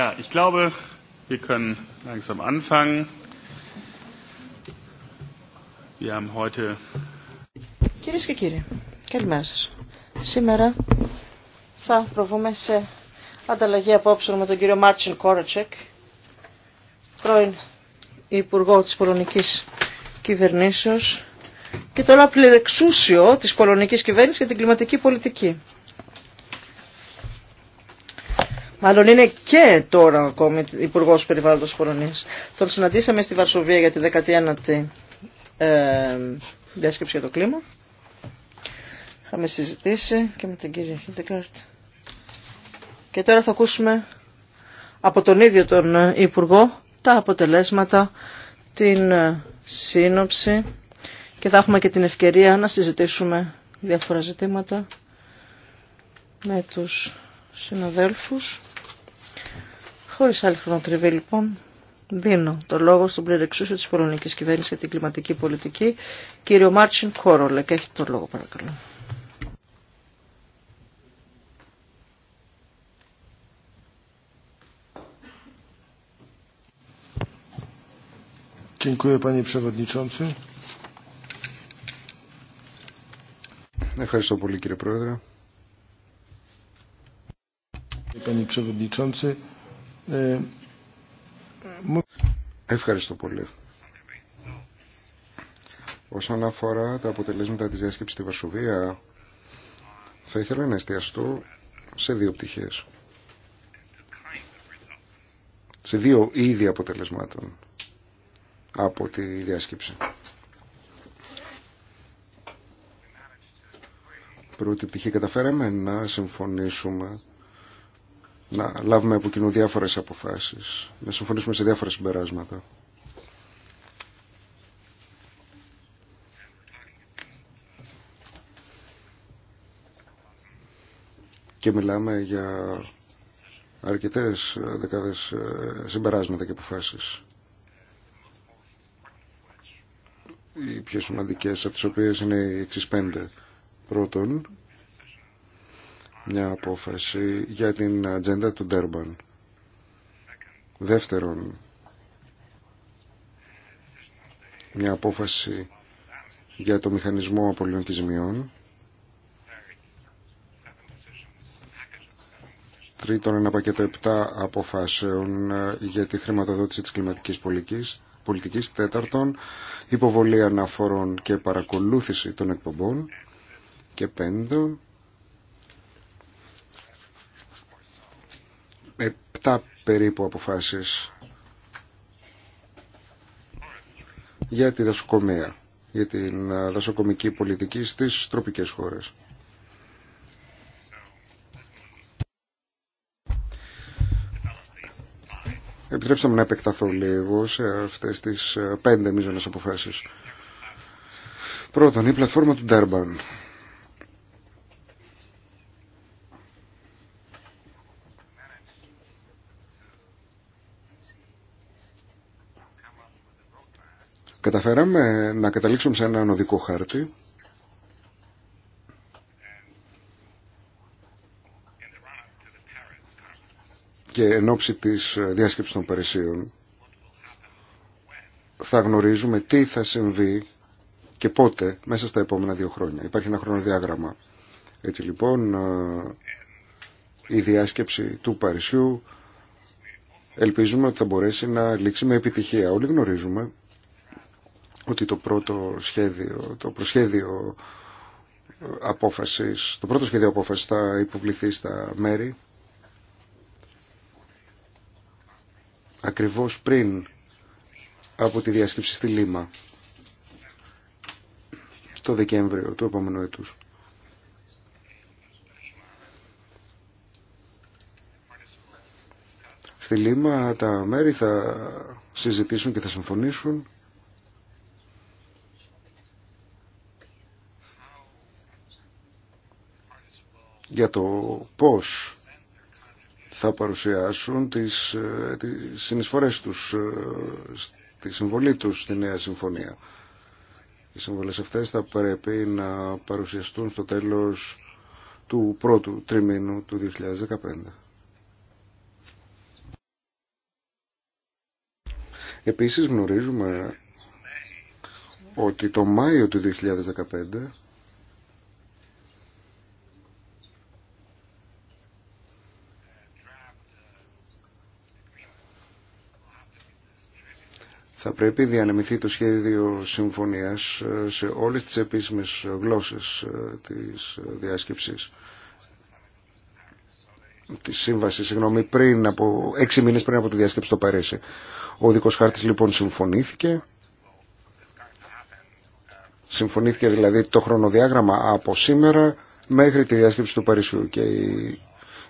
Ja, ich glaube, wir können langsam anfangen. Wir haben Κυρίε και κύριοι, καλημέρα σα. Σήμερα θα προβούμε σε ανταλλαγή απόψεων με τον κύριο Μάρτσιν Κόρατσεκ, πρώην Υπουργό τη Πολωνική Κυβερνήσεω και τώρα πληρεξούσιο τη Πολωνική Κυβέρνηση για την κλιματική πολιτική. Μάλλον είναι και τώρα ακόμη Υπουργό Περιβάλλοντο Πολωνίας. Τον συναντήσαμε στη Βαρσοβία για τη 19η ε, διάσκεψη για το κλίμα. Είχαμε συζητήσει και με τον κύριο Χιντεκάρτ. Και τώρα θα ακούσουμε από τον ίδιο τον Υπουργό τα αποτελέσματα, την ε, σύνοψη και θα έχουμε και την ευκαιρία να συζητήσουμε διάφορα ζητήματα με τους συναδέλφους. Χωρίς άλλη χρονοτριβή λοιπόν, δίνω το λόγο στον πληρεξούσιο της πολωνικής κυβέρνησης για την κλιματική πολιτική, κύριο Μάρτσιν Κόρολεκ. Έχετε το λόγο παρακαλώ. Ευχαριστώ πολύ κύριε Πρόεδρε. E, Ευχαριστώ πολύ. Όσον αφορά τα αποτελέσματα της διάσκεψης στη Βασοβία, θα ήθελα να εστιαστώ σε δύο πτυχές. Σε δύο είδη αποτελεσμάτων από τη διάσκεψη. Πρώτη πτυχή καταφέραμε να συμφωνήσουμε να λάβουμε από κοινού διάφορες αποφάσεις, να συμφωνήσουμε σε διάφορα συμπεράσματα. Και μιλάμε για αρκετές ε, δεκάδες ε, συμπεράσματα και αποφάσεις. Οι πιο σημαντικές από τις οποίες είναι οι εξής πέντε. Πρώτον, μια απόφαση για την ατζέντα του Ντέρμπαν. Δεύτερον, μια απόφαση για το μηχανισμό απολύων Τρίτον, ένα πακέτο 7 αποφάσεων ε, για τη χρηματοδότηση της κλιματικής πολιτικής. Τέταρτον, υποβολή αναφορών και παρακολούθηση των εκπομπών. Και πέντον, Επτά περίπου αποφάσεις για τη δασοκομεία, για την ε, δασοκομική πολιτική στις τροπικές χώρες. Επιτρέψαμε να επεκταθώ λίγο σε αυτές τις ε, πέντε μίζωνες αποφάσεις. Πρώτον, η πλατφόρμα του Ντέρμπαν καταφέραμε να καταλήξουμε σε έναν οδικό χάρτη και εν ώψη της ε, διάσκεψης των Παρισίων θα γνωρίζουμε τι θα συμβεί και πότε μέσα στα επόμενα δύο χρόνια. Υπάρχει ένα χρονοδιάγραμμα. Έτσι λοιπόν ε, η διάσκεψη του Παρισιού ελπίζουμε ότι θα μπορέσει να λήξει με επιτυχία. Όλοι γνωρίζουμε ότι το πρώτο σχέδιο, το προσχέδιο απόφασης, το πρώτο σχέδιο απόφασης θα υποβληθεί στα μέρη ακριβώς πριν από τη διάσκεψη στη Λίμα το Δεκέμβριο του επόμενου έτους. Στη Λίμα τα μέρη θα συζητήσουν και θα συμφωνήσουν για το πώς θα παρουσιάσουν τις, ε, τις συνεισφορές τους, ε, τη συμβολή τους στη νέα συμφωνία. Οι συμβολές αυτές θα πρέπει να παρουσιαστούν στο τέλος του πρώτου τριμήνου του 2015. Επίσης γνωρίζουμε ότι το Μάιο του 2015 θα πρέπει διανεμηθεί το σχέδιο συμφωνίας ε, σε όλες τις επίσημες γλώσσες ε, της διάσκεψης τη σύμβαση, συγγνώμη, πριν από, έξι μήνες πριν από τη διάσκεψη στο Παρίσι. Ο δικός χάρτης λοιπόν συμφωνήθηκε. Συμφωνήθηκε δηλαδή το χρονοδιάγραμμα από σήμερα μέχρι τη διάσκεψη του Παρισιού και η,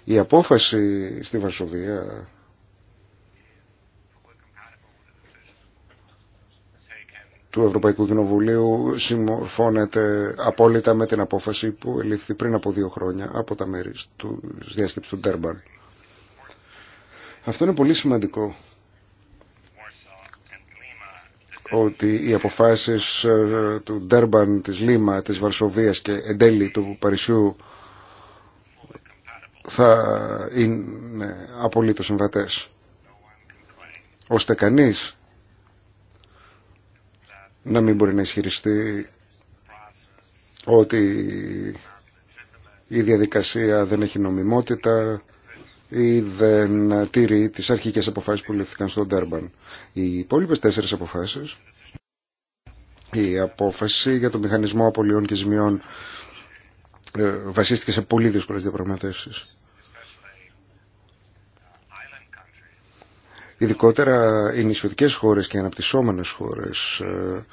η απόφαση στη Βαρσοβία του Ευρωπαϊκού Κοινοβουλίου συμμορφώνεται απόλυτα με την απόφαση που ελήφθη πριν από δύο χρόνια από τα μέρη του διάσκεψης του Ντέρμπαν. Αυτό είναι πολύ σημαντικό ότι οι αποφάσεις ε, του Ντέρμπαν, της Λίμα, της Βαρσοβίας και εν τέλει του Παρισιού θα είναι απολύτως συμβατές. Ώστε κανείς να μην μπορεί να ισχυριστεί ότι η διαδικασία δεν έχει νομιμότητα ή δεν τήρει τις αρχικές αποφάσεις που ληφθήκαν στον Τέρμπαν. Οι υπόλοιπε τέσσερις αποφάσεις, η δεν τηρει τις αρχικες αποφασεις που ληφθηκαν στον τερμπαν οι υπολοιπες τεσσερις αποφασεις η αποφαση για το μηχανισμό απολειών και ζημιών ε, βασίστηκε σε πολύ δύσκολες διαπραγματεύσεις. Ειδικότερα οι νησιωτικές χώρες και οι αναπτυσσόμενες χώρες ε,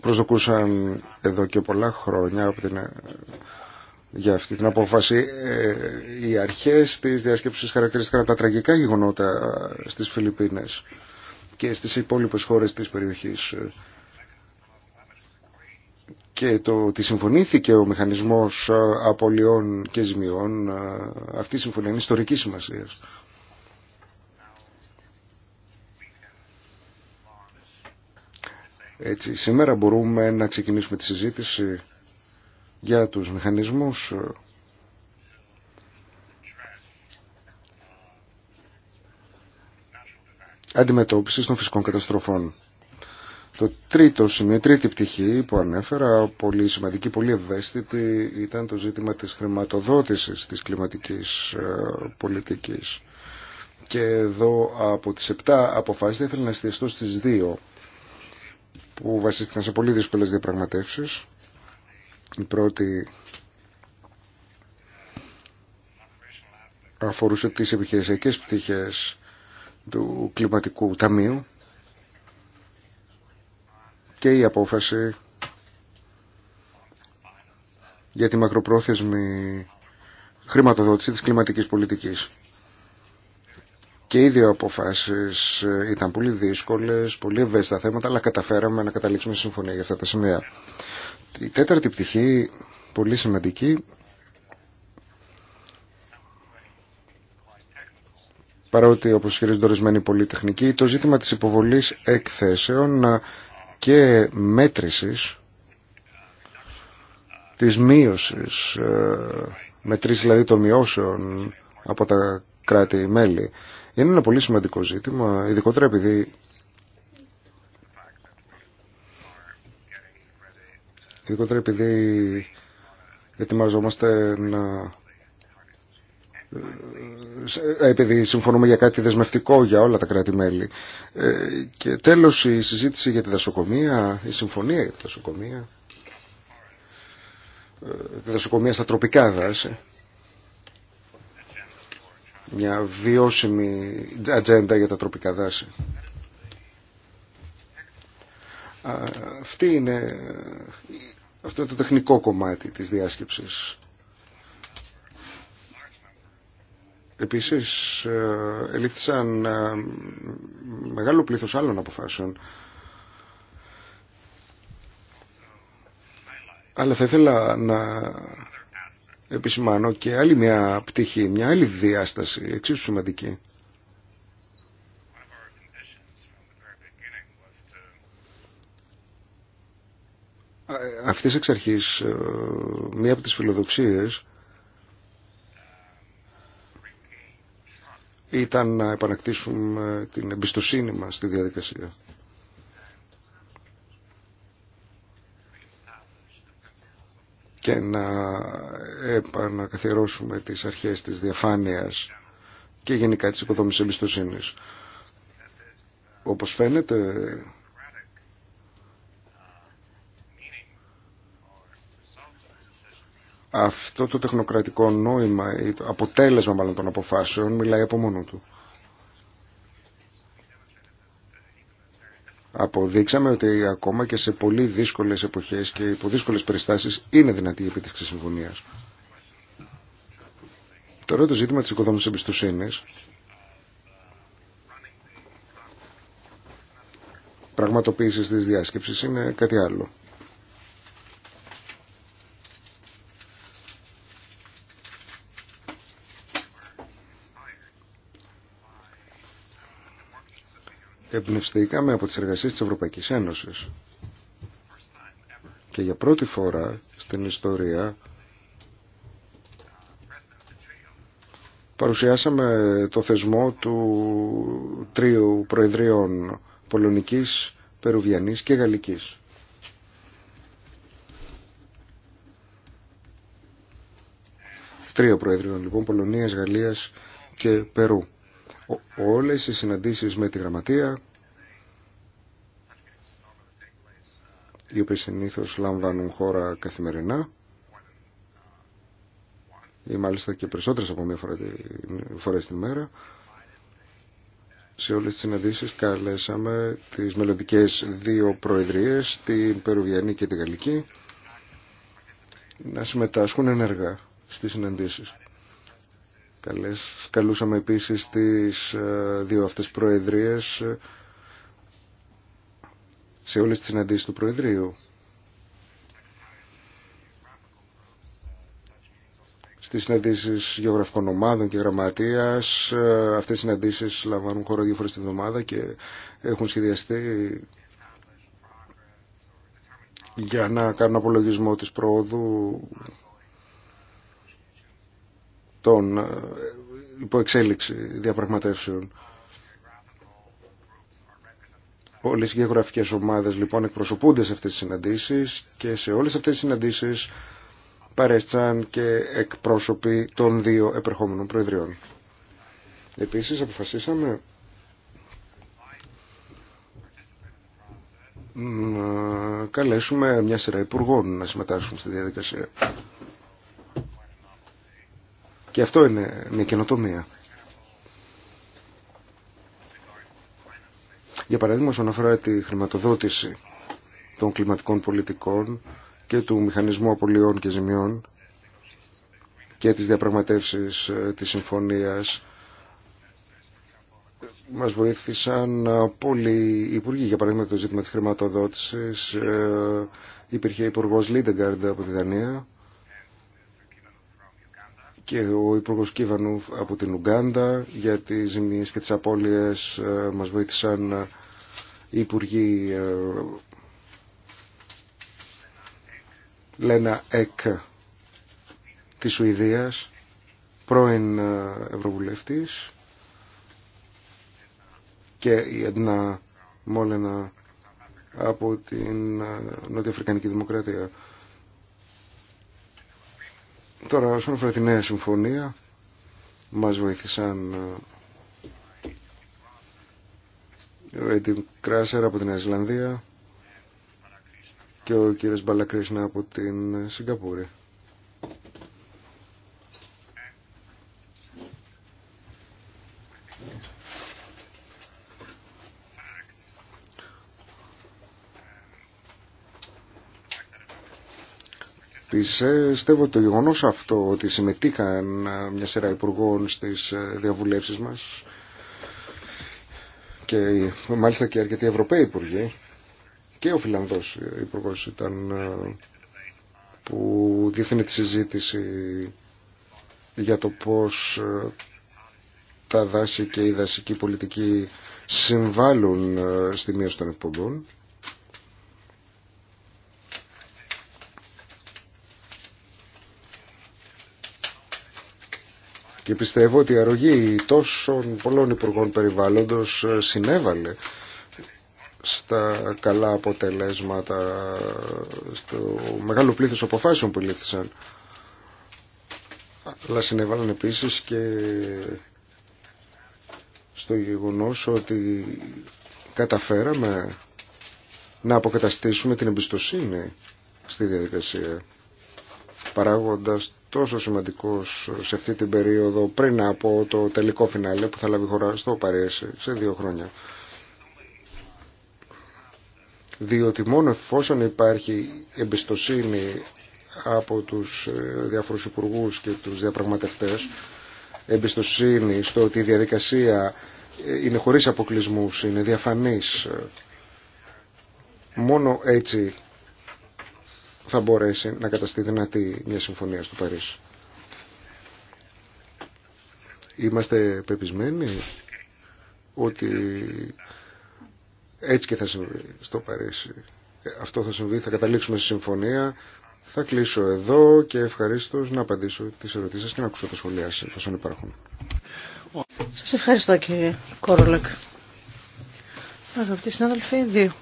προσδοκούσαν εδώ και πολλά χρόνια για αυτή την απόφαση. Ε, οι αρχές της διάσκεψης χαρακτηρίστηκαν από τα τραγικά γεγονότα στις Φιλιππίνες και στις υπόλοιπες χώρες της περιοχής. Ε, και το ότι συμφωνήθηκε ο μηχανισμός ε, απολειών και ζημιών, ε, αυτή η συμφωνία είναι ιστορική σημασία. Έτσι, σήμερα μπορούμε να ξεκινήσουμε τη συζήτηση για τους μηχανισμούς αντιμετώπισης των φυσικών καταστροφών. Το τρίτο σημείο, τρίτη πτυχή που ανέφερα, πολύ σημαντική, πολύ ευαίσθητη, ήταν το ζήτημα της χρηματοδότησης της κλιματικής ε, πολιτικής. Και εδώ από τις επτά αποφάσεις θα ήθελα να εστιαστώ στις δύο, που βασίστηκαν σε πολύ δύσκολες διαπραγματεύσεις. Η πρώτη αφορούσε τις επιχειρησιακές πτυχές του κλιματικού ταμείου και η απόφαση για τη μακροπρόθεσμη χρηματοδότηση της κλιματικής πολιτικής. Και οι δύο αποφάσεις ήταν πολύ δύσκολες, πολύ ευαίσθητα θέματα, αλλά καταφέραμε να καταλήξουμε συμφωνία για αυτά τα σημεία. Η τέταρτη πτυχή, πολύ σημαντική, παρότι όπως χειρίζονται ορισμένοι πολυτεχνικοί, το ζήτημα της υποβολής εκθέσεων και μέτρησης της μείωσης, ε, μετρής δηλαδή των μειώσεων από τα κράτη-μέλη. Είναι ένα πολύ σημαντικό ζήτημα, ειδικότερα επειδή ειδικότερα επειδή ετοιμαζόμαστε να ε, επειδή συμφωνούμε για κάτι δεσμευτικό για όλα τα κράτη-μέλη. Ε, και τέλος η συζήτηση για τη δασοκομεία, η συμφωνία για τη δασοκομεία, ε, τη δασοκομεία στα τροπικά δάση. Μια βιώσιμη ατζέντα για τα τροπικά δάση. Αυτή είναι, αυτό είναι το τεχνικό κομμάτι της διάσκεψης. Επίσης, ε, ελήφθησαν ε, μεγάλο πλήθος άλλων αποφάσεων. Αλλά θα ήθελα να επισημάνω και άλλη μια πτυχή, μια άλλη διάσταση, εξίσου σημαντική. Ε, αυτής εξ αρχής, μία από τις φιλοδοξίες ήταν να επανακτήσουμε την εμπιστοσύνη μας στη διαδικασία. και να επανακαθιερώσουμε τις αρχές της διαφάνειας και γενικά της οικοδόμησης εμπιστοσύνης. Όπως φαίνεται, αυτό το τεχνοκρατικό νόημα ή το αποτέλεσμα μάλλον των αποφάσεων μιλάει από μόνο του. Αποδείξαμε ότι ακόμα και σε πολύ δύσκολες εποχές και υπό δύσκολες περιστάσεις είναι δυνατή η επίτευξη συμφωνίας. Τώρα το ζήτημα της οικοδόμησης εμπιστοσύνης πραγματοποίησης της διάσκεψης είναι κάτι άλλο. εμπνευστήκαμε από τις εργασίες της Ευρωπαϊκής Ένωσης. Και για πρώτη φορά στην ιστορία παρουσιάσαμε το θεσμό του τρίου προεδρίων Πολωνικής, Περουβιανής και Γαλλικής. Τρία προεδρίων λοιπόν, Πολωνίας, Γαλλίας και Περού όλες οι συναντήσεις με τη γραμματεία οι οποίες συνήθως λαμβάνουν χώρα καθημερινά ή μάλιστα και περισσότερες από μία φορά, φορά την μέρα σε όλες τις συναντήσεις καλέσαμε τις μελλοντικέ δύο προεδρίες την Περουβιανή και την Γαλλική να συμμετάσχουν ενεργά στις συναντήσεις Καλές, καλούσαμε επίσης τις ε, δύο αυτές προεδρίες ε, σε όλες τις συναντήσεις του Προεδρείου. Στις συναντήσεις γεωγραφικών ομάδων και γραμματείας, ε, αυτές οι συναντήσεις λαμβάνουν χώρο δύο φορές την εβδομάδα και έχουν σχεδιαστεί για να κάνουν απολογισμό της προόδου των ε, υποεξέλιξη διαπραγματεύσεων. Όλες οι γεωγραφικές ομάδες λοιπόν εκπροσωπούνται σε αυτές τις συναντήσεις και σε όλες αυτές τις συναντήσεις παρέστησαν και εκπρόσωποι των δύο επερχόμενων προεδριών. Επίσης αποφασίσαμε να καλέσουμε μια σειρά υπουργών να συμμετάσχουν στη διαδικασία. Και αυτό είναι μια καινοτομία. Για παράδειγμα, όσον αφορά τη χρηματοδότηση των κλιματικών πολιτικών και του μηχανισμού απολειών και ζημιών και τις διαπραγματεύσεις ε, της συμφωνίας μας βοήθησαν ε, πολλοί υπουργοί. Για παράδειγμα, το ζήτημα της χρηματοδότησης ε, υπήρχε υπουργό Λίντεγκαρντ από τη Δανία και ο Υπουργός Κίβανουφ από την Ουγκάντα για τις ζημίες και τις απώλειες ε, μας βοήθησαν ε, οι Υπουργοί ε, Λένα Εκ της Σουηδίας πρώην Ευρωβουλευτής και η Εντνα Μόλενα από την Νότια Αφρικανική Δημοκρατία. Τώρα, όσον αφορά τη νέα συμφωνία, μας βοήθησαν ε, ο Έντιμ Κράσερ από την Ισλανδία και ο κύριος Μπαλακρίσνα από την Σιγκαπούρη. Πιστεύω ε, το γεγονό αυτό ότι συμμετείχαν ε, μια σειρά υπουργών στις ε, διαβουλεύσεις μας και μάλιστα και αρκετοί Ευρωπαίοι υπουργοί και ο Φιλανδός υπουργό ήταν που διευθύνει τη συζήτηση για το πώς τα δάση και η δασική πολιτική συμβάλλουν στη μείωση των εκπομπών. Και πιστεύω ότι η αρρωγή τόσων πολλών υπουργών περιβάλλοντος ε, συνέβαλε στα καλά αποτελέσματα, στο μεγάλο πλήθος αποφάσεων που λήφθησαν. Αλλά συνέβαλαν επίσης και στο γεγονός ότι καταφέραμε να αποκαταστήσουμε την εμπιστοσύνη στη διαδικασία παράγοντας τόσο σημαντικός σε αυτή την περίοδο πριν από το τελικό φινάλε που θα λάβει χώρα στο Παρέσι σε δύο χρόνια. Διότι μόνο εφόσον υπάρχει εμπιστοσύνη από τους ε, διάφορους υπουργού και τους διαπραγματευτές εμπιστοσύνη στο ότι η διαδικασία ε, είναι χωρίς αποκλεισμούς, είναι διαφανής. Ε, μόνο έτσι θα μπορέσει να καταστεί δυνατή μια συμφωνία στο Παρίσι. Είμαστε πεπισμένοι ότι έτσι και θα συμβεί στο Παρίσι. Αυτό θα συμβεί, θα καταλήξουμε στη συμφωνία. Θα κλείσω εδώ και ευχαρίστω να απαντήσω τις ερωτήσεις και να ακούσω τα σχολεία σας, εφόσον υπάρχουν. Σα ευχαριστώ κύριε Κόρολεκ. Αγαπητοί συνάδελφοι, δύο.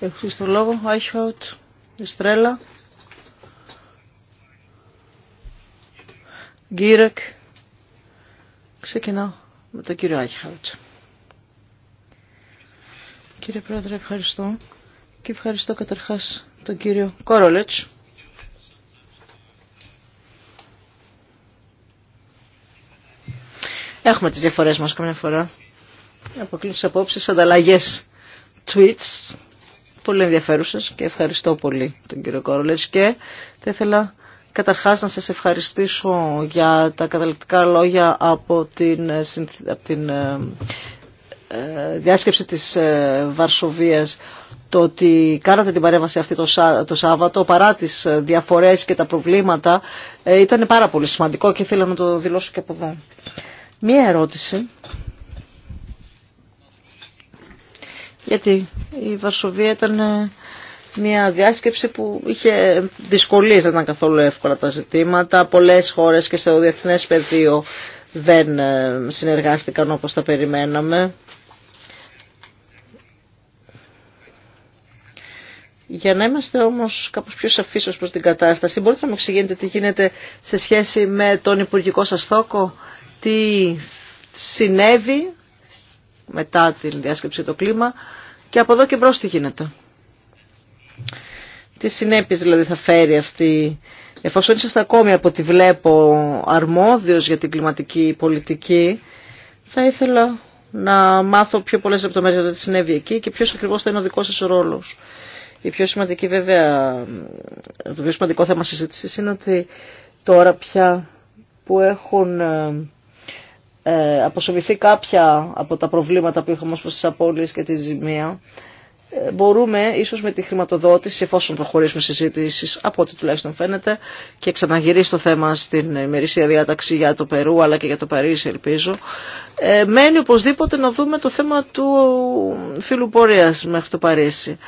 Έχω το λόγο, Εστρέλα. Γκίρεκ. Ξεκινάω με τον κύριο Άγιχαουτ. Κύριε Πρόεδρε, ευχαριστώ. Και ευχαριστώ καταρχάς τον κύριο Κόρολετς. Έχουμε τις διαφορές μας καμιά φορά. τι απόψεις, ανταλλαγές, tweets, πολύ ενδιαφέρουσες και ευχαριστώ πολύ τον κύριο Κόρολες και θα ήθελα καταρχάς να σας ευχαριστήσω για τα καταληκτικά λόγια από την, από την ε, ε, διάσκεψη της ε, Βαρσοβίας το ότι κάνατε την παρέμβαση αυτή το, το Σάββατο παρά τις διαφορές και τα προβλήματα ήταν πάρα πολύ σημαντικό και ήθελα να το δηλώσω και από εδώ. Μία ερώτηση γιατί η Βαρσοβία ήταν ε, μια διάσκεψη που είχε δυσκολίες, δεν ήταν καθόλου εύκολα τα ζητήματα. Πολλές χώρες και στο διεθνές πεδίο δεν ε, συνεργάστηκαν όπως τα περιμέναμε. Για να είμαστε όμως κάπως πιο σαφείς ως προς την κατάσταση, μπορείτε να μου εξηγήνετε τι γίνεται σε σχέση με τον Υπουργικό σας θόκο, τι συνέβη μετά την διάσκεψη το κλίμα και από εδώ και μπρος τι γίνεται. Τι συνέπειες δηλαδή θα φέρει αυτή, εφόσον είσαστε ακόμη από ό,τι βλέπω αρμόδιος για την κλιματική πολιτική, θα ήθελα να μάθω πιο πολλές λεπτομέρειες για τι συνέβη εκεί και ποιος ακριβώς θα είναι ο δικός σας ρόλος. Η πιο σημαντική βέβαια, το πιο σημαντικό θέμα συζήτηση είναι ότι τώρα πια που έχουν ε, ε, αποσοβηθεί κάποια από τα προβλήματα που είχαμε ως τις απώλειες και τη ζημία, ε, μπορούμε ίσως με τη χρηματοδότηση, εφόσον προχωρήσουμε συζήτηση από ό,τι τουλάχιστον φαίνεται, και ξαναγυρίσει το θέμα στην ημερήσια διάταξη για το Περού αλλά και για το Παρίσι ελπίζω, ε, μένει οπωσδήποτε να δούμε το θέμα του φίλου πορείας μέχρι το Παρίσι.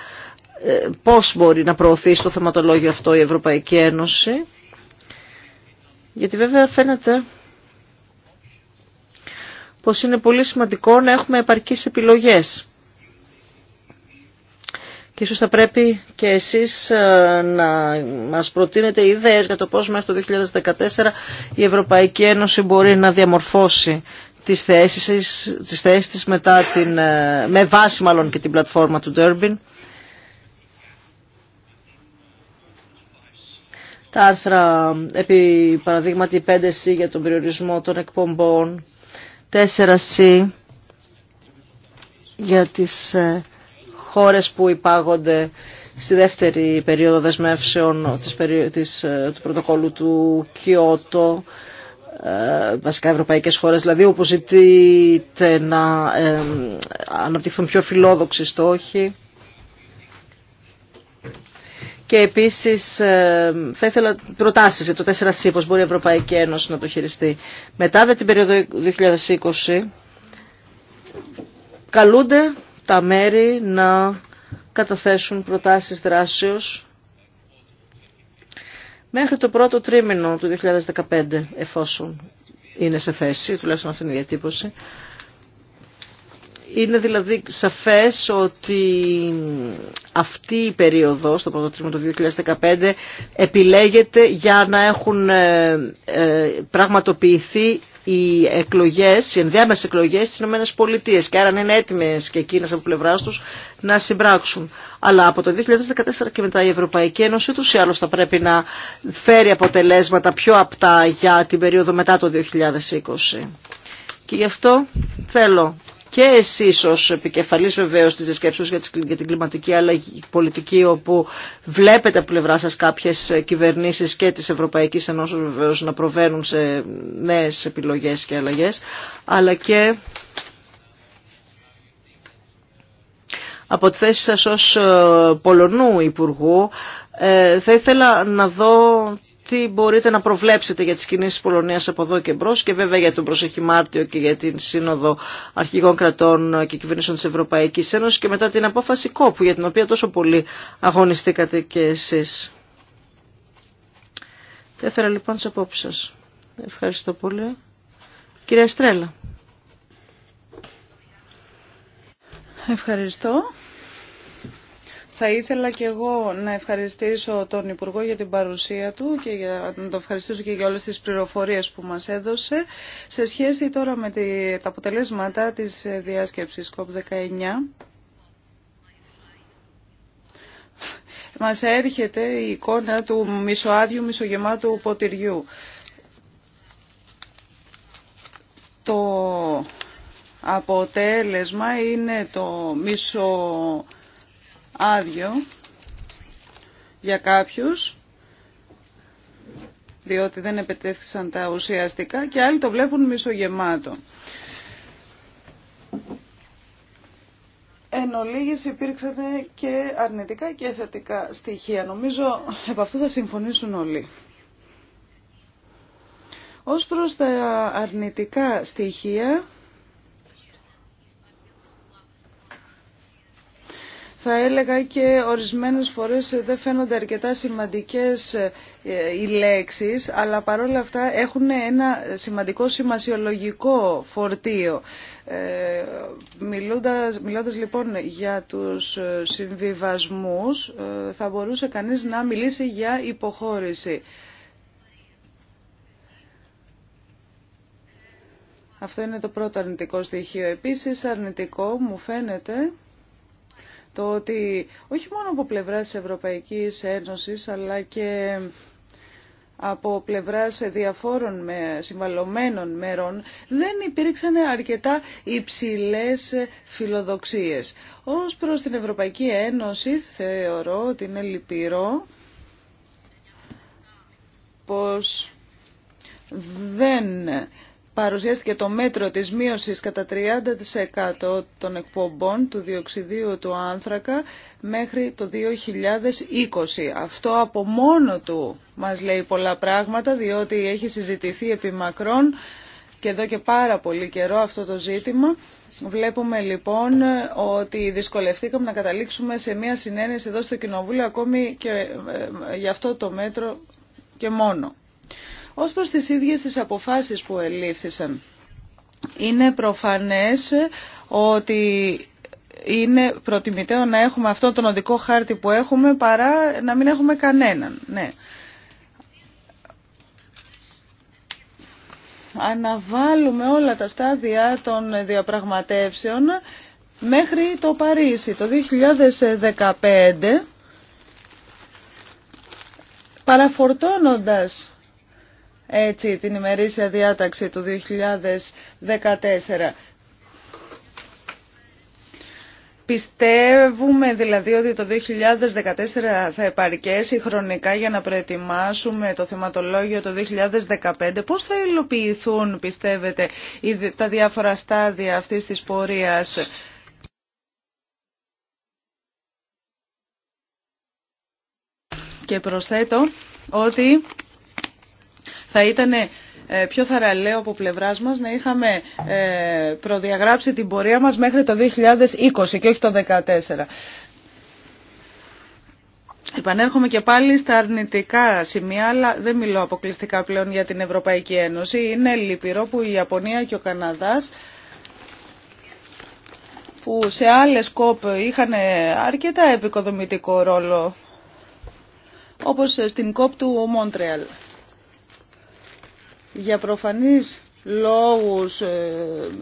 Ε, πώς μπορεί να προωθήσει το θεματολόγιο αυτό η Ευρωπαϊκή Ένωση, γιατί βέβαια φαίνεται πως είναι πολύ σημαντικό να έχουμε επαρκείς επιλογές. Και ίσως θα πρέπει και εσείς ε, να μας προτείνετε ιδέες για το πώς μέχρι το 2014 η Ευρωπαϊκή Ένωση μπορεί να διαμορφώσει τις θέσεις, τις θέσεις της μετά την, ε, με βάση μάλλον και την πλατφόρμα του Durban. Τα άρθρα ε, επί παραδείγματι 5C για τον περιορισμό των εκπομπών 4C για τις ε, χώρες που υπάγονται στη δεύτερη περίοδο δεσμεύσεων της, της, ε, του πρωτοκόλλου του Κιώτο, ε, βασικά ευρωπαϊκές χώρες, δηλαδή όπου ζητείτε να αναπτυχθούν πιο φιλόδοξοι στόχοι. Και επίση ε, θα ήθελα προτάσεις για το 4C, πώ μπορεί η Ευρωπαϊκή Ένωση να το χειριστεί. Μετά δε την περίοδο 2020 καλούνται τα μέρη να καταθέσουν προτάσεις δράσεως μέχρι το πρώτο τρίμηνο του 2015 εφόσον είναι σε θέση, τουλάχιστον αυτή είναι η διατύπωση, είναι δηλαδή σαφές ότι αυτή η περίοδος, το πρώτο τρίμηνο του 2015, επιλέγεται για να έχουν ε, ε, πραγματοποιηθεί οι εκλογές, οι ενδιάμεσες εκλογές στις Ηνωμένες Πολιτείες και άρα να είναι έτοιμες και εκείνες από πλευρά τους να συμπράξουν. Αλλά από το 2014 και μετά η Ευρωπαϊκή Ένωση τους ή άλλως θα πρέπει να φέρει αποτελέσματα πιο απτά για την περίοδο μετά το 2020. Και γι' αυτό θέλω και εσείς ως επικεφαλής βεβαίως της διασκέψεως για την κλιματική αλλαγή πολιτική όπου βλέπετε από πλευρά σας κάποιες κυβερνήσεις και της Ευρωπαϊκής Ενώσης βεβαίως να προβαίνουν σε νέες επιλογές και αλλαγές αλλά και από τη θέση σας ως ε, Πολωνού Υπουργού ε, θα ήθελα να δω τι μπορείτε να προβλέψετε για τις κινήσεις Πολωνίας από εδώ και μπρος και βέβαια για τον προσεχή Μάρτιο και για την Σύνοδο Αρχηγών Κρατών και Κυβερνήσεων της Ευρωπαϊκής Ένωσης και μετά την απόφαση κόπου για την οποία τόσο πολύ αγωνιστήκατε και εσείς. Θα λοιπόν τις απόψεις σας. Ευχαριστώ πολύ. Κυρία Στρέλα. Ευχαριστώ. Θα ήθελα και εγώ να ευχαριστήσω τον Υπουργό για την παρουσία του και για, να τον ευχαριστήσω και για όλες τις πληροφορίες που μας έδωσε. Σε σχέση τώρα με τα αποτελέσματα της διάσκεψης COP19, μας έρχεται η εικόνα του μισοάδιου μισογεμάτου ποτηριού. Το αποτέλεσμα είναι το μισο άδειο για κάποιους διότι δεν επιτέθησαν τα ουσιαστικά και άλλοι το βλέπουν μισογεμάτο. Εν ολίγης υπήρξαν και αρνητικά και θετικά στοιχεία. Νομίζω επ' αυτού θα συμφωνήσουν όλοι. Ως προς τα αρνητικά στοιχεία, θα έλεγα και ορισμένες φορές δεν φαίνονται αρκετά σημαντικές ε, οι λέξεις, αλλά παρόλα αυτά έχουν ένα σημαντικό σημασιολογικό φορτίο. Ε, μιλώντας, μιλώντας λοιπόν για τους ε, συμβιβασμούς, θα μπορούσε κανείς να μιλήσει για υποχώρηση. Αυτό είναι το πρώτο αρνητικό στοιχείο. Επίσης αρνητικό μου φαίνεται το ότι όχι μόνο από πλευράς της Ευρωπαϊκής Ένωσης αλλά και από πλευράς διαφόρων με, συμβαλωμένων μέρων δεν υπήρξαν αρκετά υψηλές φιλοδοξίες. Ως προς την Ευρωπαϊκή Ένωση θεωρώ ότι είναι λυπηρό πως δεν παρουσιάστηκε το μέτρο της μείωσης κατά 30% των εκπομπών του διοξιδίου του άνθρακα μέχρι το 2020. Αυτό από μόνο του μας λέει πολλά πράγματα διότι έχει συζητηθεί επί μακρόν και εδώ και πάρα πολύ καιρό αυτό το ζήτημα. Βλέπουμε λοιπόν ότι δυσκολευτήκαμε να καταλήξουμε σε μια συνένεση εδώ στο Κοινοβούλιο ακόμη και ε, ε, ε, για αυτό το μέτρο και μόνο. Ως προς τις ίδιες τις αποφάσεις που ελήφθησαν, είναι προφανές ότι είναι προτιμητέο να έχουμε αυτό τον οδικό χάρτη που έχουμε παρά να μην έχουμε κανέναν. Ναι. Αναβάλουμε όλα τα στάδια των διαπραγματεύσεων μέχρι το Παρίσι. Το 2015 παραφορτώνοντας έτσι την ημερήσια διάταξη του 2014. Πιστεύουμε δηλαδή ότι το 2014 θα επαρκέσει χρονικά για να προετοιμάσουμε το θεματολόγιο το 2015. Πώς θα υλοποιηθούν πιστεύετε τα διάφορα στάδια αυτής της πορείας. Και προσθέτω ότι θα ήταν ε, πιο θαραλέο από πλευρά μα να είχαμε ε, προδιαγράψει την πορεία μα μέχρι το 2020 και όχι το 2014. Επανέρχομαι και πάλι στα αρνητικά σημεία, αλλά δεν μιλώ αποκλειστικά πλέον για την Ευρωπαϊκή Ένωση. Είναι λυπηρό που η Ιαπωνία και ο Καναδάς που σε άλλες κόπ είχαν αρκετά επικοδομητικό ρόλο, όπως στην κόπ του Μόντρεαλ για προφανείς λόγους ε,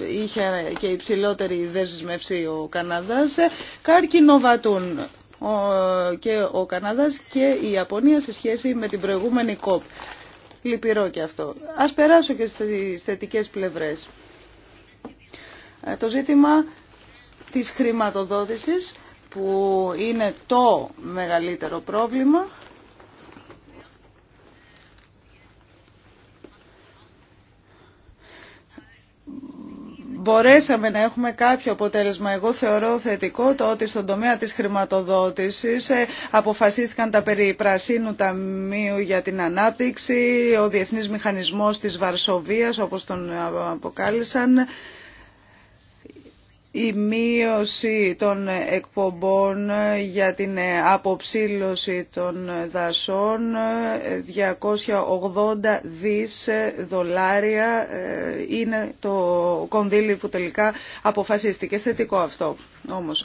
είχε και υψηλότερη δέσμευση ο Καναδάς, καρκινοβατούν και ο Καναδάς και η Ιαπωνία σε σχέση με την προηγούμενη ΚΟΠ. Λυπηρό και αυτό. Ας περάσω και στις θετικές πλευρές. Ε, το ζήτημα της χρηματοδότησης που είναι το μεγαλύτερο πρόβλημα μπορέσαμε να έχουμε κάποιο αποτέλεσμα. Εγώ θεωρώ θετικό το ότι στον τομέα της χρηματοδότησης ε, αποφασίστηκαν τα περί πρασίνου ταμείου για την ανάπτυξη, ο διεθνής μηχανισμός της Βαρσοβίας όπως τον ε, αποκάλυψαν η μείωση των εκπομπών για την αποψήλωση των δασών 280 δις δολάρια ε, είναι το κονδύλι που τελικά αποφασίστηκε. Θετικό αυτό όμως.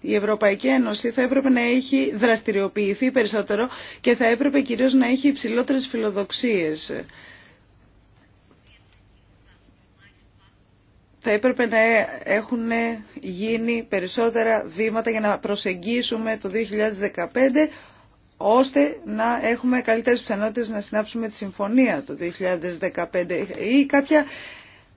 Η Ευρωπαϊκή Ένωση θα έπρεπε να έχει δραστηριοποιηθεί περισσότερο και θα έπρεπε κυρίως να έχει υψηλότερες φιλοδοξίες. θα έπρεπε να έχουν γίνει περισσότερα βήματα για να προσεγγίσουμε το 2015 ώστε να έχουμε καλύτερες πιθανότητες να συνάψουμε τη συμφωνία το 2015 ή κάποια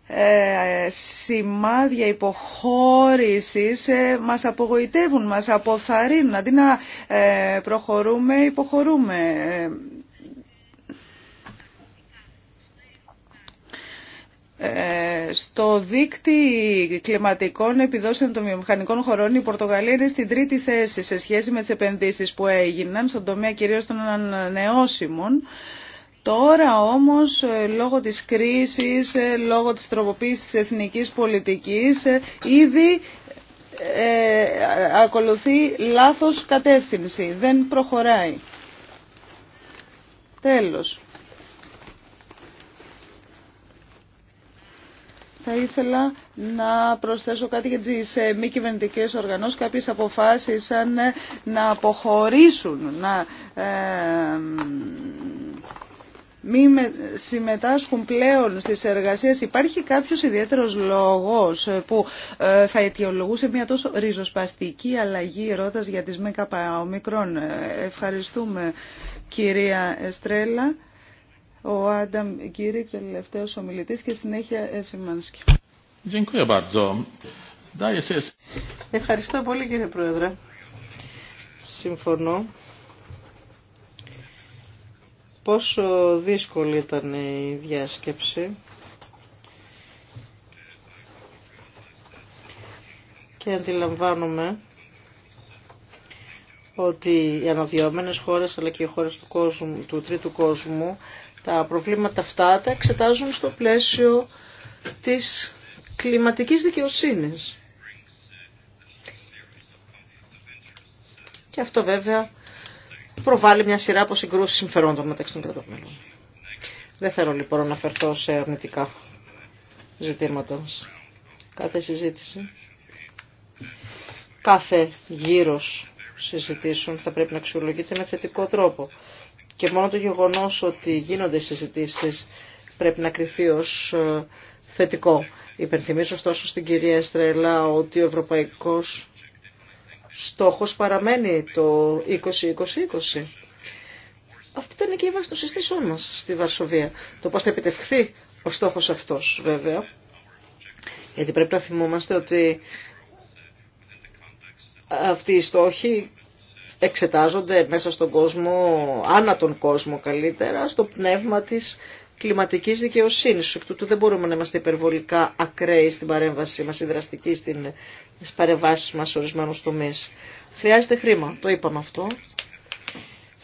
ε, σημάδια υποχώρησης ε, μας απογοητεύουν, μας αποθαρρύνουν αντί να ε, προχωρούμε, υποχωρούμε ε, Ε, στο δίκτυο κλιματικών επιδόσεων των μηχανικών χωρών η Πορτογαλία είναι στην τρίτη θέση σε σχέση με τις επενδύσεις που έγιναν στον τομέα κυρίως των ανανεώσιμων. Τώρα όμως ε, λόγω της κρίσης, ε, λόγω της τροποποίησης της εθνικής πολιτικής ήδη ακολουθεί λάθος κατεύθυνση, δεν προχωράει. Τέλος. Θα ήθελα να προσθέσω κάτι για τις ε, μη κυβερνητικέ οργανώσεις. Κάποιες αποφάσισαν ε, να αποχωρήσουν, να ε, μην συμμετάσχουν πλέον στις εργασίες. Υπάρχει κάποιος ιδιαίτερος λόγος που θα αιτιολογούσε μια τόσο ριζοσπαστική αλλαγή ερώτας για τις μικρόν, Ευχαριστούμε κυρία Εστρέλα ο Άνταμ Γκίρικ, τελευταίο ομιλητής και συνέχεια Εσημάνσκι. Ευχαριστώ πολύ κύριε Πρόεδρε. Συμφωνώ. Πόσο δύσκολη ήταν η διάσκεψη. Και αντιλαμβάνομαι ότι οι αναδυόμενες χώρες αλλά και οι χώρες του, κόσμου, του τρίτου κόσμου τα προβλήματα αυτά τα εξετάζουν στο πλαίσιο της κλιματικής δικαιοσύνης. Και αυτό βέβαια προβάλλει μια σειρά από συγκρούσεις συμφερόντων μεταξύ των κρατών Δεν θέλω λοιπόν να αναφερθώ σε αρνητικά ζητήματα κάθε συζήτηση. Κάθε γύρος συζητήσεων θα πρέπει να αξιολογείται με θετικό τρόπο. Και μόνο το γεγονός ότι γίνονται οι συζητήσεις πρέπει να κρυφεί ως ε, θετικό. Υπενθυμίζω ωστόσο στην κυρία Στρελά ότι ο ευρωπαϊκός στόχος παραμένει το 2020-2020. αυτη ήταν και η βάση των συστήσεων μας στη Βαρσοβία. Το πώς θα επιτευχθεί ο στόχος αυτός βέβαια. Γιατί πρέπει να θυμόμαστε ότι αυτοί οι στόχοι εξετάζονται μέσα στον κόσμο, άνα τον κόσμο καλύτερα, στο πνεύμα της κλιματικής δικαιοσύνης. Εκ τούτου δεν μπορούμε να είμαστε υπερβολικά ακραίοι στην παρέμβαση μας, συνδραστικοί στην, στις παρεμβάσεις μας σε ορισμένους τομείς. Χρειάζεται χρήμα, το είπαμε αυτό.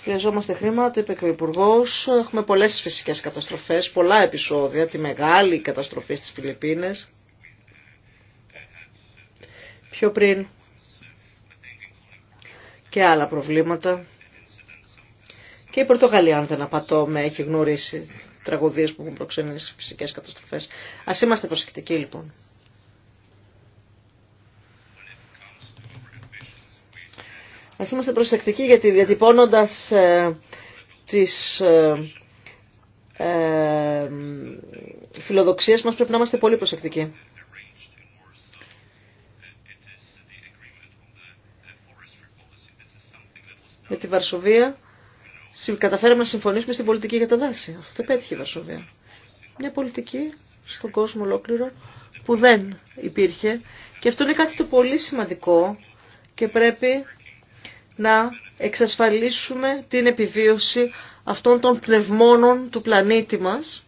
Χρειαζόμαστε χρήμα, το είπε και ο Υπουργό. Έχουμε πολλέ φυσικέ καταστροφέ, πολλά επεισόδια, τη μεγάλη καταστροφή στι Φιλιππίνες. Πιο πριν και άλλα προβλήματα. Και η Πορτογαλία, αν δεν απατώ, με έχει γνωρίσει τραγωδίες που έχουν προξενήσει φυσικές καταστροφές. Ας είμαστε προσεκτικοί λοιπόν. Ας είμαστε προσεκτικοί γιατί διατυπώνοντας ε, τις ε, ε φιλοδοξίες μας πρέπει να είμαστε πολύ προσεκτικοί. στη Βαρσοβία καταφέραμε να συμφωνήσουμε στην πολιτική για τα δάση. Αυτό το πέτυχε η Βαρσοβία. Μια πολιτική στον κόσμο ολόκληρο που δεν υπήρχε και αυτό είναι κάτι το πολύ σημαντικό και πρέπει να εξασφαλίσουμε την επιβίωση αυτών των πνευμόνων του πλανήτη μας.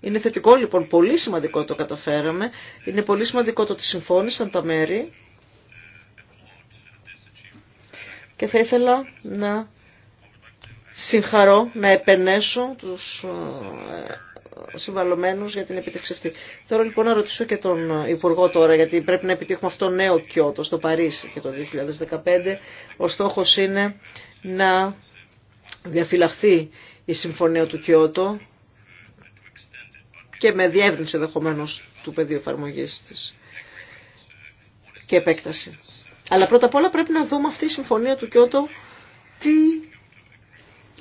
Είναι θετικό λοιπόν, πολύ σημαντικό το καταφέραμε. Είναι πολύ σημαντικό το ότι συμφώνησαν τα μέρη και θα ήθελα να συγχαρώ, να επενέσω τους ε, συμβαλωμένους για την επίτευξη αυτή. Θέλω λοιπόν να ρωτήσω και τον Υπουργό τώρα, γιατί πρέπει να επιτύχουμε αυτό νέο Κιώτο στο Παρίσι και το 2015. Ο στόχος είναι να διαφυλαχθεί η συμφωνία του Κιώτο και με διεύρυνση ενδεχομένω του πεδίου εφαρμογή τη και επέκταση. Αλλά πρώτα απ' όλα πρέπει να δούμε αυτή η συμφωνία του Κιώτο τι,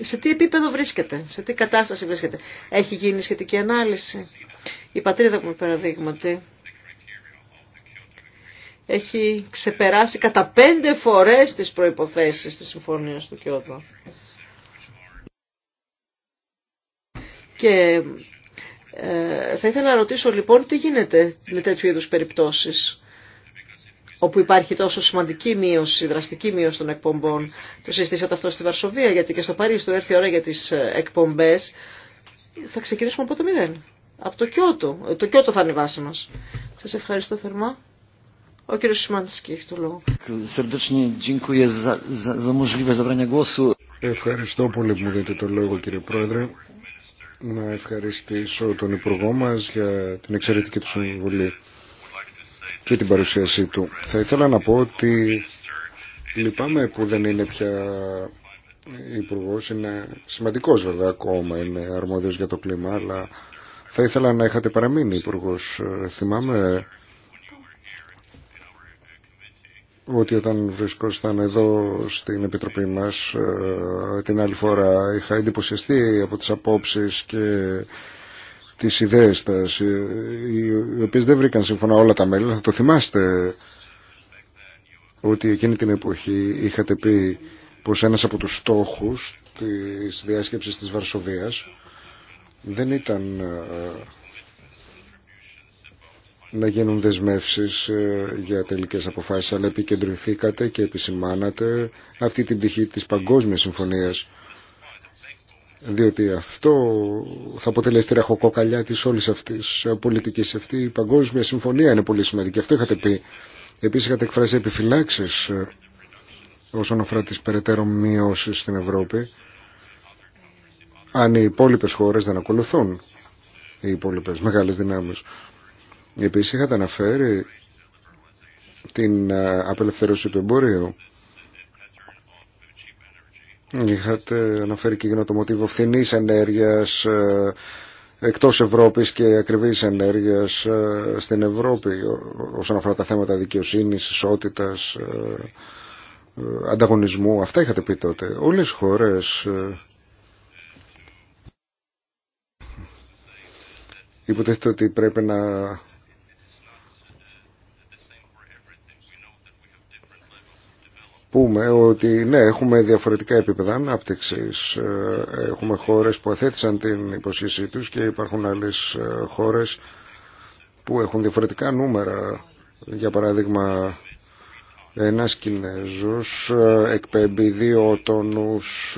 σε τι επίπεδο βρίσκεται, σε τι κατάσταση βρίσκεται. Έχει γίνει σχετική ανάλυση. Η πατρίδα μου παραδείγματι έχει ξεπεράσει κατά πέντε φορές τις προϋποθέσεις της συμφωνίας του Κιώτο. Και ε, θα ήθελα να ρωτήσω λοιπόν τι γίνεται με τέτοιου είδους περιπτώσεις όπου υπάρχει τόσο σημαντική μείωση, δραστική μείωση των εκπομπών. Το συζητήσατε αυτό στη Βαρσοβία, γιατί και στο Παρίσι του έρθει η ώρα για τις ε, εκπομπές. Θα ξεκινήσουμε από το μηδέν. Από το Κιώτο. Ε, το Κιώτο θα είναι η βάση μας. Σας ευχαριστώ θερμά. Ο κύριος Σιμάνσκι έχει το λόγο. Ευχαριστώ πολύ που μου δίνετε το λόγο κύριε Πρόεδρε. Να ευχαριστήσω τον Υπουργό μας για την εξαιρετική του συμβουλή και την παρουσίασή του. Θα ήθελα να πω ότι λυπάμαι που δεν είναι πια υπουργό, είναι σημαντικός βέβαια ακόμα, είναι αρμόδιος για το κλίμα, αλλά θα ήθελα να είχατε παραμείνει υπουργό. Θυμάμαι ότι όταν βρισκόσταν εδώ στην Επιτροπή μας ε, την άλλη φορά είχα εντυπωσιαστεί από τις απόψεις και τις ιδέες σας, οι οποίες δεν βρήκαν σύμφωνα όλα τα μέλη. Θα το θυμάστε ότι εκείνη την εποχή είχατε πει πως ένας από τους στόχους της διάσκεψης της Βαρσοβίας δεν ήταν ε, να γίνουν δεσμεύσεις ε, για τελικές αποφάσεις, αλλά επικεντρωθήκατε και επισημάνατε αυτή την πτυχή της Παγκόσμιας Συμφωνίας διότι αυτό θα αποτελέσει τη ραχοκοκαλιά της όλης αυτής πολιτικής. Αυτή η παγκόσμια συμφωνία είναι πολύ σημαντική. Αυτό είχατε πει. Επίσης είχατε εκφράσει επιφυλάξεις ε, όσον αφορά τις περαιτέρω μειώσεις στην Ευρώπη αν οι υπόλοιπε χώρες δεν ακολουθούν οι υπόλοιπε μεγάλες δυνάμεις. Επίσης είχατε αναφέρει την ε, απελευθέρωση του εμπορίου Είχατε αναφέρει και για το μοτίβο φθηνή ενέργεια ε, εκτό Ευρώπη και ακριβή ενέργεια ε, στην Ευρώπη όσον αφορά τα θέματα δικαιοσύνη, ισότητα, ε, ανταγωνισμού. Αυτά είχατε πει τότε. Όλε οι χώρε. Υποτίθεται ότι πρέπει να πούμε ότι ναι, έχουμε διαφορετικά επίπεδα ανάπτυξης. Ε, έχουμε χώρες που αθέτησαν την υποσχέσή τους και υπάρχουν άλλες ε, χώρες που έχουν διαφορετικά νούμερα. Για παράδειγμα, ένας Κινέζος ε, εκπέμπει δύο τόνους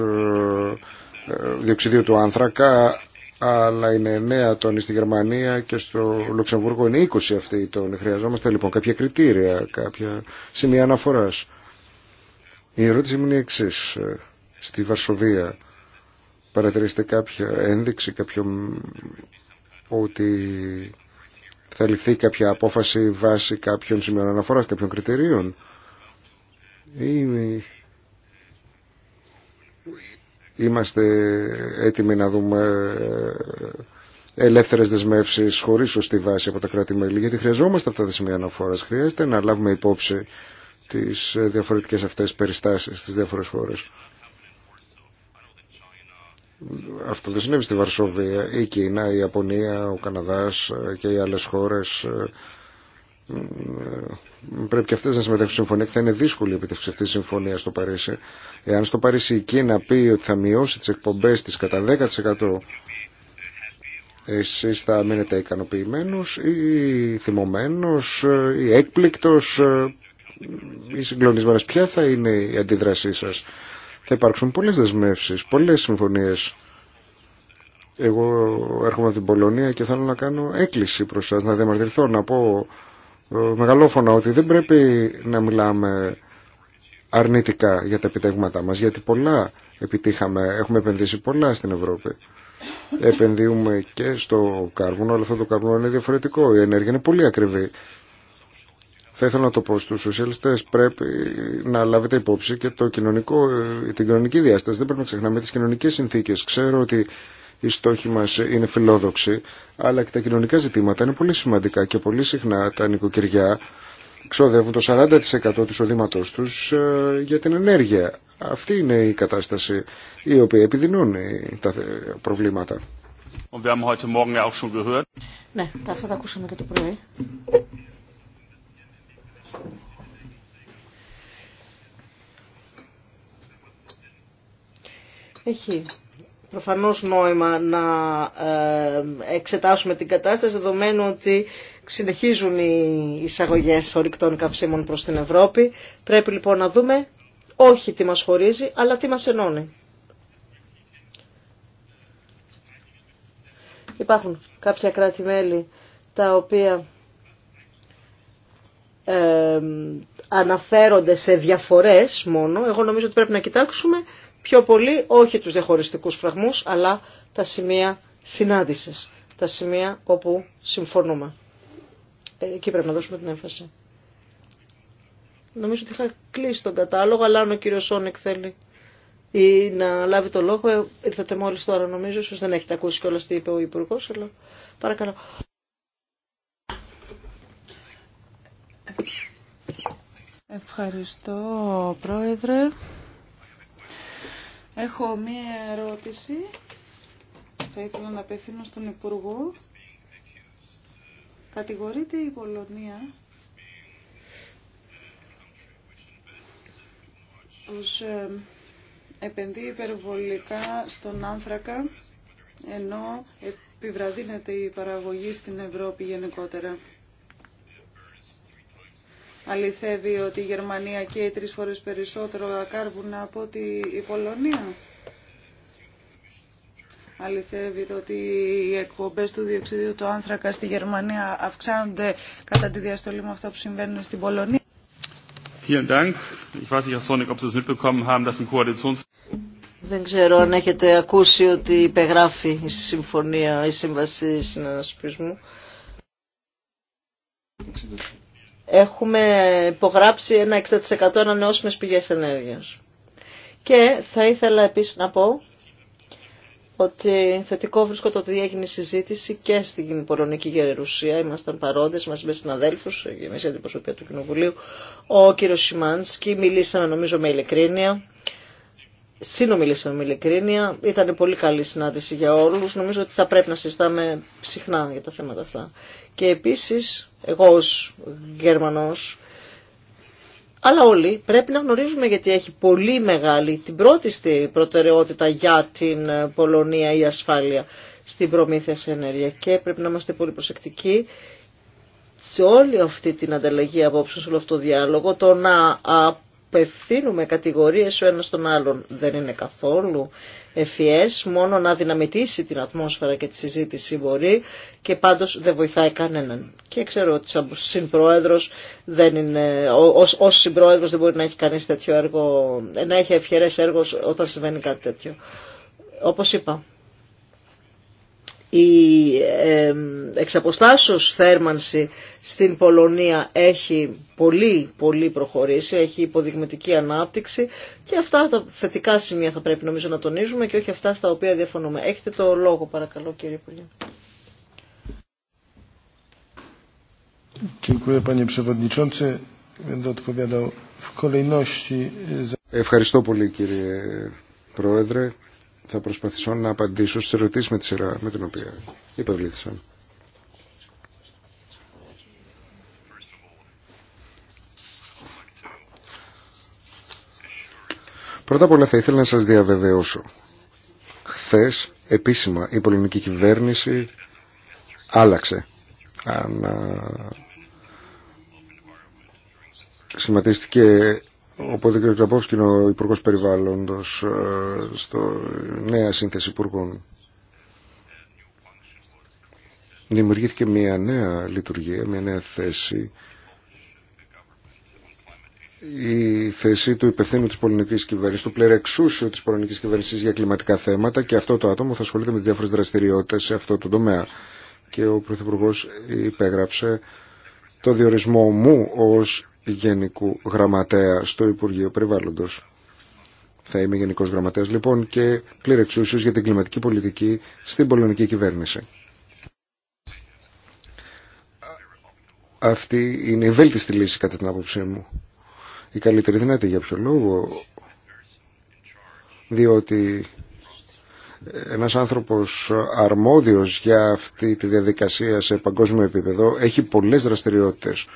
διοξιδίου του άνθρακα αλλά είναι 9 τόνοι στη Γερμανία και στο Λουξεμβούργο είναι 20 αυτοί οι τόνοι. Χρειαζόμαστε λοιπόν κάποια κριτήρια, κάποια σημεία αναφοράς. Η ερώτηση μου είναι η εξή. Ε, στη Βαρσοβία παρατηρήσετε κάποια ένδειξη, κάποιο ότι θα ληφθεί κάποια απόφαση βάσει κάποιων σημείων αναφορά κάποιων κριτηρίων. Ή είμαστε έτοιμοι να δούμε ε, ελεύθερες δεσμεύσεις χωρίς σωστή βάση από τα κράτη-μέλη, γιατί χρειαζόμαστε αυτά τα σημεία αναφοράς. Χρειάζεται να λάβουμε υπόψη τις ε, διαφορετικές αυτές περιστάσεις στις διάφορες χώρες. Αυτό δεν συνέβη στη Βαρσόβια. Η Κίνα, η Ιαπωνία, ο Καναδάς ε, και οι άλλες χώρες ε, πρέπει και αυτές να συμμετέχουν στη συμφωνία και θα είναι δύσκολη η επιτεύξη αυτής της συμφωνίας στο Παρίσι. Εάν στο Παρίσι η Κίνα πει ότι θα μειώσει τις εκπομπές της κατά 10% εσείς θα μείνετε ικανοποιημένος ή θυμωμένος ή έκπληκτος οι συγκλονισμένε, Ποια θα είναι η αντίδρασή σα. Θα υπάρξουν πολλέ δεσμεύσει, πολλέ συμφωνίε. Εγώ έρχομαι από την Πολωνία και θέλω να κάνω έκκληση προ σας, να διαμαρτυρηθώ, να πω ε, μεγαλόφωνα ότι δεν πρέπει να μιλάμε αρνητικά για τα επιτεύγματά μα γιατί πολλά επιτύχαμε, έχουμε επενδύσει πολλά στην Ευρώπη. Επενδύουμε και στο κάρβουνο, αλλά αυτό το κάρβουνο είναι διαφορετικό. Η ενέργεια είναι πολύ ακριβή. Θα ήθελα να το πω στους σοσιαλιστές πρέπει να λάβετε υπόψη και το κοινωνικό, ε, την κοινωνική διάσταση. Δεν πρέπει να ξεχνάμε τις κοινωνικές συνθήκες. Ξέρω ότι οι στόχοι μας είναι φιλόδοξοι, αλλά και τα κοινωνικά ζητήματα είναι πολύ σημαντικά και πολύ συχνά τα νοικοκυριά ξοδεύουν το 40% του οδήματός τους ε, για την ενέργεια. Αυτή είναι η κατάσταση η οποία επιδεινώνει τα ε, προβλήματα. Έχει προφανώς νόημα να ε, εξετάσουμε την κατάσταση δεδομένου ότι συνεχίζουν οι εισαγωγές ορυκτών καυσίμων προς την Ευρώπη. Πρέπει λοιπόν να δούμε όχι τι μας χωρίζει αλλά τι μας ενώνει. Υπάρχουν κάποια κράτη-μέλη τα οποία αναφέρονται σε διαφορές μόνο, εγώ νομίζω ότι πρέπει να κοιτάξουμε πιο πολύ όχι τους διαχωριστικούς φραγμούς, αλλά τα σημεία συνάντησης, τα σημεία όπου συμφωνούμε. Ε, εκεί πρέπει να δώσουμε την έμφαση. Νομίζω ότι είχα κλείσει τον κατάλογο, αλλά αν ο κύριο Σόνικ θέλει ή να λάβει το λόγο, ε, ήρθατε μόλι τώρα νομίζω, ίσω δεν έχετε ακούσει κιόλα τι είπε ο Υπουργό, αλλά παρακαλώ. Ευχαριστώ, Πρόεδρε. Έχω μία ερώτηση. Θα ήθελα να απευθύνω στον Υπουργό. Κατηγορείται η Πολωνία ως ε, επενδύει υπερβολικά στον άνθρακα, ενώ επιβραδύνεται η παραγωγή στην Ευρώπη γενικότερα αληθεύει ότι η Γερμανία καίει τρεις φορές περισσότερο ακάρβουνα από ότι η Πολωνία. Αληθεύει ότι οι εκπομπές του διοξιδίου του άνθρακα στη Γερμανία αυξάνονται κατά τη διαστολή με αυτό που συμβαίνουν στην Πολωνία. Δεν ξέρω αν έχετε ακούσει ότι υπεγράφει η συμφωνία, η σύμβαση συνανασπισμού έχουμε υπογράψει ένα 60% ανανεώσιμες πηγές ενέργειας. Και θα ήθελα επίσης να πω ότι θετικό βρίσκω το ότι έγινε συζήτηση και στην Πολωνική Γερουσία. Ήμασταν παρόντε μαζί με συναδέλφου, εμεί η αντιπροσωπεία του Κοινοβουλίου. Ο κύριο Σιμάνσκι μιλήσαμε νομίζω με ειλικρίνεια. Συνομιλήσαμε με ειλικρίνεια. Ήταν πολύ καλή συνάντηση για όλου. Νομίζω ότι θα πρέπει να συζητάμε συχνά για τα θέματα αυτά και επίσης εγώ ως Γερμανός αλλά όλοι πρέπει να γνωρίζουμε γιατί έχει πολύ μεγάλη την πρώτη προτεραιότητα για την Πολωνία η ασφάλεια στην προμήθεια σε ενέργεια και πρέπει να είμαστε πολύ προσεκτικοί σε όλη αυτή την ανταλλαγή απόψεων, σε όλο αυτό το διάλογο, το να απευθύνουμε κατηγορίες ο ένας τον άλλον δεν είναι καθόλου ευφιές. μόνο να δυναμητήσει την ατμόσφαιρα και τη συζήτηση μπορεί και πάντως δεν βοηθάει κανέναν. Και ξέρω ότι σαν συμπρόεδρος δεν είναι, ως, συμπρόεδρος δεν μπορεί να έχει κανείς τέτοιο έργο, να έχει ευχερές έργο όταν συμβαίνει κάτι τέτοιο. Όπως είπα, η εξαποστάσεως θέρμανση στην Πολωνία έχει πολύ πολύ προχωρήσει, έχει υποδειγματική ανάπτυξη και αυτά τα θετικά σημεία θα πρέπει νομίζω να τονίζουμε και όχι αυτά στα οποία διαφωνούμε. Έχετε το λόγο παρακαλώ κύριε Υπουργέ. Ευχαριστώ πολύ κύριε Πρόεδρε. Θα προσπαθήσω να απαντήσω στις ερωτήσεις με τη σειρά με την οποία υπευλήθησαν. Πρώτα απ' όλα θα ήθελα να σας διαβεβαιώσω. Χθες επίσημα η πολεμική κυβέρνηση άλλαξε. αν Σχηματίστηκε Οπότε ο κ. ο Υπουργός Περιβάλλοντος ε, στο νέα σύνθεση υπουργών. Δημιουργήθηκε μια νέα λειτουργία, μια νέα θέση. Η θέση του υπευθύνου της πολιτικής κυβέρνησης, του πλερεξούσιου της πολιτικής κυβέρνησης για κλιματικά θέματα και αυτό το άτομο θα ασχολείται με τις διάφορες δραστηριότητες σε αυτό το τομέα. Και ο Πρωθυπουργός υπέγραψε το διορισμό μου ως Γενικού Γραμματέα στο Υπουργείο Περιβάλλοντος. Θα είμαι Γενικός Γραμματέας λοιπόν και πλήρε για την κλιματική πολιτική στην πολωνική κυβέρνηση. Αυτή είναι η βέλτιστη λύση κατά την άποψή μου. Η καλύτερη δυνατή για ποιο λόγο, διότι ένας άνθρωπος αρμόδιος για αυτή τη διαδικασία σε παγκόσμιο επίπεδο έχει πολλές δραστηριότητες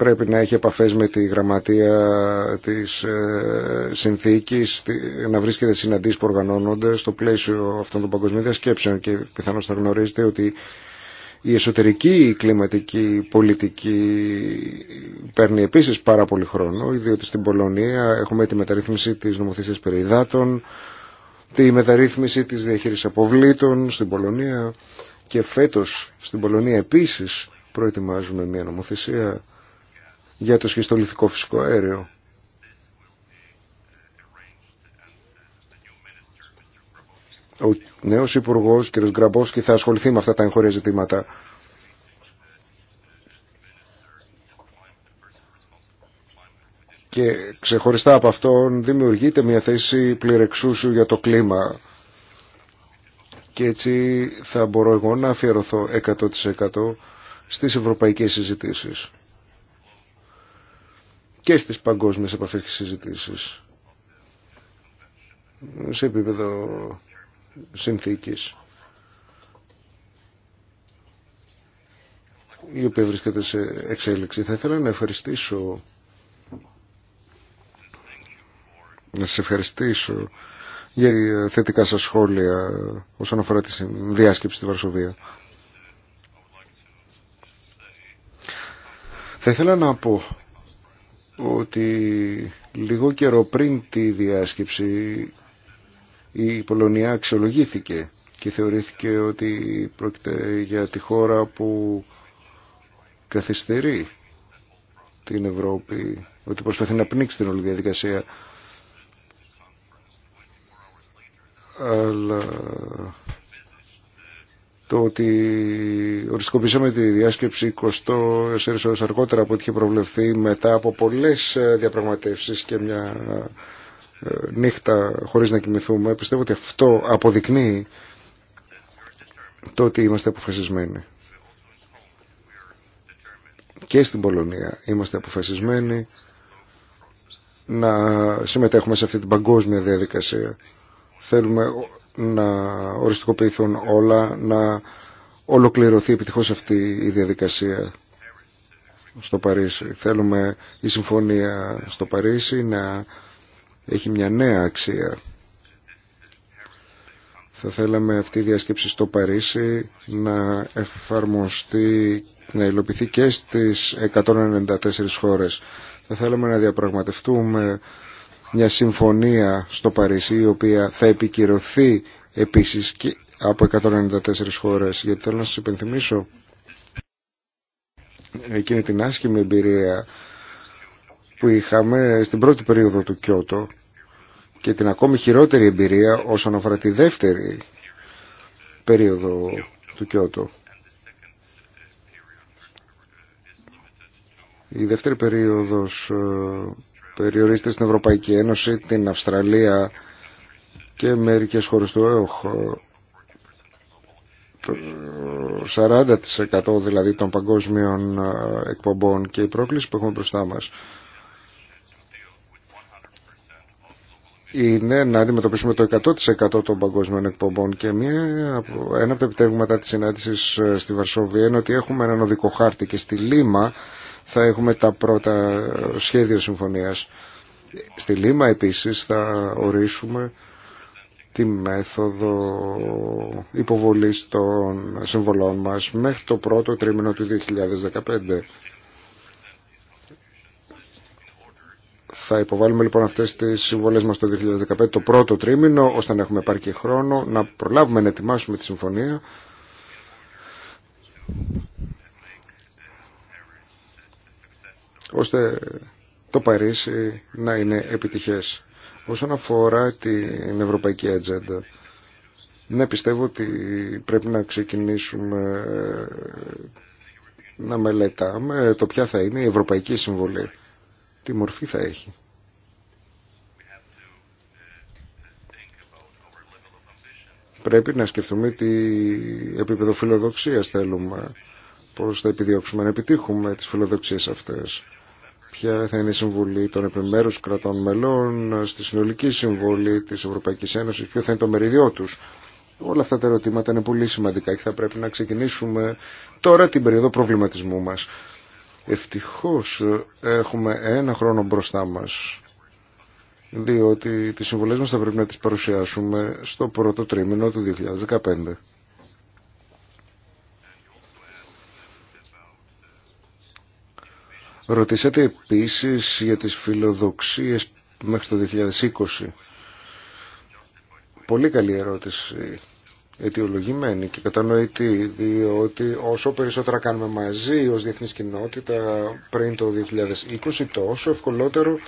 πρέπει να έχει επαφές με τη γραμματεία της ε, συνθήκης, να βρίσκεται συναντήσεις που οργανώνονται στο πλαίσιο αυτών των παγκοσμίων διασκέψεων και πιθανώς θα γνωρίζετε ότι η εσωτερική κλιματική πολιτική παίρνει επίσης πάρα πολύ χρόνο, διότι στην Πολωνία έχουμε τη μεταρρύθμιση της νομοθεσίας περί υδάτων, τη μεταρρύθμιση της διαχείρισης αποβλήτων στην Πολωνία και φέτος στην Πολωνία επίσης προετοιμάζουμε μια νομοθεσία για το σχιστολιθικό φυσικό αέριο. Ο νέος Υπουργός, κ. Γκραμπόσκι, θα ασχοληθεί με αυτά τα εγχώρια ζητήματα. Και ξεχωριστά από αυτόν δημιουργείται μια θέση πληρεξούσου για το κλίμα. Και έτσι θα μπορώ εγώ να αφιερωθώ 100% στις ευρωπαϊκές συζητήσεις και στις παγκόσμιες επαφές και συζητήσεις σε επίπεδο συνθήκης η οποία βρίσκεται σε εξέλιξη. Θα ήθελα να ευχαριστήσω να σας ευχαριστήσω για θετικά σας σχόλια όσον αφορά τη διάσκεψη στη Βαρσοβία. Θα ήθελα να πω ότι λίγο καιρό πριν τη διάσκεψη η Πολωνία αξιολογήθηκε και θεωρήθηκε ότι πρόκειται για τη χώρα που καθυστερεί την Ευρώπη, ότι προσπαθεί να πνίξει την όλη διαδικασία το ότι οριστικοποιήσαμε τη διάσκεψη 24 ώρες αργότερα από ό,τι είχε προβλεφθεί μετά από πολλές ε, διαπραγματεύσεις και μια ε, νύχτα χωρίς να κοιμηθούμε. Πιστεύω ότι αυτό αποδεικνύει το ότι είμαστε αποφασισμένοι. Και στην Πολωνία είμαστε αποφασισμένοι να συμμετέχουμε σε αυτή την παγκόσμια διαδικασία. Θέλουμε να οριστικοποιηθούν όλα, να ολοκληρωθεί επιτυχώς αυτή η διαδικασία στο Παρίσι. Θέλουμε η συμφωνία στο Παρίσι να έχει μια νέα αξία. Θα θέλαμε αυτή η διασκέψη στο Παρίσι να εφαρμοστεί, να υλοποιηθεί και στις 194 χώρες. Θα θέλαμε να διαπραγματευτούμε μια συμφωνία στο Παρίσι η οποία θα επικυρωθεί επίσης και από 194 χώρες γιατί θέλω να σας υπενθυμίσω εκείνη την άσχημη εμπειρία που είχαμε στην πρώτη περίοδο του Κιώτο και την ακόμη χειρότερη εμπειρία όσον αφορά τη δεύτερη περίοδο του Κιώτο. Η δεύτερη περίοδος ε, περιορίζεται στην Ευρωπαϊκή Ένωση, την Αυστραλία και μερικές χώρες του ΕΟΧ. 40% δηλαδή των παγκόσμιων ε, εκπομπών και η πρόκληση που έχουμε μπροστά μας είναι να αντιμετωπίσουμε το 100% των παγκόσμιων εκπομπών και μία, ένα από τα επιτεύγματα της συνάντησης ε, στη Βαρσόβια είναι ότι έχουμε έναν οδικό χάρτη και στη Λίμα θα έχουμε τα πρώτα σχέδια συμφωνίας. Στη Λίμα επίσης θα ορίσουμε τη μέθοδο υποβολής των συμβολών μας μέχρι το πρώτο τρίμηνο του 2015. Θα υποβάλουμε λοιπόν αυτές τις συμβολές μας το 2015 το πρώτο τρίμηνο ώστε να έχουμε πάρει χρόνο να προλάβουμε να ετοιμάσουμε τη συμφωνία ώστε το Παρίσι να είναι επιτυχές. Όσον αφορά την ευρωπαϊκή ατζέντα, ναι, πιστεύω ότι πρέπει να ξεκινήσουμε ε, να μελετάμε το ποια θα είναι η ευρωπαϊκή συμβολή. Τι μορφή θα έχει. Πρέπει να σκεφτούμε τι επίπεδο φιλοδοξίας θέλουμε, πώς θα επιδιώξουμε να επιτύχουμε τις φιλοδοξίες αυτές ποια θα είναι η συμβουλή των επιμέρους κρατών μελών στη συνολική συμβολή της Ευρωπαϊκής Ένωσης, ποιο θα είναι το μεριδιό τους. Όλα αυτά τα ερωτήματα είναι πολύ σημαντικά και θα πρέπει να ξεκινήσουμε τώρα την περίοδο προβληματισμού μας. Ευτυχώς ε, έχουμε ένα χρόνο μπροστά μας, διότι τις συμβουλές μας θα πρέπει να τις παρουσιάσουμε στο πρώτο τρίμηνο του 2015. Ρωτήσατε επίσης για τις φιλοδοξίες μέχρι το 2020. Πολύ καλή ερώτηση, αιτιολογημένη και κατανοητή, διότι όσο περισσότερα κάνουμε μαζί ως διεθνής κοινότητα πριν το 2020, τόσο ευκολότερο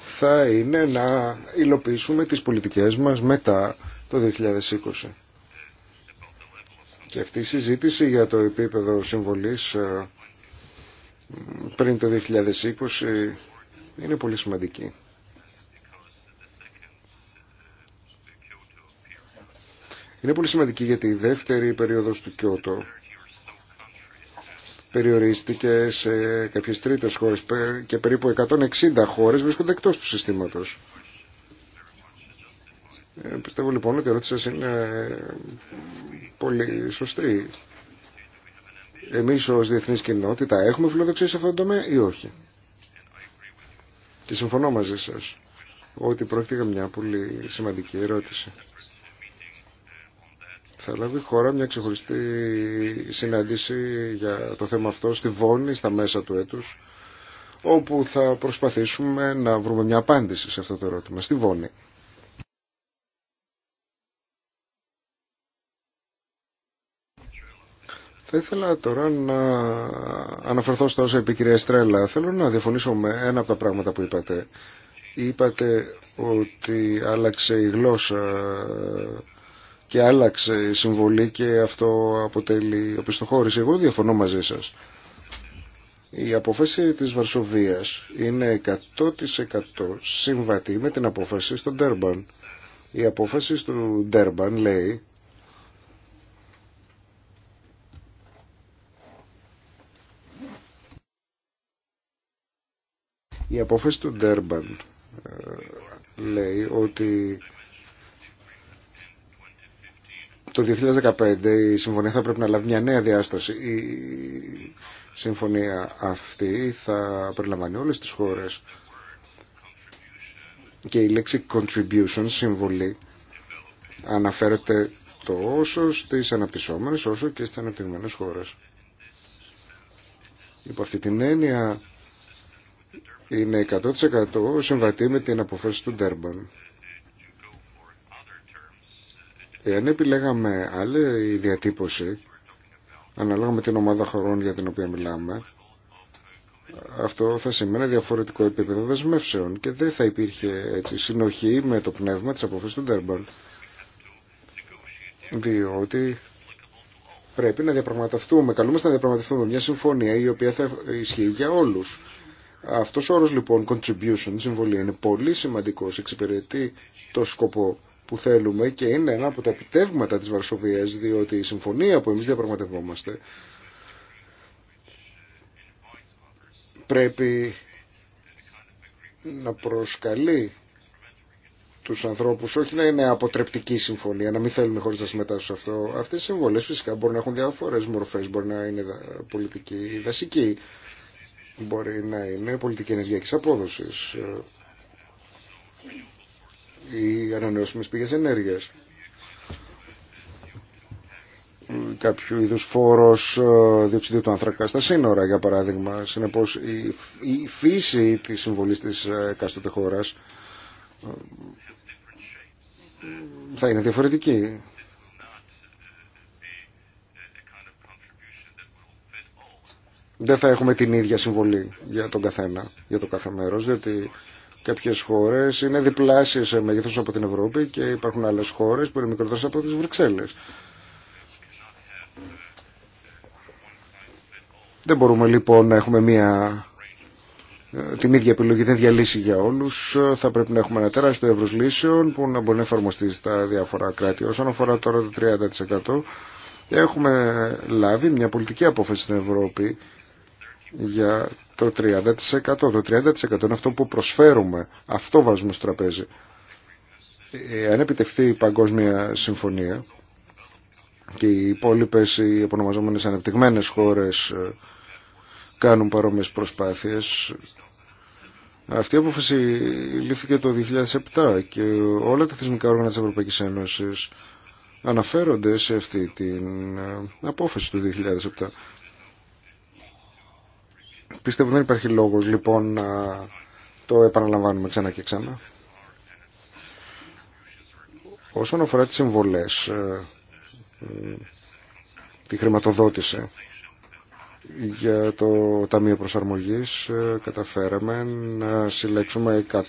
θα είναι να υλοποιήσουμε τις πολιτικές μας μετά το 2020. Και αυτή η συζήτηση για το επίπεδο συμβολής ε, πριν το 2020 είναι πολύ σημαντική. Είναι πολύ σημαντική γιατί η δεύτερη περίοδος του Κιώτο περιορίστηκε σε κάποιες τρίτες χώρες και περίπου 160 χώρες βρίσκονται εκτός του συστήματος. Ε, πιστεύω λοιπόν ότι η ερώτηση σας είναι ε, πολύ σωστή εμείς ως διεθνής κοινότητα έχουμε φιλοδοξία σε αυτό το τομέα ή όχι. Και συμφωνώ μαζί σας ότι πρόκειται για μια πολύ σημαντική ερώτηση. Θα λάβει χώρα μια ξεχωριστή συνάντηση για το θέμα αυτό στη Βόνη στα μέσα του έτους όπου θα προσπαθήσουμε να βρούμε μια απάντηση σε αυτό το ερώτημα στη Βόνη. Θα ήθελα τώρα να αναφερθώ στα όσα είπε Θέλω να διαφωνήσω με ένα από τα πράγματα που είπατε. Είπατε ότι άλλαξε η γλώσσα και άλλαξε η συμβολή και αυτό αποτελεί οπισθοχώρηση. Εγώ διαφωνώ μαζί σας. Η απόφαση της Βαρσοβίας είναι 100% συμβατή με την απόφαση στον Τέρμπαν. Η απόφαση του Τέρμπαν λέει Η απόφαση του Ντέρμπαν ε, λέει ότι το 2015 η συμφωνία θα πρέπει να λάβει μια νέα διάσταση. Η συμφωνία αυτή θα περιλαμβάνει όλες τις χώρες και η λέξη contribution, συμβολή, αναφέρεται τόσο στις αναπτυσσόμενες όσο και στις αναπτυγμένες χώρες. Υπό αυτή την έννοια είναι 100% συμβατή με την αποφάση του Ντέρμπαν. Εάν επιλέγαμε άλλη διατύπωση, ανάλογα με την ομάδα χωρών για την οποία μιλάμε, αυτό θα σημαίνει διαφορετικό επίπεδο δεσμεύσεων και δεν θα υπήρχε έτσι, συνοχή με το πνεύμα της αποφάσης του Ντέρμπαν. Διότι πρέπει να διαπραγματευτούμε, καλούμαστε να διαπραγματευτούμε μια συμφωνία η οποία θα ισχύει για όλους αυτός ο όρος λοιπόν contribution, συμβολή, είναι πολύ σημαντικός, εξυπηρετεί το σκοπό που θέλουμε και είναι ένα από τα επιτεύγματα της Βαρσοβίας διότι η συμφωνία που εμείς διαπραγματευόμαστε πρέπει να προσκαλεί τους ανθρώπους όχι να είναι αποτρεπτική συμφωνία, να μην θέλουμε χωρίς να συμμετάσχουν σε αυτό. Αυτές οι συμβολές φυσικά μπορούν να έχουν διάφορες μορφές, μπορεί να είναι πολιτική, δασική, μπορεί να είναι πολιτική ενεργειακή απόδοση ή ανανεώσιμες πηγές ενέργειας κάποιο είδους φόρος ε, διοξιδίου του άνθρακα στα σύνορα για παράδειγμα συνεπώς η φύση της συμβολής της ε, εκάστοτε χώρας ε, θα είναι διαφορετική δεν θα έχουμε την ίδια συμβολή για τον καθένα, για το κάθε μέρος, διότι κάποιες χώρες είναι διπλάσιες σε μέγεθος από την Ευρώπη και υπάρχουν άλλες χώρες που είναι μικρότερες από τις Βρυξέλλες. Δεν μπορούμε λοιπόν να έχουμε μία, ε, την ίδια επιλογή, την ίδια λύση για όλους. Θα πρέπει να έχουμε ένα τεράστιο εύρος λύσεων που να μπορεί να εφαρμοστεί στα διάφορα κράτη. Όσον αφορά τώρα το 30% έχουμε λάβει μια πολιτική απόφαση στην Ευρώπη για το 30%. Το 30% είναι αυτό που προσφέρουμε. Αυτό βάζουμε στο τραπέζι. Αν επιτευχθεί η παγκόσμια συμφωνία και οι υπόλοιπε οι επωνομαζόμενες ανεπτυγμένες χώρες ε, κάνουν παρόμοιες προσπάθειες αυτή η απόφαση λήφθηκε το 2007 και όλα τα θεσμικά όργανα της Ευρωπαϊκής Ένωσης αναφέρονται σε αυτή την ε, απόφαση του 2007. Πιστεύω δεν υπάρχει λόγος λοιπόν να το επαναλαμβάνουμε ξανά και ξανά. Όσον αφορά τις συμβολές, ε, τη χρηματοδότηση για το Ταμείο Προσαρμογής ε, καταφέραμε να συλλέξουμε 100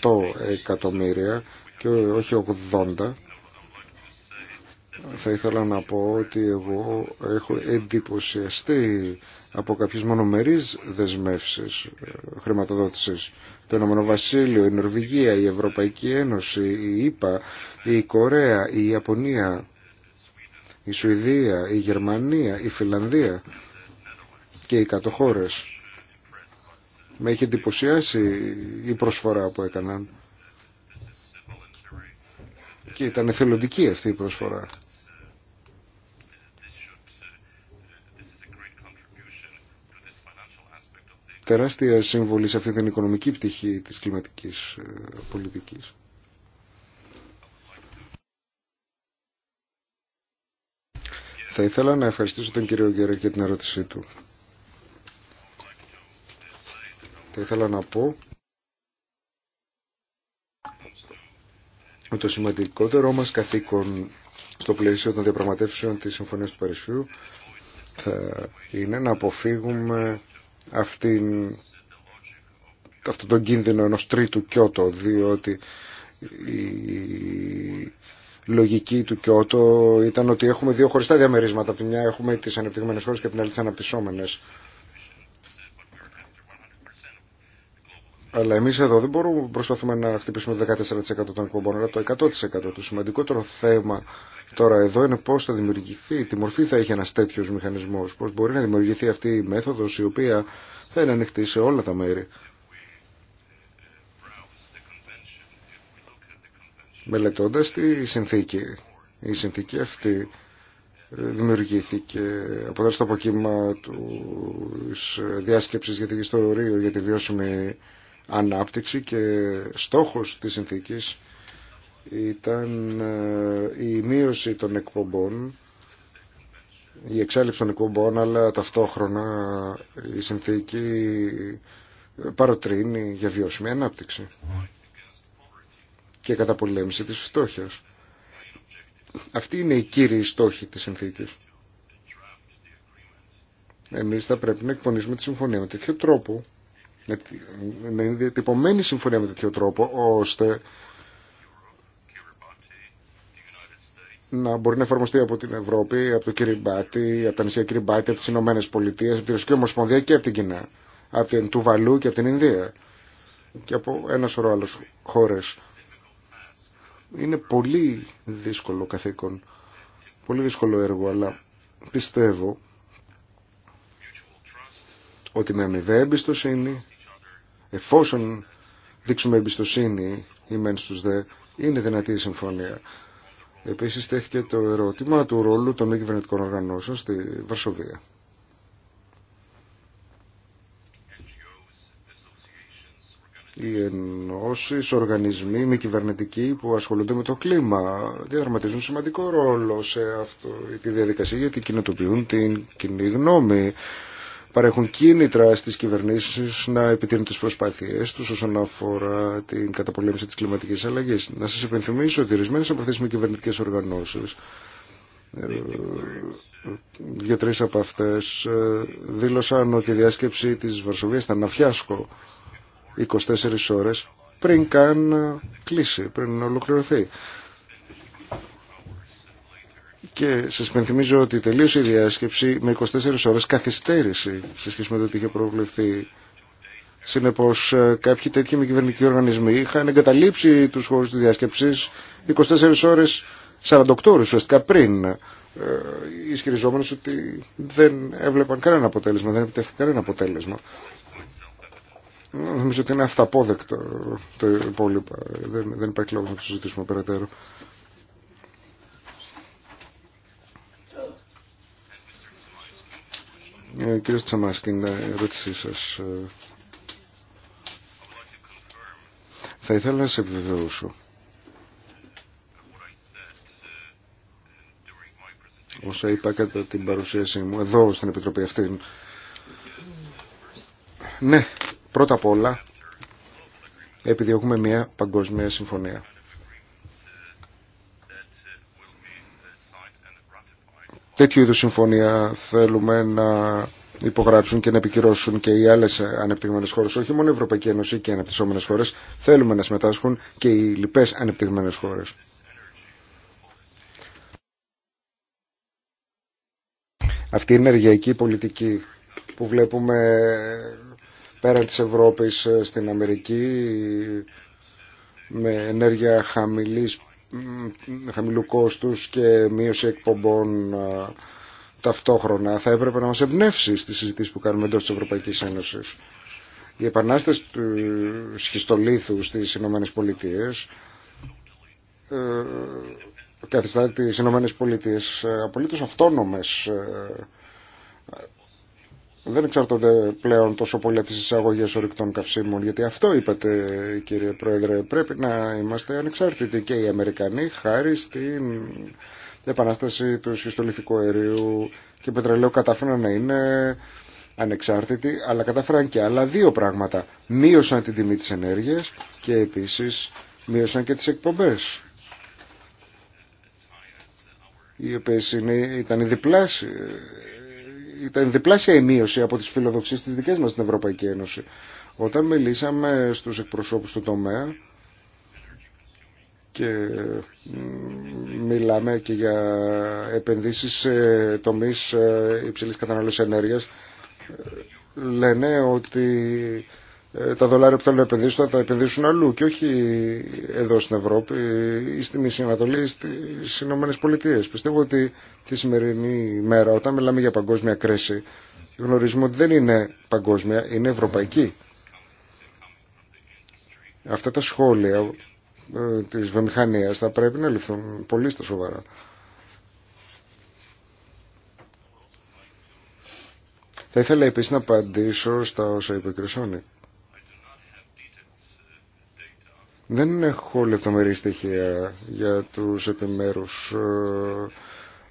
εκατομμύρια και όχι 80 θα ήθελα να πω ότι εγώ έχω εντυπωσιαστεί από κάποιες μονομερείς δεσμεύσεις ε, χρηματοδότησης. Το Ηνωμένο Βασίλειο, η Νορβηγία, η Ευρωπαϊκή Ένωση, η ΕΠΑ, η Κορέα, η Ιαπωνία, η Σουηδία, η Γερμανία, η Φιλανδία και οι κατοχώρες. Με έχει εντυπωσιάσει η προσφορά που έκαναν. Και ήταν εθελοντική αυτή η προσφορά. τεράστια συμβολή σε αυτή την οικονομική πτυχή της κλιματικής ε, πολιτικής. Θα ήθελα να ευχαριστήσω τον κύριο Γκέρα για την ερώτησή του. Θα ήθελα να πω ότι το σημαντικότερο μας καθήκον στο πλαίσιο των διαπραγματεύσεων της Συμφωνίας του Παρισιού θα είναι να αποφύγουμε αυτήν, αυτόν τον κίνδυνο ενός τρίτου Κιώτο, διότι η λογική του Κιώτο ήταν ότι έχουμε δύο χωριστά διαμερίσματα. Από τη μια έχουμε τις ανεπτυγμένες χώρες και από την άλλη τις αναπτυσσόμενες. Αλλά εμείς εδώ δεν μπορούμε να προσπαθούμε να χτυπήσουμε το 14% των εκπομπών, αλλά το 100%. Το σημαντικότερο θέμα τώρα εδώ είναι πώς θα δημιουργηθεί, τι μορφή θα έχει ένα τέτοιο μηχανισμό, πώς μπορεί να δημιουργηθεί αυτή η μέθοδος η οποία θα είναι ανοιχτή σε όλα τα μέρη. Μελετώντα τη συνθήκη, η συνθήκη αυτή δημιουργήθηκε από το αποκύμα του ε, διάσκεψης για τη ιστορία, για τη βιώσιμη ανάπτυξη και στόχος της συνθήκης ήταν ε, η μείωση των εκπομπών, η εξάλληψη των εκπομπών, αλλά ταυτόχρονα η συνθήκη παροτρύνει για βιώσιμη ανάπτυξη και καταπολέμηση της φτώχειας. Αυτή είναι η κύριη στόχη της συνθήκης. Εμείς θα πρέπει να εκπονήσουμε τη συμφωνία με τέτοιο τρόπο να είναι διατυπωμένη συμφωνία με τέτοιο τρόπο ώστε να μπορεί να εφαρμοστεί από την Ευρώπη, από το Κυριμπάτι, από τα νησιά Κυριμπάτι, από τι Ηνωμένε Πολιτείε, από τη Ρωσική Ομοσπονδία και από την Κίνα, από την Τουβαλού και από την Ινδία και από ένα σωρό άλλε χώρε. Είναι πολύ δύσκολο καθήκον, πολύ δύσκολο έργο, αλλά πιστεύω ότι με αμοιβαία εμπιστοσύνη εφόσον δείξουμε εμπιστοσύνη οι μεν στους δε, είναι δυνατή η συμφωνία. Επίσης τέθηκε το ερώτημα του ρόλου των μη κυβερνητικών οργανώσεων στη Βαρσοβία. Οι ενώσει, οργανισμοί, μη κυβερνητικοί που ασχολούνται με το κλίμα διαδραματίζουν σημαντικό ρόλο σε αυτή τη διαδικασία γιατί κοινοτοποιούν την κοινή γνώμη παρέχουν κίνητρα στις κυβερνήσεις να επιτείνουν τις προσπάθειές τους όσον αφορά την καταπολέμηση της κλιματικής αλλαγής. Να σας υπενθυμίσω ότι ορισμένες από αυτές με κυβερνητικές οργανώσεις δύο-τρεις από αυτές δήλωσαν ότι η διάσκεψη της Βαρσοβίας θα να φιάσκω 24 ώρες πριν καν κλείσει, πριν ολοκληρωθεί. Και σας πενθυμίζω ότι τελείωσε η διάσκεψη με 24 ώρες καθυστέρηση σε σχέση με το ότι είχε προβλεφθεί. Συνεπώς ε, κάποιοι τέτοιοι μη κυβερνητικοί οργανισμοί είχαν εγκαταλείψει τους χώρους της διάσκεψης 24 ώρες, 48 ώρες ουσιαστικά πριν ε, Ισχυριζόμενος ότι δεν έβλεπαν κανένα αποτέλεσμα, δεν επιτεύχθηκαν κανένα αποτέλεσμα. Νομίζω ότι είναι αυταπόδεκτο το υπόλοιπο. Ε, δεν, δεν υπάρχει λόγο να το συζητήσουμε περαιτέρω. Ε, κύριος Τσαμάσκιν, ερώτησή σας. Ε, θα ήθελα να σε επιβεβαιώσω. Όσα είπα κατά την παρουσίασή μου εδώ στην Επιτροπή αυτή. Ναι, πρώτα απ' όλα έχουμε μια παγκόσμια συμφωνία. τέτοιου είδους συμφωνία θέλουμε να υπογράψουν και να επικυρώσουν και οι άλλες ανεπτυγμένες χώρες, όχι μόνο η Ευρωπαϊκή Ένωση και οι ανεπτυσσόμενες χώρες, θέλουμε να συμμετάσχουν και οι λοιπές ανεπτυγμένες χώρες. Αυτή η ενεργειακή πολιτική που βλέπουμε πέραν της Ευρώπης ε, στην Αμερική με ενέργεια χαμηλής χαμηλού κόστους και μείωση εκπομπών ταυτόχρονα θα έπρεπε να μας εμπνεύσει στις συζητήσεις που κάνουμε εντός της Ευρωπαϊκής Ένωσης. Η επανάσταση του σχιστολίθου στις Ηνωμένες Πολιτείες ε, καθιστά τις Ηνωμένες Πολιτείες ε, απολύτως αυτόνομες ε, δεν εξαρτώνται πλέον τόσο πολύ από τι εισαγωγέ ορυκτών καυσίμων, γιατί αυτό είπατε κύριε Πρόεδρε, πρέπει να είμαστε ανεξάρτητοι και οι Αμερικανοί χάρη στην επανάσταση του σχιστολιθικού αερίου και πετρελαίου κατάφεραν να είναι ανεξάρτητοι, αλλά κατάφεραν και άλλα δύο πράγματα. Μείωσαν την τιμή τη ενέργεια και επίση μείωσαν και τι εκπομπέ. οι οποίε ήταν οι ήταν διπλάσια η μείωση από τις φιλοδοξίες της δικές μας στην Ευρωπαϊκή Ένωση. Όταν μιλήσαμε στους εκπροσώπους του τομέα και μιλάμε και για επενδύσεις σε τομείς ε, υψηλής κατανάλωσης ενέργειας, ε, λένε ότι ε, τα δολάρια που θέλουν να επενδύσουν θα τα επενδύσουν αλλού και όχι εδώ στην Ευρώπη ή στη μιση Ανατολή ή στις Ηνωμένες Πολιτείες. Πιστεύω ότι τη σημερινή μέρα όταν μιλάμε για παγκόσμια κρίση γνωρίζουμε ότι δεν είναι παγκόσμια, είναι ευρωπαϊκή. Αυτά τα σχόλια ε, της βιομηχανίας θα πρέπει να ληφθούν πολύ στα σοβαρά. Θα ήθελα επίσης να απαντήσω στα όσα είπε ο Δεν έχω λεπτομερή στοιχεία για τους επιμέρους,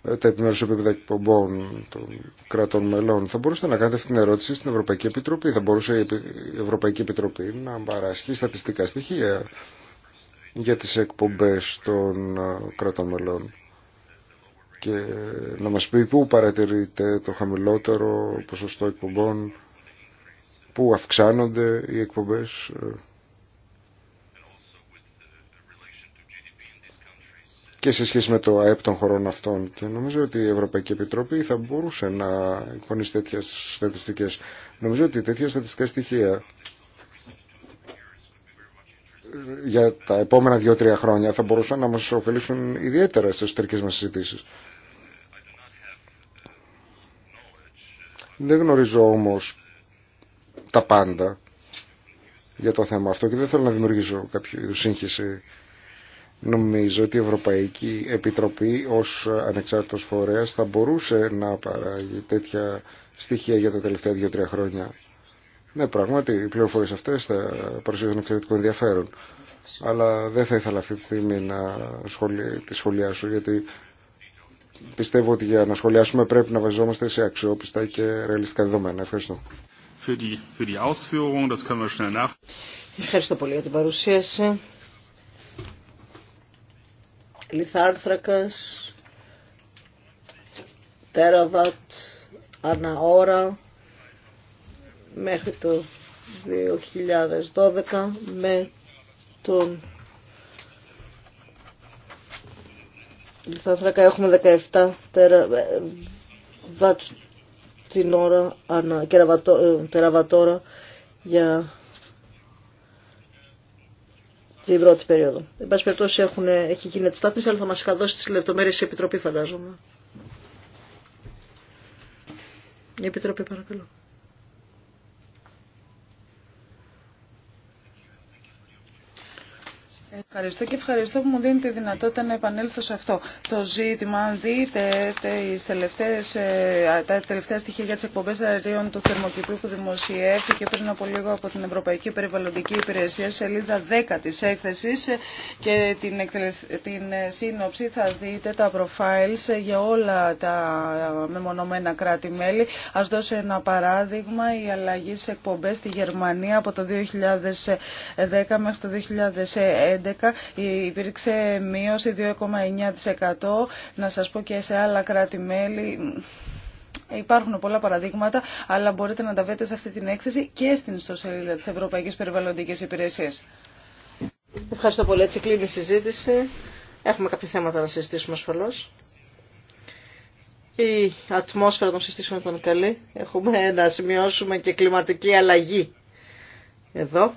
ε, τα επιμέρους επίπεδα εκπομπών των κρατών μελών. Θα μπορούσατε να κάνετε αυτή την ερώτηση στην Ευρωπαϊκή Επιτροπή. Θα μπορούσε η Ευρωπαϊκή Επιτροπή να παράσχει στατιστικά στοιχεία για τις εκπομπές των ε, κρατών μελών και να μας πει πού παρατηρείται το χαμηλότερο ποσοστό εκπομπών, πού αυξάνονται οι εκπομπές. Ε. και σε σχέση με το ΑΕΠ των χωρών αυτών. Και νομίζω ότι η Ευρωπαϊκή Επιτροπή θα μπορούσε να εικονίσει τέτοιε στατιστικέ. Νομίζω ότι τέτοια στατιστικά στοιχεία για τα επόμενα δύο-τρία χρόνια θα μπορούσαν να μας ωφελήσουν ιδιαίτερα στις εσωτερικέ μα συζητήσει. Δεν γνωρίζω όμω τα πάντα για το θέμα αυτό και δεν θέλω να δημιουργήσω κάποιο σύγχυση Νομίζω ότι η Ευρωπαϊκή Επιτροπή ως ανεξάρτητος φορέας θα μπορούσε να παράγει τέτοια στοιχεία για τα τελευταία δύο-τρία χρόνια. Ναι, πράγματι, οι πληροφορίες αυτές θα παρουσιάζουν εξαιρετικό ενδιαφέρον. Αλλά δεν θα ήθελα αυτή τη στιγμή να σχολιά, τη σχολιάσω, γιατί πιστεύω ότι για να σχολιάσουμε πρέπει να βαζόμαστε σε αξιόπιστα και ρεαλιστικά δεδομένα. Ευχαριστώ. Ευχαριστώ πολύ για την παρουσίαση λιθάρθρακας, τέραβατ, αναώρα, μέχρι το 2012 με τον λιθάρθρακα έχουμε 17 τέραβατ ε, την ώρα, ανα, ε, τεραβατόρα για την πρώτη περίοδο. Εν πάση περιπτώσει έχουν, έχει γίνει αντιστάθμιση, αλλά θα μας δώσει τις λεπτομέρειες η Επιτροπή φαντάζομαι. Η Επιτροπή παρακαλώ. Ευχαριστώ και ευχαριστώ που μου δίνετε τη δυνατότητα να επανέλθω σε αυτό το ζήτημα. Αν δείτε τελευταίες, ε, τα τελευταία στοιχεία για τις εκπομπές αερίων του θερμοκηπίου που δημοσιεύθηκε πριν από λίγο από την Ευρωπαϊκή Περιβαλλοντική Υπηρεσία, σελίδα 10 της έκθεσης ε, και την, την ε, σύνοψη θα δείτε τα profiles για όλα τα μεμονωμένα κράτη-μέλη. Ας δώσω ένα παράδειγμα, η αλλαγή σε εκπομπές στη Γερμανία από το 2010 μέχρι το 2011 υπήρξε μείωση 2,9%. Να σας πω και σε άλλα κράτη-μέλη Υπάρχουν πολλά παραδείγματα, αλλά μπορείτε να τα βρείτε σε αυτή την έκθεση και στην ιστοσελίδα της Ευρωπαϊκής Περιβαλλοντικής Υπηρεσίας. Ευχαριστώ πολύ. Έτσι κλείνει η συζήτηση. Έχουμε κάποια θέματα να συζητήσουμε ασφαλώ. Η ατμόσφαιρα των συστήσεων ήταν καλή. Έχουμε να σημειώσουμε και κλιματική αλλαγή εδώ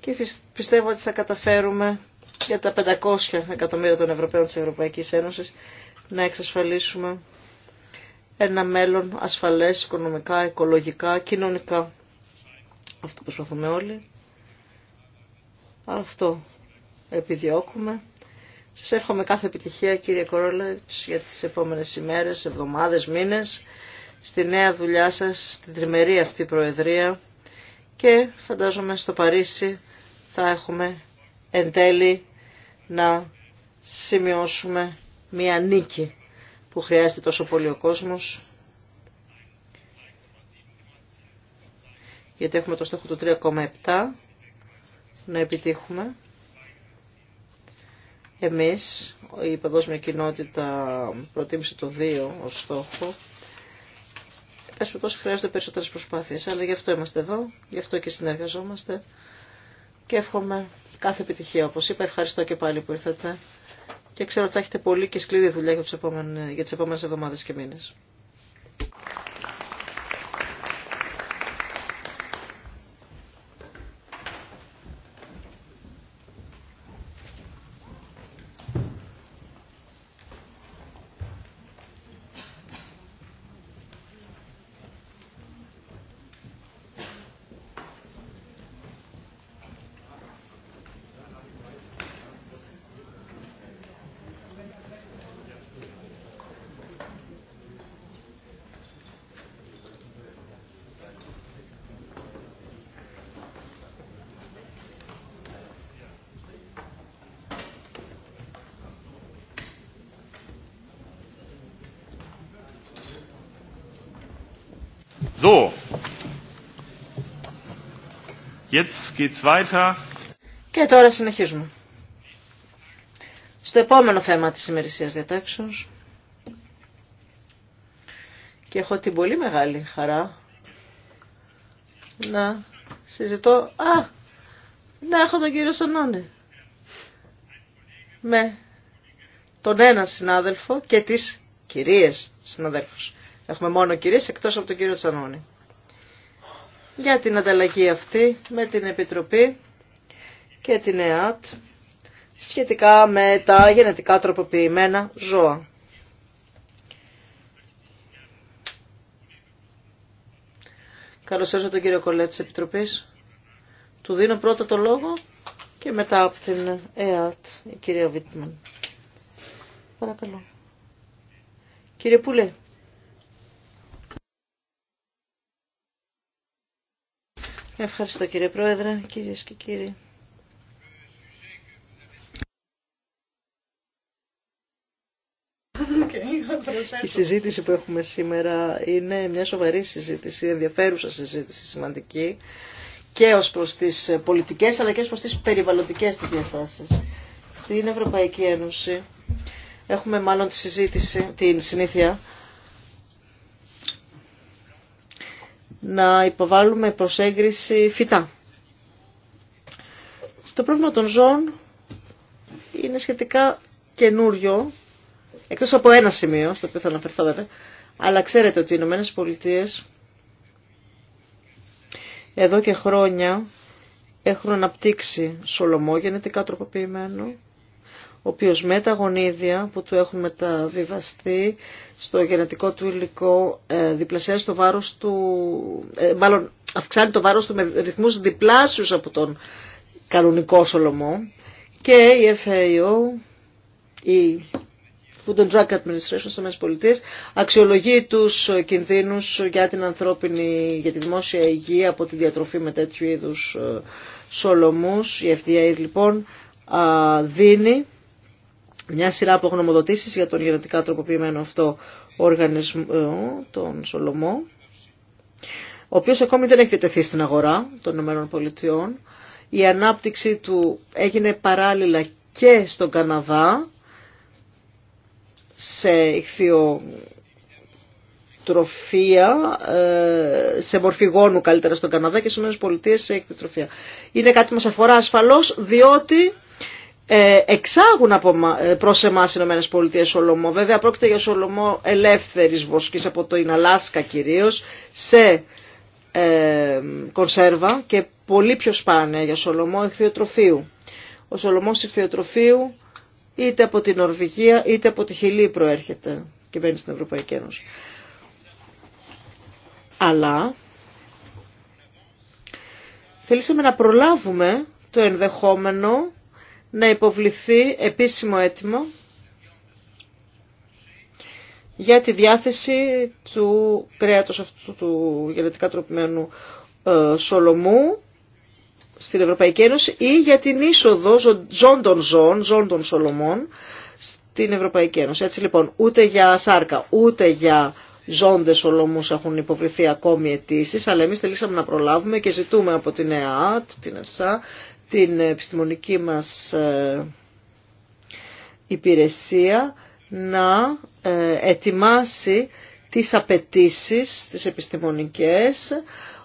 και πιστεύω ότι θα καταφέρουμε για τα 500 εκατομμύρια των Ευρωπαίων της Ευρωπαϊκής Ένωσης να εξασφαλίσουμε ένα μέλλον ασφαλές οικονομικά, οικολογικά, κοινωνικά. Αυτό προσπαθούμε όλοι. Αυτό επιδιώκουμε. Σας εύχομαι κάθε επιτυχία κύριε Κορόλετς για τις επόμενες ημέρες, εβδομάδες, μήνες στη νέα δουλειά σας, στην τριμερή αυτή προεδρία και φαντάζομαι στο Παρίσι θα έχουμε εν τέλει να σημειώσουμε μια νίκη που χρειάζεται τόσο πολύ ο κόσμος γιατί έχουμε το στόχο του 3,7 να επιτύχουμε εμείς η παγκόσμια κοινότητα προτίμησε το 2 ως στόχο πώ χρειάζονται περισσότερες προσπάθειες, αλλά γι' αυτό είμαστε εδώ, γι' αυτό και συνεργαζόμαστε και εύχομαι κάθε επιτυχία. Όπως είπα, ευχαριστώ και πάλι που ήρθατε και ξέρω ότι θα έχετε πολύ και σκληρή δουλειά για τι επόμενε για τις επόμενες εβδομάδες και μήνες. Jetzt Και τώρα συνεχίζουμε. Στο επόμενο θέμα της ημερησίας διατάξεως. Και έχω την πολύ μεγάλη χαρά να συζητώ... Α, να έχω τον κύριο Σανώνη. Με τον ένα συνάδελφο και τις κυρίες συναδέλφους. Έχουμε μόνο κυρίε εκτός από τον κύριο Τσανώνη. Για την ανταλλαγή αυτή με την Επιτροπή και την ΕΑΤ σχετικά με τα γενετικά τροποποιημένα ζώα. Καλώς ήρθατε τον κύριο Κολέ τη Επιτροπή. Του δίνω πρώτα το λόγο και μετά από την ΕΑΤ, η κυρία Βίτμαν. Παρακαλώ. Κύριε Πούλε, Ευχαριστώ κύριε Πρόεδρε, κυρίες και κύριοι. Η συζήτηση που έχουμε σήμερα είναι μια σοβαρή συζήτηση, ενδιαφέρουσα συζήτηση, σημαντική και ως προς τις πολιτικές αλλά και ως προς τις περιβαλλοντικές της διαστάσεις. Στην Ευρωπαϊκή Ένωση έχουμε μάλλον τη συζήτηση, την συνήθεια να υποβάλουμε προς έγκριση φυτά. Το πρόβλημα των ζώων είναι σχετικά καινούριο, εκτός από ένα σημείο, στο οποίο θα αναφερθώ βέβαια, αλλά ξέρετε ότι οι Ηνωμένε Πολιτείε εδώ και χρόνια έχουν αναπτύξει σολομό γενετικά τροποποιημένο ο οποίος με τα γονίδια που του έχουν μεταβιβαστεί στο γενετικό του υλικό ε, διπλασιάζει το βάρος του, ε, μάλλον αυξάνει το βάρος του με ρυθμούς διπλάσιους από τον κανονικό σολομό και η FAO, η Food and Drug Administration στις ΗΠΑ αξιολογεί τους κινδύνους για την ανθρώπινη, για τη δημόσια υγεία από τη διατροφή με τέτοιου είδους ε, σολομούς. Η FDA λοιπόν δίνει μια σειρά από γνωμοδοτήσεις για τον γενετικά τροποποιημένο αυτό οργανισμό, ε, τον Σολομό, ο οποίος ακόμη δεν έχει τεθεί στην αγορά των ΗΠΑ. Η ανάπτυξη του έγινε παράλληλα και στον Καναδά, σε ηχθείο τροφία, ε, σε μορφή γόνου καλύτερα στον Καναδά και στις ΗΠΑ σε τροφία. Είναι κάτι που μας αφορά ασφαλώς, διότι ε, εξάγουν από, ε, προς εμάς οι Ηνωμένες Πολιτείες Σολομό. Βέβαια πρόκειται για Σολομό ελεύθερης βοσκής από το Ιναλάσκα κυρίως σε ε, κονσέρβα και πολύ πιο σπάνια για Σολομό εχθειοτροφίου. Ο Σολομός εχθειοτροφίου είτε από την Νορβηγία είτε από τη Χιλή προέρχεται και μπαίνει στην Ευρωπαϊκή Ένωση. Αλλά θέλησαμε να προλάβουμε το ενδεχόμενο να υποβληθεί επίσημο αίτημα για τη διάθεση του κρέατος αυτού του γενετικά τροπημένου ε, σολομού στην Ευρωπαϊκή Ένωση ή για την είσοδο ζών των ζών, ζών των σολομών στην Ευρωπαϊκή Ένωση. Έτσι λοιπόν, ούτε για σάρκα, ούτε για ζώντες σολομούς έχουν υποβληθεί ακόμη αιτήσει, αλλά εμείς θελήσαμε να προλάβουμε και ζητούμε από την ΕΑΤ, την ΕΣΑ την επιστημονική μας ε, υπηρεσία να ε, ετοιμάσει τις απαιτήσεις, τις επιστημονικές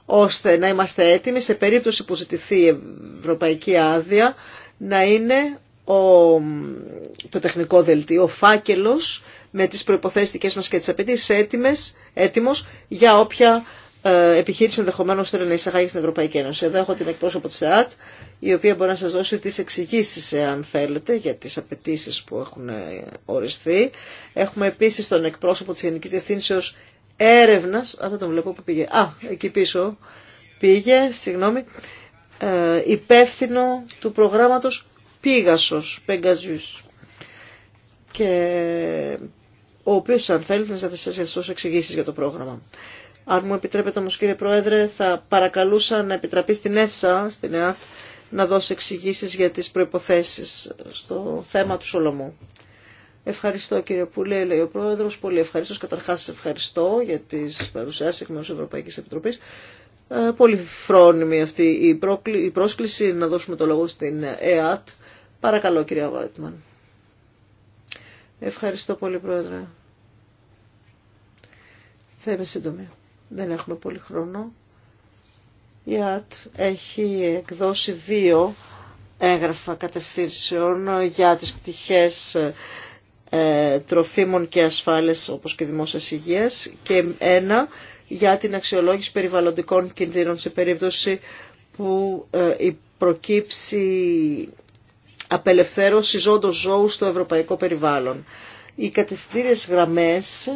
ώστε να είμαστε έτοιμοι σε περίπτωση που ζητηθεί η ευρωπαϊκή άδεια να είναι το τεχνικό δελτίο, ο φάκελος με τις προϋποθέσεις μας και τις απαιτήσεις έτοιμες, έτοιμος για όποια ε, επιχείρηση ενδεχομένω θέλει να εισαγάγει στην Ευρωπαϊκή Ένωση. Εδώ έχω την εκπρόσωπο τη ΕΑΤ, η οποία μπορεί να σα δώσει τι εξηγήσει, εάν θέλετε, για τι απαιτήσει που έχουν ε, οριστεί. Έχουμε επίση τον εκπρόσωπο τη Γενική Διευθύνσεω Έρευνα. Α, δεν τον βλέπω που πήγε. Α, εκεί πίσω πήγε, συγγνώμη. Ε, υπεύθυνο του προγράμματο Πίγασο, Πέγκαζιου. Και ο οποίο, αν θέλετε, θα σα δώσει εξηγήσει για το πρόγραμμα. Αν μου επιτρέπετε όμως κύριε Πρόεδρε, θα παρακαλούσα να επιτραπεί στην ΕΦΣΑ, στην ΕΑΤ, να δώσει εξηγήσει για τις προϋποθέσεις στο θέμα του Σολομού. Ευχαριστώ κύριε Πούλε, λέει ο Πρόεδρος, πολύ ευχαριστώ. Καταρχάς ευχαριστώ για τις παρουσιάσεις εκ μέρους της Ευρωπαϊκής Επιτροπής. Ε, πολύ φρόνιμη αυτή η, η πρόσκληση να δώσουμε το λόγο στην ΕΑΤ. Παρακαλώ κύριε Βάιτμαν. Ευχαριστώ πολύ Πρόεδρε. Θα είμαι σύντομη δεν έχουμε πολύ χρόνο. Η ΑΤ έχει εκδώσει δύο έγγραφα κατευθύνσεων για τις πτυχές ε, τροφίμων και ασφάλες... όπως και δημόσιας υγείας και ένα για την αξιολόγηση περιβαλλοντικών κινδύνων σε περίπτωση που ε, προκύψει απελευθέρωση ζώντος ζώου στο ευρωπαϊκό περιβάλλον. Οι κατευθύνες γραμμές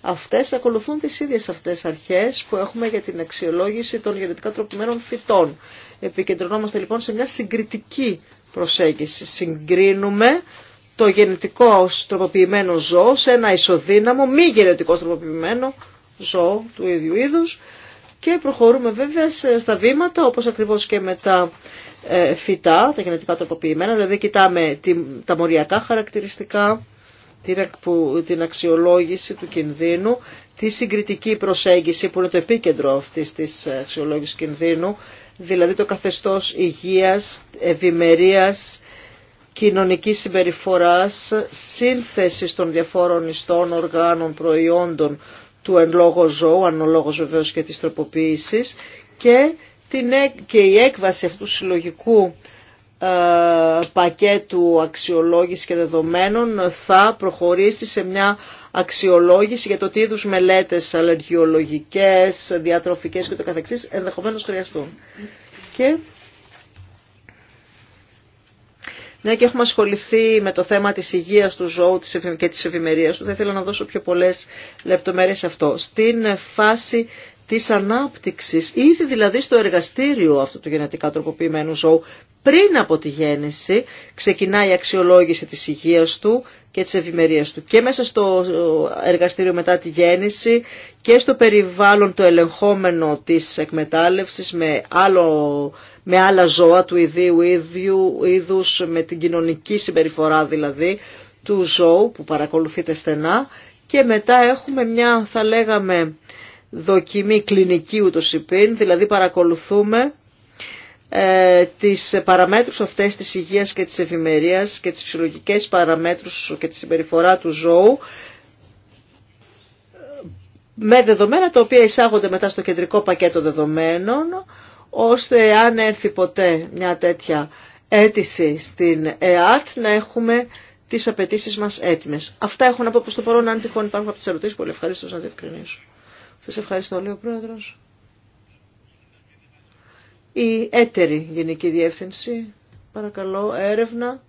αυτές ακολουθούν τις ίδιες αυτές αρχές που έχουμε για την αξιολόγηση των γενετικά τροπημένων φυτών. Επικεντρωνόμαστε λοιπόν σε μια συγκριτική προσέγγιση. Συγκρίνουμε το γενετικό τροποποιημένο ζώο σε ένα ισοδύναμο μη γενετικό τροποποιημένο ζώο του ίδιου είδους και προχωρούμε βέβαια στα βήματα όπως ακριβώς και με τα ε, φυτά, τα γενετικά τροποποιημένα, δηλαδή κοιτάμε τα μοριακά χαρακτηριστικά, την αξιολόγηση του κινδύνου, τη συγκριτική προσέγγιση που είναι το επίκεντρο αυτής της αξιολόγησης κινδύνου, δηλαδή το καθεστώς υγείας, ευημερίας, κοινωνικής συμπεριφοράς, σύνθεση των διαφόρων ιστών, οργάνων, προϊόντων του εν λόγω ζώου, αν ο λόγος βεβαίως και της τροποποίησης, και, την, και η έκβαση αυτού του συλλογικού ε, πακέτου αξιολόγηση και δεδομένων θα προχωρήσει σε μια αξιολόγηση για το τι είδους μελέτες αλλεργιολογικές, διατροφικές και το καθεξής ενδεχομένως χρειαστούν. Και... Μια και έχουμε ασχοληθεί με το θέμα της υγείας του ζώου και της ευημερίας του, θα ήθελα να δώσω πιο πολλές λεπτομέρειες σε αυτό. Στην φάση της ανάπτυξης, ήδη δηλαδή στο εργαστήριο αυτό του γενετικά τροποποιημένου ζώου, πριν από τη γέννηση ξεκινάει η αξιολόγηση της υγείας του και της ευημερία του και μέσα στο εργαστήριο μετά τη γέννηση και στο περιβάλλον το ελεγχόμενο της εκμετάλλευσης με, άλλο, με άλλα ζώα του ιδίου ίδιου, είδους, με την κοινωνική συμπεριφορά δηλαδή του ζώου που παρακολουθείται στενά και μετά έχουμε μια θα λέγαμε δοκιμή κλινική ούτως υπήν, δηλαδή παρακολουθούμε ε, τις παραμέτρους αυτές της υγείας και της ευημερίας και τις φυσιολογικές παραμέτρους και τη συμπεριφορά του ζώου με δεδομένα τα οποία εισάγονται μετά στο κεντρικό πακέτο δεδομένων ώστε αν έρθει ποτέ μια τέτοια αίτηση στην ΕΑΤ να έχουμε τις απαιτήσει μας έτοιμες. Αυτά έχω να πω προς το παρόν, αν τυχόν υπάρχουν από τις ερωτήσεις, πολύ ευχαριστώ να διευκρινίσω. Σας ευχαριστώ, λέει ο Πρόεδρος. Η έτερη Γενική Διεύθυνση, παρακαλώ, έρευνα.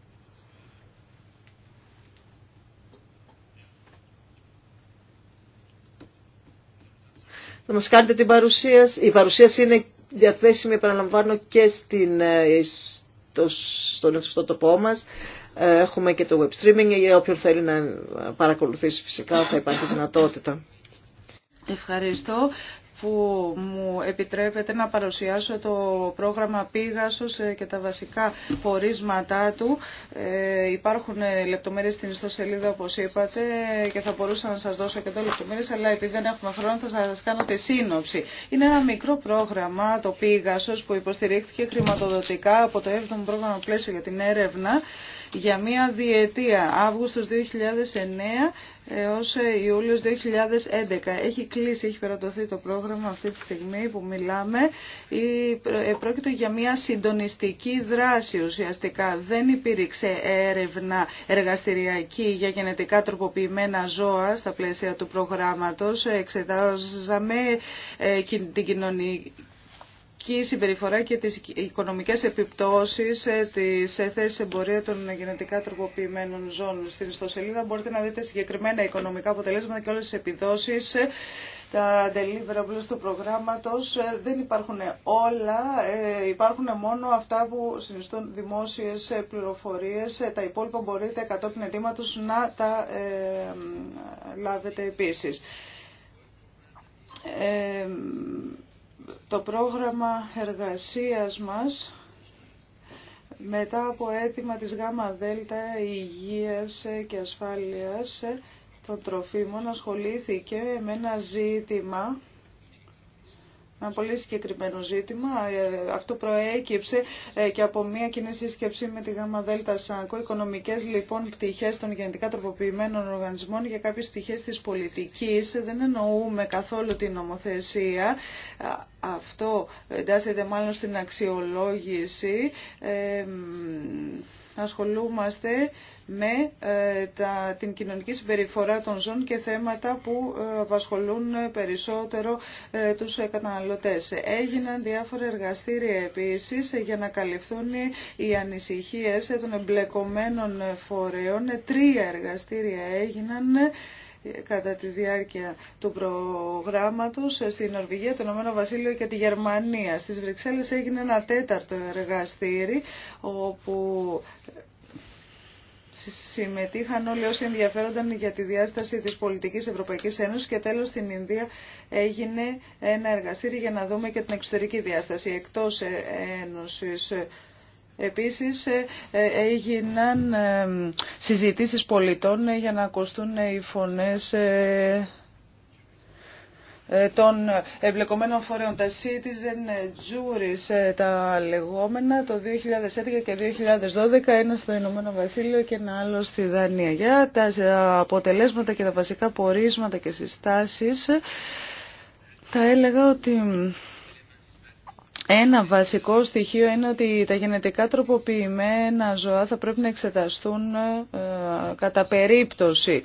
Να μας κάνετε την παρουσίαση. Η παρουσίαση είναι διαθέσιμη, επαναλαμβάνω, και στην, ε, στο, στο, τοπό μας. Ε, έχουμε και το web streaming για όποιον θέλει να παρακολουθήσει φυσικά θα υπάρχει δυνατότητα. Ευχαριστώ που μου επιτρέπετε να παρουσιάσω το πρόγραμμα Πήγασος ε, και τα βασικά πορίσματά του. Ε, υπάρχουν ε, λεπτομέρειες στην ιστοσελίδα όπως είπατε και θα μπορούσα να σας δώσω και εδώ λεπτομέρειες αλλά επειδή δεν έχουμε χρόνο θα σας κάνω τη σύνοψη. Είναι ένα μικρό πρόγραμμα το Πήγασος που υποστηρίχθηκε χρηματοδοτικά από το 7ο πρόγραμμα πλαίσιο για την έρευνα για μία διετία, Αύγουστος 2009 έως Ιούλιος 2011. Έχει κλείσει, έχει περατωθεί το πρόγραμμα αυτή τη στιγμή που μιλάμε. Ε, πρόκειται για μια συντονιστική δράση ουσιαστικά. Δεν υπήρξε έρευνα εργαστηριακή για γενετικά τροποποιημένα ζώα στα πλαίσια του προγράμματος. Εξετάζαμε ε, την κοινωνική η συμπεριφορά και τις οικονομικές επιπτώσεις ε, της ε, θέσης εμπορία των γενετικά τροποποιημένων ζώων. Στην ιστοσελίδα μπορείτε να δείτε συγκεκριμένα οικονομικά αποτελέσματα και όλες τις επιδόσεις ε, τα deliverables του προγράμματος δεν υπάρχουν όλα, υπάρχουν μόνο αυτά που συνιστούν δημόσιες πληροφορίες, τα υπόλοιπα μπορείτε κατόπιν αιτήματος να τα ε, λάβετε επίσης το πρόγραμμα εργασίας μας μετά από αίτημα της ΓΑΜΑ ΔΕΛΤΑ Υγείας και Ασφάλειας των Τροφίμων ασχολήθηκε με ένα ζήτημα ένα πολύ συγκεκριμένο ζήτημα. Ε, αυτό προέκυψε ε, και από μια κοινή σύσκεψη με τη ΓΑΜΑ ΔΕΛΤΑ ΣΑΝΚΟ. Οικονομικέ λοιπόν πτυχέ των γενετικά τροποποιημένων οργανισμών για κάποιε πτυχέ τη πολιτική. Δεν εννοούμε καθόλου την νομοθεσία. Αυτό εντάσσεται μάλλον στην αξιολόγηση. Ε, ασχολούμαστε με ε, τα, την κοινωνική συμπεριφορά των ζών και θέματα που ε, απασχολούν περισσότερο ε, τους καταναλωτές. Έγιναν διάφορα εργαστήρια επίσης για να καλυφθούν οι ανησυχίες των εμπλεκομένων φορέων. Τρία εργαστήρια έγιναν κατά τη διάρκεια του προγράμματος στην Νορβηγία, το Ηνωμένο Βασίλειο και τη Γερμανία. Στις Βρυξέλλες έγινε ένα τέταρτο εργαστήρι όπου συμμετείχαν όλοι όσοι ενδιαφέρονταν για τη διάσταση της πολιτικής Ευρωπαϊκής Ένωσης και τέλος στην Ινδία έγινε ένα εργαστήρι για να δούμε και την εξωτερική διάσταση εκτός Ένωσης Επίσης ε, ε, έγιναν ε, συζητήσεις πολιτών για να ακουστούν οι φωνές των εμπλεκομένων φορέων, τα citizen juries, τα λεγόμενα, το 2011 και 2012, ένα στο Ηνωμένο Βασίλειο και ένα άλλο στη Δανία. Για τα αποτελέσματα και τα βασικά πορίσματα και συστάσεις, θα έλεγα ότι ένα βασικό στοιχείο είναι ότι τα γενετικά τροποποιημένα ζώα θα πρέπει να εξεταστούν ε, κατά περίπτωση.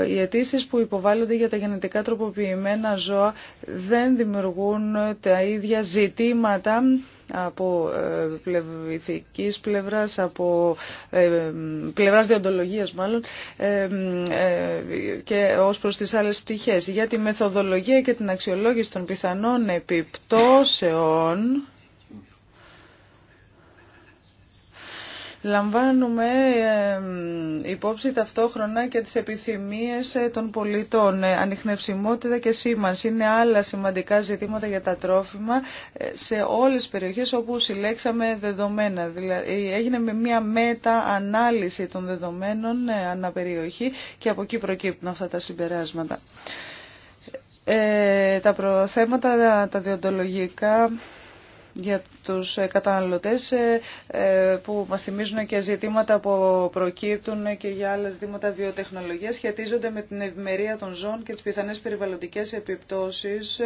Ε, οι αιτήσει που υποβάλλονται για τα γενετικά τροποποιημένα ζώα δεν δημιουργούν τα ίδια ζητήματα από ε, πλευρικής πλευράς, από ε, πλευράς διοντολογίας μάλλον ε, και ως προς τις άλλες πτυχές. Για τη μεθοδολογία και την αξιολόγηση των πιθανών επιπτώσεων Λαμβάνουμε υπόψη ταυτόχρονα και τις επιθυμίες ε, των πολιτών. Ε, ανιχνευσιμότητα και σήμανση είναι άλλα σημαντικά ζητήματα για τα τρόφιμα ε, σε όλες τις περιοχές όπου συλλέξαμε δεδομένα. Δηλαδή, έγινε με μια μετα-ανάλυση των δεδομένων περιοχή και από εκεί προκύπτουν αυτά τα συμπεράσματα. τα προθέματα, τα διοντολογικά για τους ε, καταναλωτές ε, ε, που μας θυμίζουν και ζητήματα που προκύπτουν και για άλλες ζητήματα βιοτεχνολογίας σχετίζονται με την ευημερία των ζώων και τις πιθανές περιβαλλοντικές επιπτώσεις.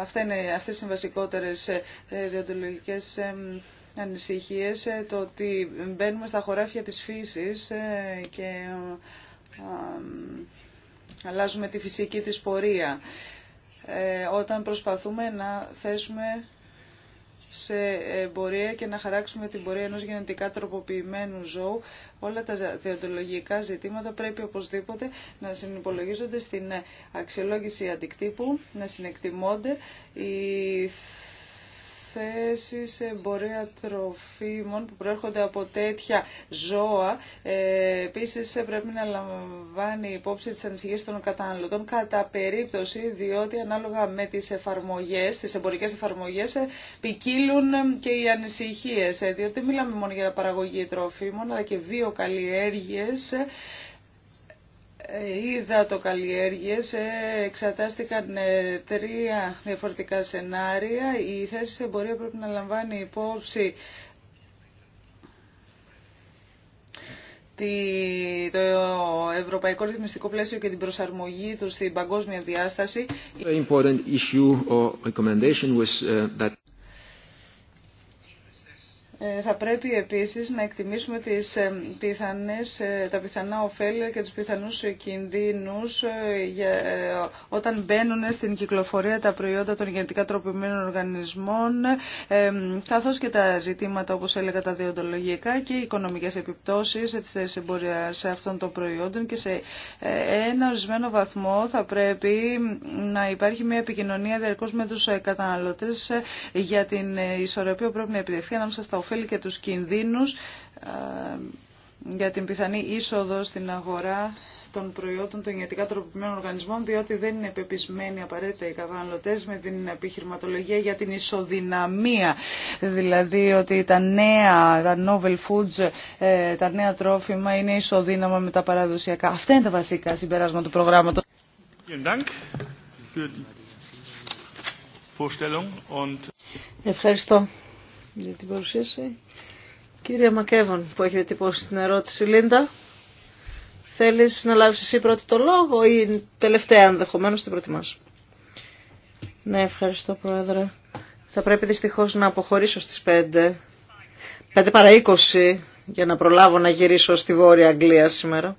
Αυτά είναι, αυτές είναι οι βασικότερες διοντολογικές ανησυχίες, το ότι μπαίνουμε στα χωράφια της φύσης και αλλάζουμε τη φυσική της πορεία. Όταν προσπαθούμε να θέσουμε σε πορεία και να χαράξουμε την πορεία ενός γενετικά τροποποιημένου ζώου. Όλα τα θεατολογικά ζητήματα πρέπει οπωσδήποτε να συνυπολογίζονται στην αξιολόγηση αντικτύπου, να συνεκτιμώνται. Οι σε εμπορία τροφίμων που προέρχονται από τέτοια ζώα. Ε, επίσης πρέπει να λαμβάνει υπόψη τις ανησυχίες των καταναλωτών κατά περίπτωση διότι ανάλογα με τις εφαρμογέ, τις εμπορικές εφαρμογές ε, ποικίλουν ε, και οι ανησυχίες. Ε, διότι μιλάμε μόνο για παραγωγή τροφίμων αλλά και βιοκαλλιέργειες το Είδα καλλιέργειε. Ε, εξατάστηκαν ε, τρία διαφορετικά σενάρια. Η θέση εμπορία πρέπει να λαμβάνει υπόψη το ευρωπαϊκό ρυθμιστικό πλαίσιο και την προσαρμογή του στην παγκόσμια διάσταση. Uh, ε, θα πρέπει επίσης να εκτιμήσουμε τις ε, πιθανές, ε, τα πιθανά ωφέλη και τους πιθανούς κινδύνους για, όταν μπαίνουν στην κυκλοφορία τα προϊόντα των γενετικά τροπημένων οργανισμών καθώς και τα ζητήματα όπως έλεγα τα διοντολογικά και οι οικονομικές επιπτώσεις της εμπορία σε αυτών των προϊόντων και σε ένα ορισμένο βαθμό θα πρέπει να υπάρχει μια επικοινωνία διαρκώ με τους καταναλωτές για την ισορροπία που πρέπει να επιτευχθεί ανάμεσα στα όφελη και τους κινδύνους ε, για την πιθανή είσοδο στην αγορά των προϊόντων των γενετικά τροποποιημένων οργανισμών, διότι δεν είναι πεπισμένοι απαραίτητα οι καταναλωτέ με την επιχειρηματολογία για την ισοδυναμία. Δηλαδή ότι τα νέα, τα novel foods, ε, τα νέα τρόφιμα είναι ισοδύναμα με τα παραδοσιακά. Αυτά είναι τα βασικά συμπεράσματα του προγράμματο. Ευχαριστώ για την παρουσίαση. Κύριε Μακέβον που έχετε τυπώσει την ερώτηση Λίντα, θέλεις να λάβεις εσύ πρώτη το λόγο ή τελευταία ενδεχομένω την προτιμάς. Ναι, ευχαριστώ Πρόεδρε. Θα πρέπει δυστυχώς να αποχωρήσω στις 5. 5 παρα 20 για να προλάβω να γυρίσω στη Βόρεια Αγγλία σήμερα.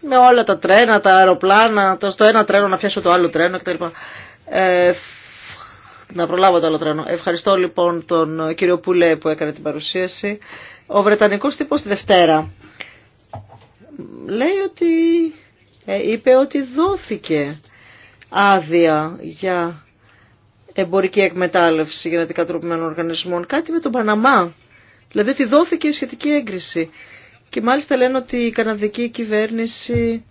Με όλα τα τρένα, τα αεροπλάνα, το στο ένα τρένο να πιάσω το άλλο τρένο κτλ. Ε, να προλάβω το άλλο τρένο. Ευχαριστώ λοιπόν τον ε, κύριο Πουλέ που έκανε την παρουσίαση. Ο Βρετανικός τύπος τη Δευτέρα λέει ότι ε, είπε ότι δόθηκε άδεια για εμπορική εκμετάλλευση γενετικά τροπημένων οργανισμών. Κάτι με τον Παναμά. Δηλαδή ότι δόθηκε σχετική έγκριση. Και μάλιστα λένε ότι η καναδική κυβέρνηση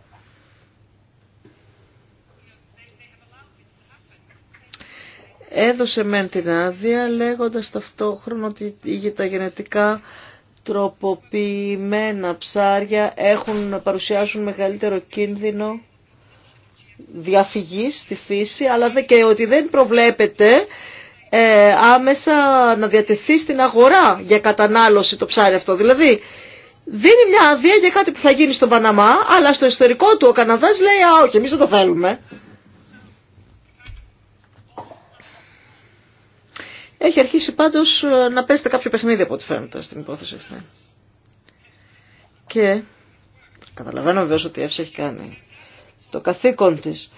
έδωσε μεν την άδεια λέγοντας ταυτόχρονα ότι για τα γενετικά τροποποιημένα ψάρια έχουν, να παρουσιάζουν μεγαλύτερο κίνδυνο διαφυγής στη φύση αλλά και ότι δεν προβλέπεται ε, άμεσα να διατεθεί στην αγορά για κατανάλωση το ψάρι αυτό. Δηλαδή δίνει μια άδεια για κάτι που θα γίνει στον Παναμά αλλά στο ιστορικό του ο Καναδάς λέει «Α, όχι, εμείς δεν το θέλουμε». Έχει αρχίσει πάντως ε, να παίζεται κάποιο παιχνίδι από ό,τι φαίνεται στην υπόθεση αυτή. Και καταλαβαίνω βέβαια ότι η έχει κάνει το καθήκον της.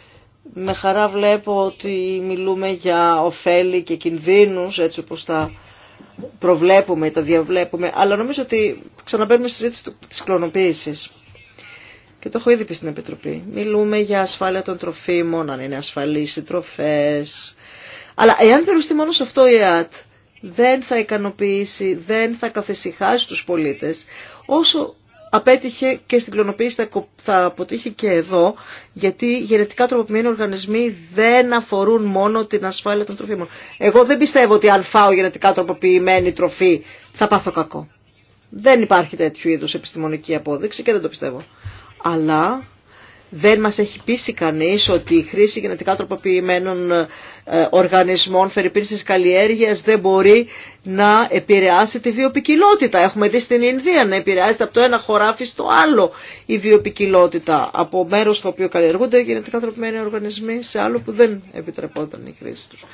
Με χαρά βλέπω ότι μιλούμε για ωφέλη και κινδύνους έτσι όπως τα προβλέπουμε ή τα διαβλέπουμε. Αλλά νομίζω ότι ξαναμπαίνουμε στη συζήτηση της κλωνοποίησης. Και το έχω ήδη πει στην Επιτροπή. Μιλούμε για ασφάλεια των τροφίμων, αν είναι ασφαλείς οι τροφές, αλλά εάν περιουστεί μόνο σε αυτό η ΕΑΤ, δεν θα ικανοποιήσει, δεν θα καθησυχάσει τους πολίτες, όσο απέτυχε και στην κλωνοποίηση θα αποτύχει και εδώ, γιατί γενετικά τροποποιημένοι οργανισμοί δεν αφορούν μόνο την ασφάλεια των τροφίμων. Εγώ δεν πιστεύω ότι αν φάω γενετικά τροποποιημένη τροφή θα πάθω κακό. Δεν υπάρχει τέτοιου είδους επιστημονική απόδειξη και δεν το πιστεύω. Αλλά δεν μας έχει πείσει κανείς ότι η χρήση γενετικά τροποποιημένων ε, οργανισμών, φερειπίνησης καλλιέργειας δεν μπορεί να επηρεάσει τη βιοπικιλότητα. Έχουμε δει στην Ινδία να επηρεάζεται από το ένα χωράφι στο άλλο η βιοπικιλότητα από μέρος στο οποίο καλλιεργούνται γενετικά τροποποιημένοι οργανισμοί σε άλλο που δεν επιτρεπόταν η χρήση τους.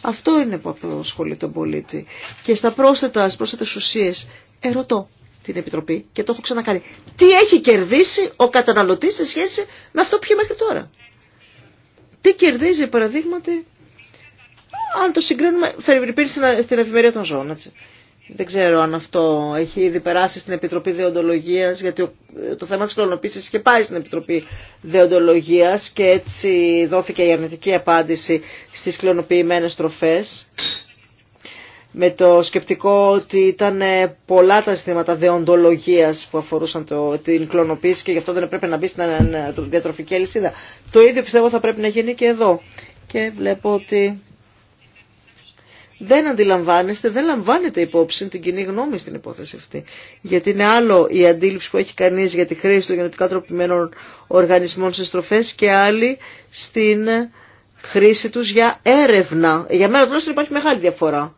Αυτό είναι που απασχολεί τον πολίτη. Και στα πρόσθετα, στις πρόσθετες ουσίες, ερωτώ, την Επιτροπή και το έχω ξανακάνει. Τι έχει κερδίσει ο καταναλωτής σε σχέση με αυτό που είχε μέχρι τώρα. Τι κερδίζει παραδείγματι αν το συγκρίνουμε φερειπήρ στην ευημερία των ζώων. Έτσι. Δεν ξέρω αν αυτό έχει ήδη περάσει στην Επιτροπή Δεοντολογίας, γιατί το θέμα της κλωνοποίησης είχε πάει στην Επιτροπή Δεοντολογίας και έτσι δόθηκε η αρνητική απάντηση στις κλωνοποιημένες τροφές με το σκεπτικό ότι ήταν ε, πολλά τα ζητήματα δεοντολογίας που αφορούσαν το, την κλωνοποίηση και γι' αυτό δεν έπρεπε να μπει στην ε, διατροφική αλυσίδα. Το ίδιο πιστεύω θα πρέπει να γίνει και εδώ. Και βλέπω ότι δεν αντιλαμβάνεστε, δεν λαμβάνετε υπόψη την κοινή γνώμη στην υπόθεση αυτή. Γιατί είναι άλλο η αντίληψη που έχει κανείς για τη χρήση των γενετικά τροπημένων οργανισμών σε στροφές και άλλη στην ε, χρήση τους για έρευνα. Για μένα τουλάχιστον υπάρχει μεγάλη διαφορά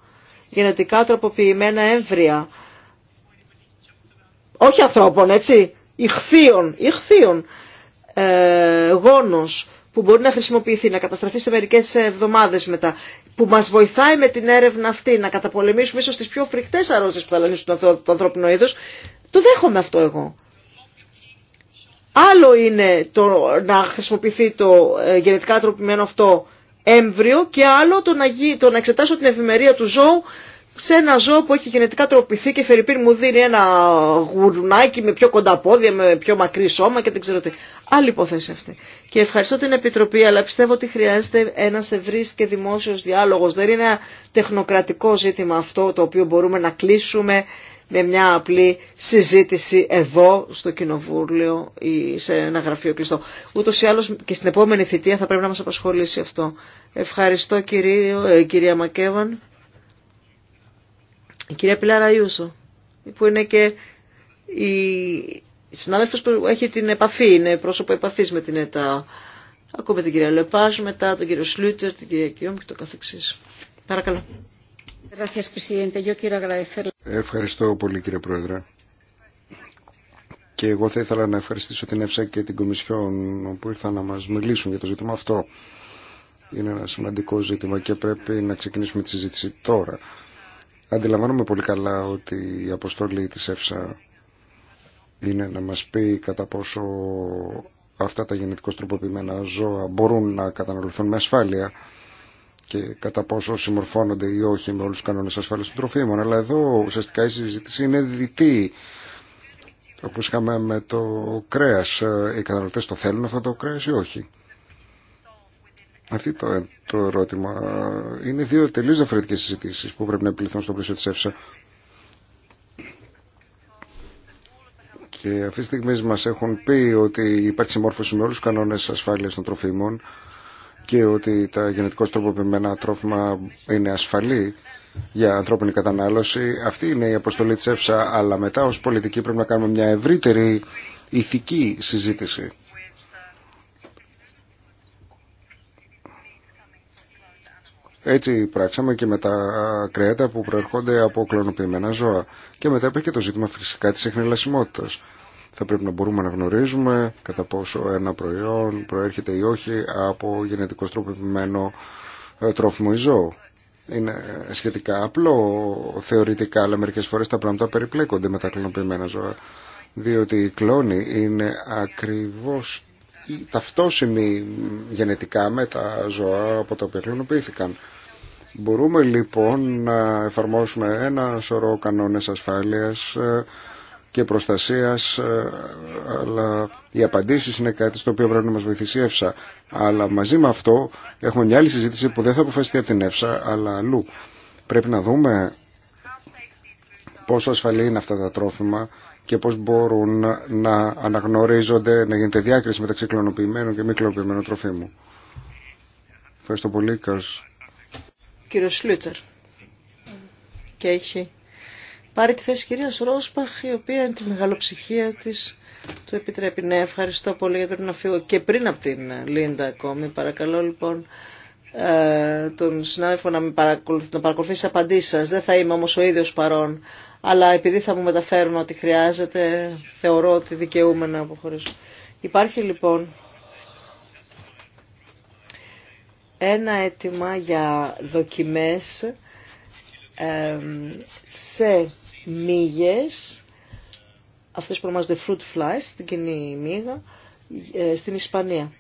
γενετικά τροποποιημένα έμβρια. Όχι ανθρώπων, έτσι, ηχθείων, ηχθείων ε, γόνος που μπορεί να χρησιμοποιηθεί, να καταστραφεί σε μερικές εβδομάδες μετά, που μας βοηθάει με την έρευνα αυτή να καταπολεμήσουμε ίσως τις πιο φρικτές αρρώσεις που ταλανίζουν το ανθρώπινο είδος, το δέχομαι αυτό εγώ. Άλλο είναι το να χρησιμοποιηθεί το ε, γενετικά τροποποιημένο αυτό έμβριο και άλλο το να, γι... εξετάσω την ευημερία του ζώου σε ένα ζώο που έχει γενετικά τροπηθεί και φερειπίν μου δίνει ένα γουρνάκι με πιο κοντά πόδια, με πιο μακρύ σώμα και δεν ξέρω τι. Άλλη υπόθεση αυτή. Και ευχαριστώ την Επιτροπή, αλλά πιστεύω ότι χρειάζεται ένα ευρύ και δημόσιο διάλογο. Δεν είναι ένα τεχνοκρατικό ζήτημα αυτό το οποίο μπορούμε να κλείσουμε με μια απλή συζήτηση εδώ στο Κοινοβούλιο ή σε ένα γραφείο κλειστό. Ούτως ή άλλως και στην επόμενη θητεία θα πρέπει να μας απασχολήσει αυτό. Ευχαριστώ κυρίο, ε, κυρία Μακέβαν. Η κυρία Πιλάρα Ιούσο που είναι και η συνάδελφος που έχει την επαφή, είναι πρόσωπο επαφής με την ΕΤΑ. Ακούμε την κυρία Λεπάζ, μετά τον κύριο Σλούτερ, την κυρία Κιόμ και το καθεξής. Παρακαλώ. Ευχαριστώ πολύ κύριε Πρόεδρε. Και εγώ θα ήθελα να ευχαριστήσω την ΕΦΣΑ και την Κομισιόν που ήρθαν να μας μιλήσουν για το ζήτημα αυτό. Είναι ένα σημαντικό ζήτημα και πρέπει να ξεκινήσουμε τη συζήτηση τώρα. Αντιλαμβάνομαι πολύ καλά ότι η αποστολή της ΕΦΣΑ είναι να μας πει κατά πόσο αυτά τα γενετικώς τροποποιημένα ζώα μπορούν να καταναλωθούν με ασφάλεια και κατά πόσο συμμορφώνονται ή όχι με όλους τους κανόνες ασφάλειας των τροφίμων. Αλλά εδώ ουσιαστικά η συζήτηση είναι διτή. Όπως είχαμε με το κρέας, οι καταναλωτέ το θέλουν αυτό το κρέας ή όχι. Αυτή το, το ερώτημα ε, είναι δύο τελείως διαφορετικέ συζητήσει που πρέπει να επιληθούν στο πλαίσιο της ΕΦΣΑ. Και αυτή τη στιγμή μας έχουν πει ότι υπάρχει συμμόρφωση με όλους τους κανόνες ασφάλειας των τροφίμων και ότι τα γενετικώς τροποποιημένα τρόφιμα είναι ασφαλή για ανθρώπινη κατανάλωση. Αυτή είναι η αποστολή της ΕΦΣΑ, αλλά μετά ως πολιτική πρέπει να κάνουμε μια ευρύτερη ηθική συζήτηση. Έτσι πράξαμε και με τα κρέατα που προερχόνται από κλωνοποιημένα ζώα. Και μετά υπήρχε και το ζήτημα φυσικά της εχνηλασιμότητας. Θα πρέπει να μπορούμε να γνωρίζουμε κατά πόσο ένα προϊόν προέρχεται ή όχι από γενετικό τροποποιημένο ε, τρόφιμο ή ζώο. Είναι ε, σχετικά απλό θεωρητικά, αλλά μερικές φορές τα πράγματα περιπλέκονται με τα κλωνοποιημένα ζώα. Διότι οι κλόνοι είναι ακριβώς ταυτόσιμοι γενετικά με τα ζώα από τα οποία κλωνοποιήθηκαν. Μπορούμε λοιπόν να εφαρμόσουμε ένα σωρό κανόνες ασφάλειας ε, και προστασίας ε, αλλά οι απαντήσεις είναι κάτι στο οποίο πρέπει να μας βοηθήσει η ΕΦΣΑ αλλά μαζί με αυτό έχουμε μια άλλη συζήτηση που δεν θα αποφασιστεί από την ΕΦΣΑ αλλά αλλού πρέπει να δούμε πόσο ασφαλή είναι αυτά τα τρόφιμα και πώς μπορούν να αναγνωρίζονται, να γίνεται διάκριση μεταξύ κλωνοποιημένων και μη κλωνοποιημένων τροφίμων. Ευχαριστώ πολύ, Σλούτσερ. Και έχει πάρει τη θέση κυρίας Ρόσπαχ, η οποία είναι τη μεγαλοψυχία της του επιτρέπει. Ναι, ευχαριστώ πολύ γιατί πρέπει να φύγω και πριν από την Λίντα ακόμη. Παρακαλώ λοιπόν ε, τον συνάδελφο να, με παρακολουθ, να παρακολουθήσει απαντήσεις σας. Δεν θα είμαι όμως ο ίδιος παρόν, αλλά επειδή θα μου μεταφέρουν ότι χρειάζεται, θεωρώ ότι δικαιούμαι να αποχωρήσω. Υπάρχει λοιπόν ένα αίτημα για δοκιμές ε, σε μύγες, αυτές που ονομάζονται fruit flies, την κοινή μύγα, ε, στην Ισπανία.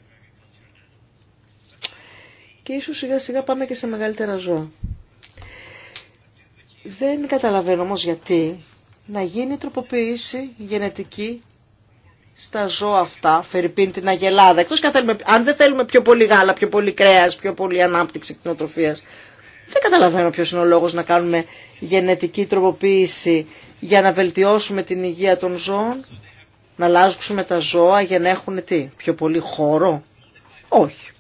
Και ίσως σιγά σιγά πάμε και σε μεγαλύτερα ζώα. Δεν καταλαβαίνω όμως γιατί να γίνει τροποποίηση γενετική στα ζώα αυτά, φερειπίν την αγελάδα, εκτός αν, δεν θέλουμε πιο πολύ γάλα, πιο πολύ κρέας, πιο πολύ ανάπτυξη κτηνοτροφίας, δεν καταλαβαίνω ποιος είναι ο λόγος να κάνουμε γενετική τροποποίηση για να βελτιώσουμε την υγεία των ζώων, να αλλάζουμε τα ζώα για να έχουν τι, πιο πολύ χώρο. Όχι.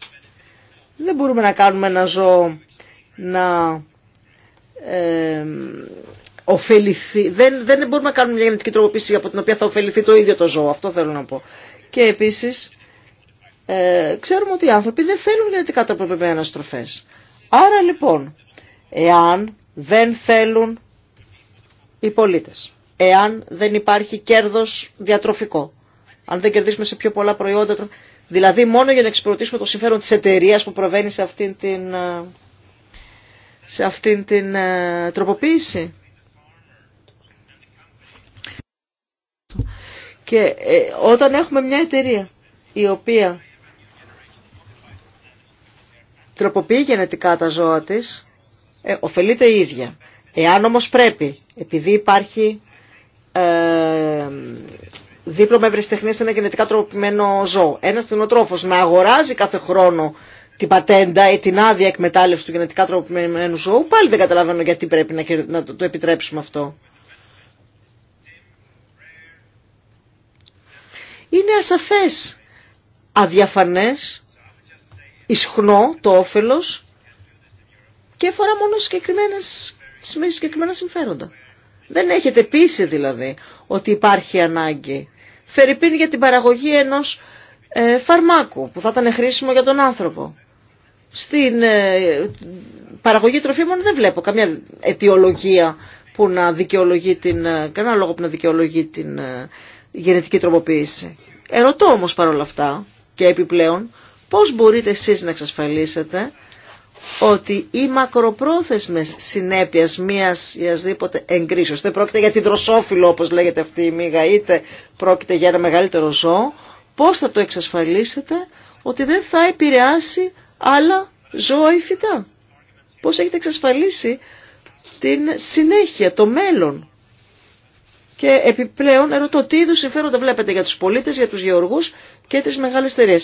Δεν μπορούμε να κάνουμε ένα ζώο να ε, ωφεληθεί. Δεν, δεν μπορούμε να κάνουμε μια γενετική τροποποίηση από την οποία θα ωφεληθεί το ίδιο το ζώο. Αυτό θέλω να πω. Και επίσης, ε, ξέρουμε ότι οι άνθρωποι δεν θέλουν γενετικά τροποποιημένες τροφές. Άρα λοιπόν, εάν δεν θέλουν οι πολίτες, εάν δεν υπάρχει κέρδος διατροφικό, αν δεν κερδίσουμε σε πιο πολλά προϊόντα, δηλαδή μόνο για να εξυπηρετήσουμε το συμφέρον της εταιρεία που προβαίνει σε αυτήν την, ε, σε αυτήν την ε, τροποποίηση. Και ε, όταν έχουμε μια εταιρεία η οποία τροποποιεί γενετικά τα ζώα της, ε, ωφελείται η ίδια. Εάν όμως πρέπει, επειδή υπάρχει ε, δίπλωμα ευρεσιτεχνία σε ένα γενετικά τροποποιημένο ζώο, ένας κτηνοτρόφος να αγοράζει κάθε χρόνο την πατέντα ή την άδεια εκμετάλλευση του γενετικά τροποποιημένου ζώου, πάλι δεν καταλαβαίνω γιατί πρέπει να, να το, επιτρέψουμε αυτό. Είναι ασαφές, αδιαφανές ισχνό το όφελος και αφορά μόνο συγκεκριμένες, συγκεκριμένα συμφέροντα. Δεν έχετε πείσει δηλαδή ότι υπάρχει ανάγκη. Φερρυπίν για την παραγωγή ενός ε, φαρμάκου που θα ήταν χρήσιμο για τον άνθρωπο. Στην ε, παραγωγή τροφίμων δεν βλέπω καμία αιτιολογία που να δικαιολογεί την, ε, κανένα λόγο που να δικαιολογεί την γενετική τροποποίηση. Ερωτώ όμως παρόλα αυτά και επιπλέον Πώς μπορείτε εσείς να εξασφαλίσετε ότι οι μακροπρόθεσμες συνέπειες μίας ιασδήποτε εγκρίσεως, είτε πρόκειται για τη δροσόφυλλο όπως λέγεται αυτή η μήγα, είτε πρόκειται για ένα μεγαλύτερο ζώο, πώς θα το εξασφαλίσετε ότι δεν θα επηρεάσει άλλα ζώα ή φυτά. Πώς έχετε εξασφαλίσει την συνέχεια, το μέλλον και επιπλέον ερωτώ τι είδου συμφέροντα βλέπετε για του πολίτε, για του γεωργού και τι μεγάλε εταιρείε.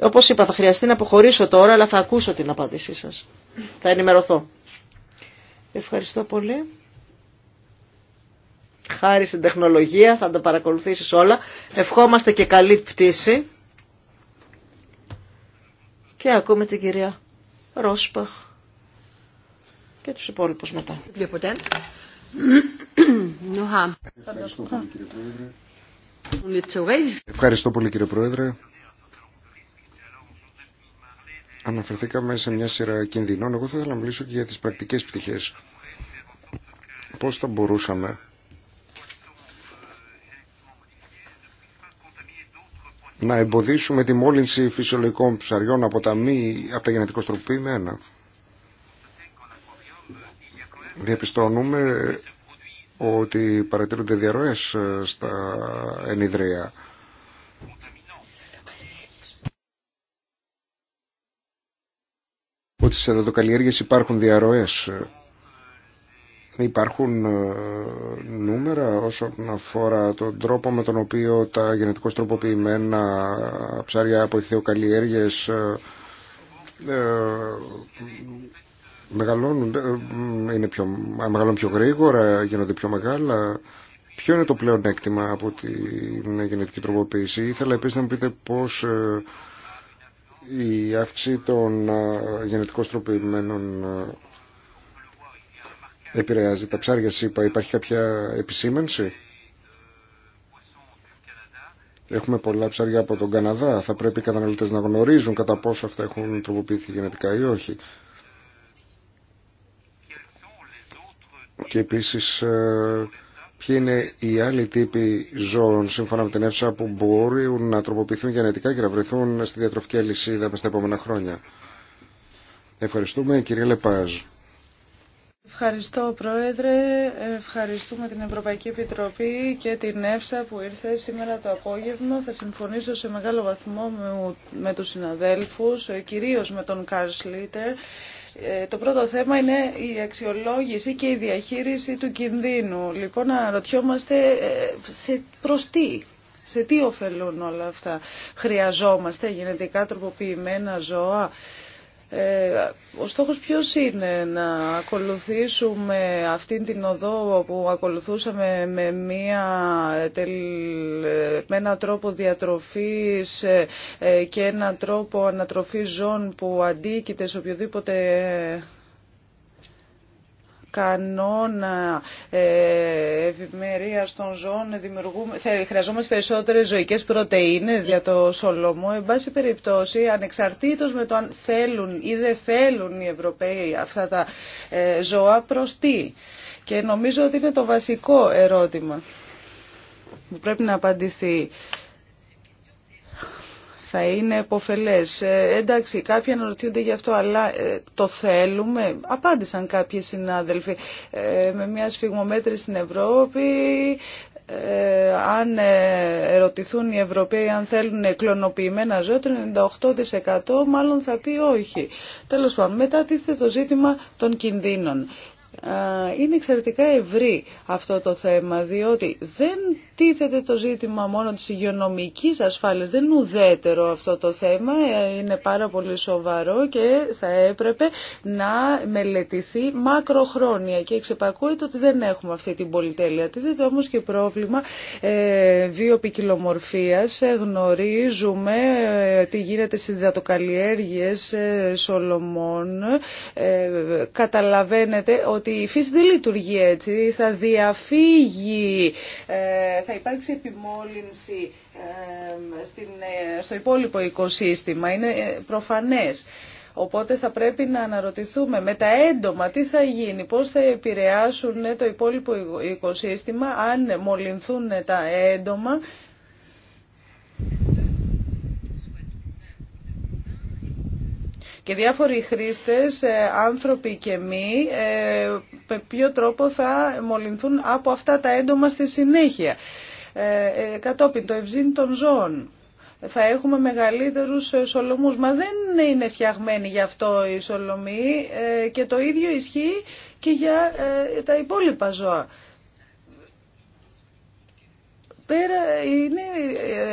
Όπω είπα, θα χρειαστεί να αποχωρήσω τώρα, αλλά θα ακούσω την απάντησή σα. Θα ενημερωθώ. Ευχαριστώ πολύ. Χάρη στην τεχνολογία, θα τα παρακολουθήσει όλα. Ευχόμαστε και καλή πτήση. Και ακούμε την κυρία Ρόσπαχ και τους υπόλοιπους μετά. Ευχαριστώ πολύ κύριε Πρόεδρε. Αναφερθήκαμε σε μια σειρά κινδυνών. Εγώ θα ήθελα να μιλήσω και για τις πρακτικές πτυχές. Πώς θα μπορούσαμε να εμποδίσουμε τη μόλυνση φυσιολογικών ψαριών από τα, μη, από τα γενετικώς διαπιστώνουμε ότι παρατηρούνται διαρροές ε, στα ενιδρία. Ότι σε εδωτοκαλλιέργειες υπάρχουν διαρροές. Υπάρχουν ε, νούμερα όσον αφορά τον τρόπο με τον οποίο τα γενετικώς τροποποιημένα ψάρια από ηχθειοκαλλιέργειες ε, μεγαλώνουν, ε, είναι πιο, μεγαλώνουν πιο γρήγορα, γίνονται πιο μεγάλα. Ποιο είναι το πλέον έκτημα από την γενετική τροποποίηση. Ήθελα επίσης να μου πείτε πώς ε, η αύξηση των ε, γενετικώς τροποποιημένων επηρεάζει τα ψάρια είπα. Υπάρχει κάποια επισήμενση. Έχουμε πολλά ψάρια από τον Καναδά. Θα πρέπει οι καταναλωτές να γνωρίζουν κατά πόσο αυτά έχουν τροποποιηθεί γενετικά ή όχι. Και επίσης ε, ποιοι είναι οι άλλοι τύποι ζώων σύμφωνα με την ΕΦΣΑ που μπορούν να τροποποιηθούν γενετικά και να βρεθούν στη διατροφική αλυσίδα τα επόμενα χρόνια. Ευχαριστούμε κύριε Λεπάζ. Ευχαριστώ Πρόεδρε, ευχαριστούμε την Ευρωπαϊκή Επιτροπή και την ΕΦΣΑ που ήρθε σήμερα το απόγευμα. Θα συμφωνήσω σε μεγάλο βαθμό με, με τους συναδέλφους, κυρίως με τον Καρ Σλίτερ το πρώτο θέμα είναι η αξιολόγηση και η διαχείριση του κινδύνου. Λοιπόν, να ρωτιόμαστε ε, σε προς τι, σε τι ωφελούν όλα αυτά. Χρειαζόμαστε γενετικά τροποποιημένα ζώα ε, ο στόχος ποιος είναι να ακολουθήσουμε αυτήν την οδό που ακολουθούσαμε με, μια, με ε, έναν τρόπο διατροφής και ένα τρόπο ανατροφής ζών που αντίκειται σε οποιοδήποτε κανόνα ε, ευημερία των ζώων δημιουργούμε, χρειαζόμαστε περισσότερες ζωικές πρωτεΐνες για το σολομό. Εν πάση περιπτώσει, ανεξαρτήτως με το αν θέλουν ή δεν θέλουν οι Ευρωπαίοι αυτά τα ε, ζώα, προς τι. Και νομίζω ότι είναι το βασικό ερώτημα που πρέπει να απαντηθεί θα είναι επωφελές. Ε, εντάξει, κάποιοι αναρωτιούνται γι' αυτό, αλλά ε, το θέλουμε. Απάντησαν κάποιοι συνάδελφοι ε, με μια σφιγμομέτρη στην Ευρώπη. αν ερωτηθούν οι Ευρωπαίοι αν θέλουν κλωνοποιημένα ζώα, το 98% μάλλον θα πει όχι. Τέλος πάντων, μετά τίθεται το ζήτημα των κινδύνων είναι εξαιρετικά ευρύ αυτό το θέμα, διότι δεν τίθεται το ζήτημα μόνο της υγειονομικής ασφάλειας, δεν είναι ουδέτερο αυτό το θέμα, ε, είναι πάρα πολύ σοβαρό και θα έπρεπε να μελετηθεί μακροχρόνια και εξεπακούεται ότι δεν έχουμε αυτή την πολυτέλεια. Τίθεται όμως και πρόβλημα ε, βιοπικιλομορφίας, ε, γνωρίζουμε ε, τι γίνεται στις υδατοκαλλιέργειες Σολομών, καταλαβαίνετε ότι ότι η φύση δεν λειτουργεί έτσι, θα διαφύγει, ε, θα υπάρξει επιμόλυνση ε, ε, στο υπόλοιπο οικοσύστημα, είναι προφανές. Οπότε θα πρέπει να αναρωτηθούμε με τα έντομα τι θα γίνει, πώς θα επηρεάσουν το υπόλοιπο οικοσύστημα αν μολυνθούν τα έντομα Και διάφοροι χρήστες, ε, άνθρωποι και μη, ε, με ποιο τρόπο θα μολυνθούν από αυτά τα έντομα στη συνέχεια. Ε, κατόπιν το ευζήν των ζώων θα έχουμε μεγαλύτερους σολομούς. Μα δεν είναι φτιαγμένοι γι' αυτό οι σολομοί και το ίδιο ισχύει και για τα υπόλοιπα ζώα. Πέρα είναι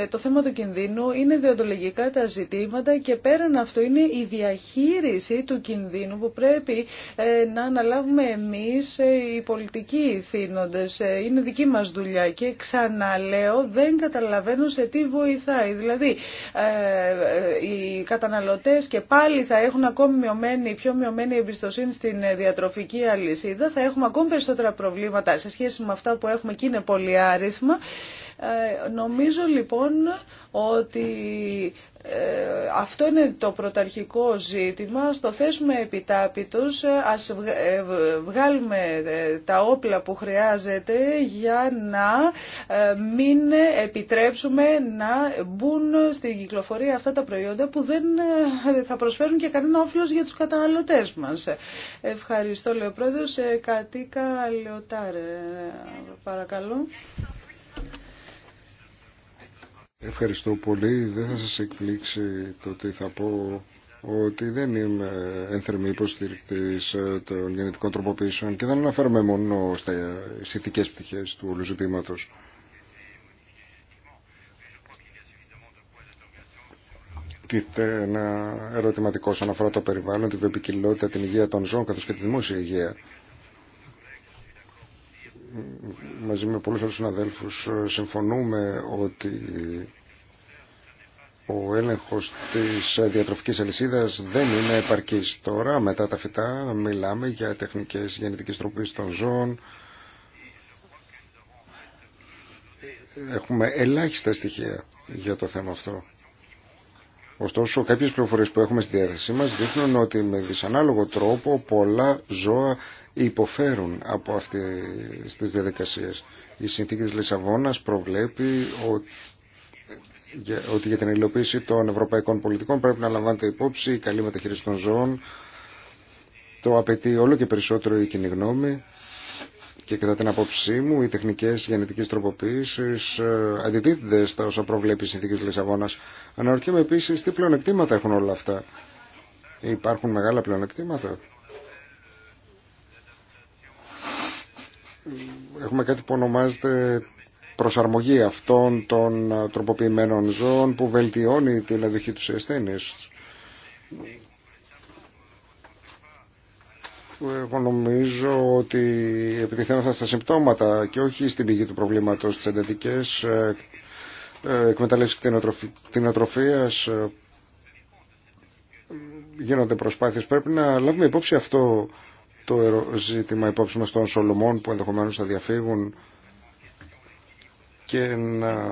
ε, το θέμα του κινδύνου, είναι διοντολογικά τα ζητήματα και πέραν αυτό είναι η διαχείριση του κινδύνου που πρέπει ε, να αναλάβουμε εμείς ε, οι πολιτικοί θύνοντες. Είναι δική μας δουλειά και ξαναλέω δεν καταλαβαίνω σε τι βοηθάει. Δηλαδή οι καταναλωτές και πάλι θα έχουν ακόμη μειωμένη, πιο μειωμένη εμπιστοσύνη στην διατροφική αλυσίδα, θα έχουμε ακόμη περισσότερα προβλήματα σε σχέση με αυτά που έχουμε και είναι πολυάριθμα. Ε, νομίζω λοιπόν ότι ε, αυτό είναι το πρωταρχικό ζήτημα. Στο θέσουμε επιτάπητος, ας ε, βγάλουμε τα όπλα που χρειάζεται για να μην επιτρέψουμε να μπουν στην κυκλοφορία αυτά τα προϊόντα που δεν θα προσφέρουν και κανένα όφελος για τους καταναλωτές μας. Ευχαριστώ, λέει ο Πρόεδρος. Κατίκα παρακαλώ. Ευχαριστώ πολύ. Δεν θα σας εκπλήξει το ότι θα πω ότι δεν είμαι ένθερμη υποστηρικτή των γενετικών τροποποιήσεων και δεν αναφέρομαι μόνο στα ηθικέ πτυχέ του όλου ζητήματο. Τίθεται ένα ερωτηματικό όσον αφορά το περιβάλλον, την βιοπικιλότητα, την υγεία των ζώων καθώ και τη δημόσια υγεία μαζί με πολλούς άλλους συναδέλφους ε, συμφωνούμε ότι ο έλεγχος της διατροφικής αλυσίδας δεν είναι επαρκής. Τώρα μετά τα φυτά μιλάμε για τεχνικές γεννητικές τροπής των ζώων. Έχουμε ελάχιστα στοιχεία για το θέμα αυτό. Ωστόσο, κάποιες πληροφορίες που έχουμε στη διάθεσή μας δείχνουν ότι με δυσανάλογο τρόπο πολλά ζώα υποφέρουν από αυτές τις διαδικασίες. Η συνθήκη της Λισαβόνα προβλέπει ότι για την υλοποίηση των ευρωπαϊκών πολιτικών πρέπει να λαμβάνεται υπόψη η καλή μεταχείριση των ζώων. Το απαιτεί όλο και περισσότερο η κοινή γνώμη και κατά την απόψή μου, οι τεχνικέ γενετικής τροποποίησης ε, αντιτίθενται στα όσα προβλέπει η συνθήκη της Λισαβόνα. Αναρωτιέμαι επίσης τι πλεονεκτήματα έχουν όλα αυτά. Υπάρχουν μεγάλα πλεονεκτήματα. Έχουμε κάτι που ονομάζεται προσαρμογή αυτών των ε, τροποποιημένων ζώων που βελτιώνει την αδοχή τους ασθένειες. Εγώ νομίζω ότι θα στα συμπτώματα και όχι στην πηγή του προβλήματος τις εντατικής ε, ε, την κτηνοτροφίας ε, γίνονται προσπάθειες. Πρέπει να λάβουμε υπόψη αυτό το ζήτημα υπόψη μας των Σολομών που ενδεχομένως θα διαφύγουν και να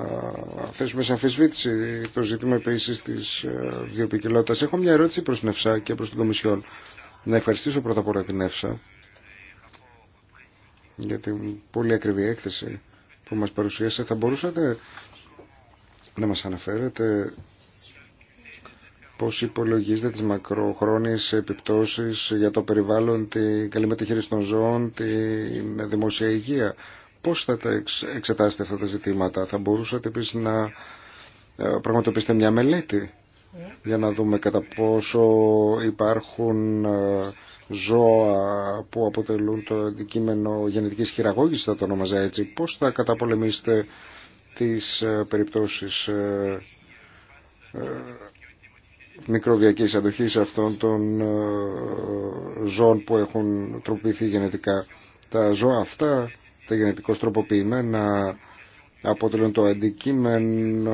θέσουμε σε αμφισβήτηση το ζήτημα επίσης της βιοποικιλότητας. Έχω μια ερώτηση προς την ΕΦΣΑ και προς την Κομισιόν. Να ευχαριστήσω πρώτα απ' όλα την για την πολύ ακριβή έκθεση που μας παρουσίασε. Θα μπορούσατε να μας αναφέρετε πώς υπολογίζετε τις μακροχρόνιες επιπτώσεις για το περιβάλλον, την καλή μεταχείριση των ζώων, την δημόσια υγεία. Πώς θα τα εξετάσετε αυτά τα ζητήματα. Θα μπορούσατε επίσης να ε, πραγματοποιήσετε μια μελέτη για να δούμε κατά πόσο υπάρχουν ε, ζώα που αποτελούν το αντικείμενο γενετικής χειραγώγησης θα το ονομαζά έτσι. Πώς θα καταπολεμήσετε τις ε, περιπτώσεις ε, μικροβιακής αντοχής αυτών των ζώων που έχουν τροποποιηθεί γενετικά. Τα ζώα αυτά, τα γενετικώς τροποποιημένα, αποτελούν το αντικείμενο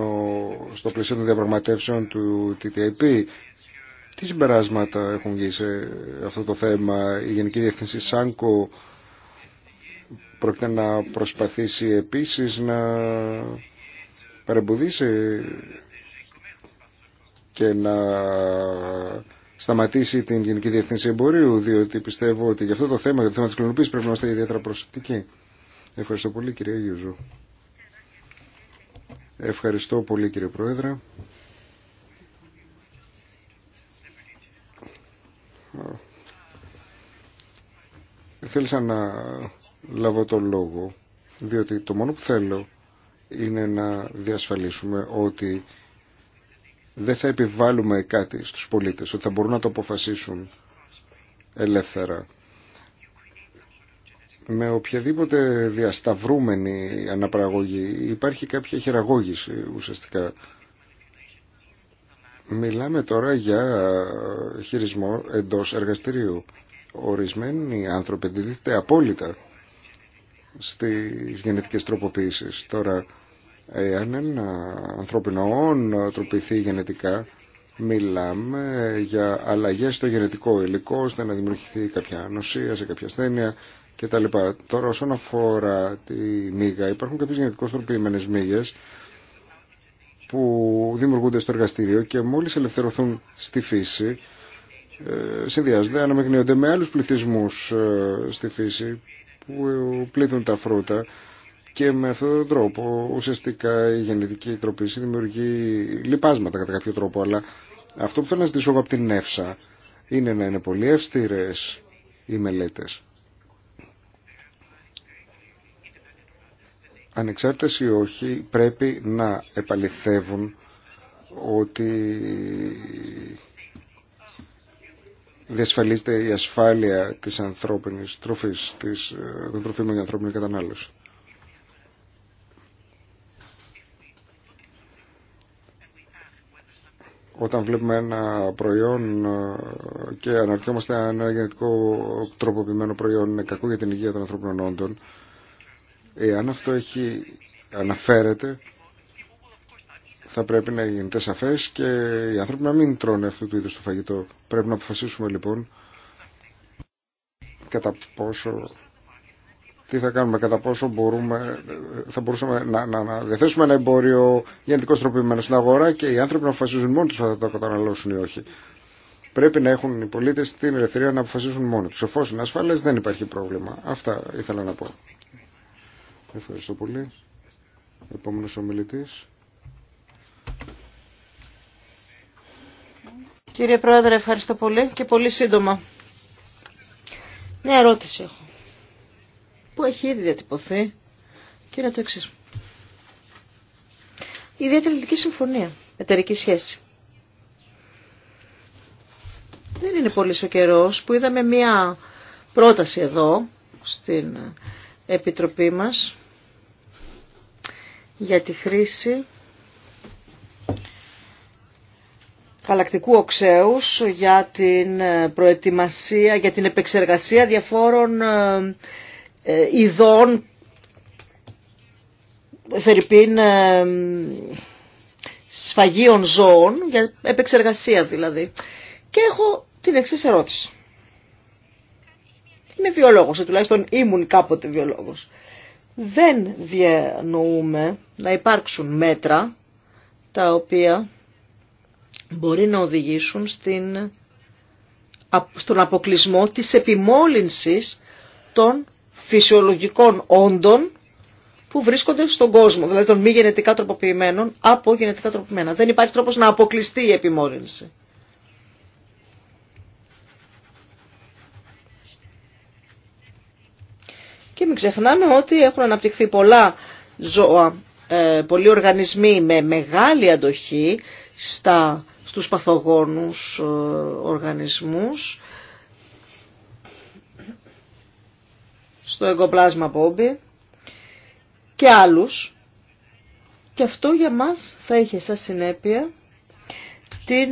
στο πλαίσιο των διαπραγματεύσεων του TTIP. Τι συμπεράσματα έχουν γίνει σε αυτό το θέμα. Η Γενική Διευθυνσή ΣΑΝΚΟ πρόκειται να προσπαθήσει επίσης να παρεμποδίσει και να σταματήσει την Γενική Διευθύνση Εμπορίου, διότι πιστεύω ότι για αυτό το θέμα, για το θέμα της κλωνοποίησης πρέπει να είμαστε ιδιαίτερα προσεκτικοί. Ευχαριστώ πολύ κύριε Γιούζου. Ευχαριστώ πολύ κύριε Πρόεδρε. Θέλησα να λάβω το λόγο, διότι το μόνο που θέλω είναι να διασφαλίσουμε ότι δεν θα επιβάλλουμε κάτι στους πολίτες, ότι θα μπορούν να το αποφασίσουν ελεύθερα με οποιαδήποτε διασταυρούμενη αναπαραγωγή υπάρχει κάποια χειραγώγηση ουσιαστικά. Μιλάμε τώρα για χειρισμό εντός εργαστηρίου. Ορισμένοι άνθρωποι δίδεται απόλυτα στις γενετικές τροποποίησεις. Τώρα, εάν ένα ανθρώπινο όν γενετικά, μιλάμε για αλλαγές στο γενετικό υλικό, ώστε να δημιουργηθεί κάποια νοσία σε κάποια ασθένεια και τα λοιπά. Τώρα όσον αφορά τη μύγα, υπάρχουν κάποιες γενετικώς τροποιημένες μύγες που δημιουργούνται στο εργαστήριο και μόλις ελευθερωθούν στη φύση ε, συνδυάζονται, αναμεγνύονται με άλλους πληθυσμούς ε, στη φύση που πλήττουν τα φρούτα και με αυτόν τον τρόπο ουσιαστικά η γενετική τροπήση δημιουργεί λιπάσματα κατά κάποιο τρόπο αλλά αυτό που θέλω να ζητήσω από την Εύσα είναι να είναι πολύ αυστηρές οι μελέτες ανεξάρτητες ή όχι, πρέπει να επαληθεύουν ότι διασφαλίζεται η ασφάλεια της ανθρώπινης τροφής, της, ε, των τροφίμων για ανθρώπινη κατανάλωση. Όταν βλέπουμε ένα προϊόν ε, και αναρωτιόμαστε αν ένα γενετικό τροποποιημένο προϊόν είναι κακό για την υγεία των ανθρώπινων όντων, Εάν αυτό έχει αναφέρεται, θα πρέπει να γίνεται σαφές και οι άνθρωποι να μην τρώνε αυτού του είδους το φαγητό. Πρέπει να αποφασίσουμε λοιπόν κατά πόσο τι θα κάνουμε, κατά πόσο μπορούμε, θα μπορούσαμε να, να, να διαθέσουμε ένα εμπόριο γενετικό τροποποιημένο στην αγορά και οι άνθρωποι να αποφασίζουν μόνοι του αν θα το καταναλώσουν ή όχι. Πρέπει να έχουν οι πολίτε την ελευθερία να αποφασίσουν μόνοι του. Εφόσον είναι ασφαλέ, δεν υπάρχει πρόβλημα. Αυτά ήθελα να πω. Ευχαριστώ πολύ. Επόμενος ομιλητής. Κύριε Πρόεδρε, ευχαριστώ πολύ και πολύ σύντομα. Μια ερώτηση έχω. Που έχει ήδη διατυπωθεί. Κύριε Τσεξής. Η διατελετική συμφωνία, εταιρική σχέση. Δεν είναι πολύ ο καιρό που είδαμε μια πρόταση εδώ στην Επιτροπή μας για τη χρήση φαλακτικού οξέους για την ε, προετοιμασία, για την επεξεργασία διαφόρων ε, ε, ειδών φερρυπίν σφαγίων ζώων, για επεξεργασία δηλαδή. Και έχω την εξή ερώτηση. Είμαι βιολόγος, τουλάχιστον ήμουν κάποτε βιολόγος δεν διανοούμε να υπάρξουν μέτρα τα οποία μπορεί να οδηγήσουν στον αποκλεισμό της επιμόλυνσης των φυσιολογικών όντων που βρίσκονται στον κόσμο, δηλαδή των μη γενετικά τροποποιημένων από γενετικά τροποποιημένα. Δεν υπάρχει τρόπος να αποκλειστεί η επιμόλυνση. Και μην ξεχνάμε ότι έχουν αναπτυχθεί πολλά ζώα, ε, πολλοί οργανισμοί με μεγάλη αντοχή στα, στους παθογόνους ε, οργανισμούς, στο εγκοπλάσμα πόμπι και άλλους. Και αυτό για μας θα είχε σαν συνέπεια την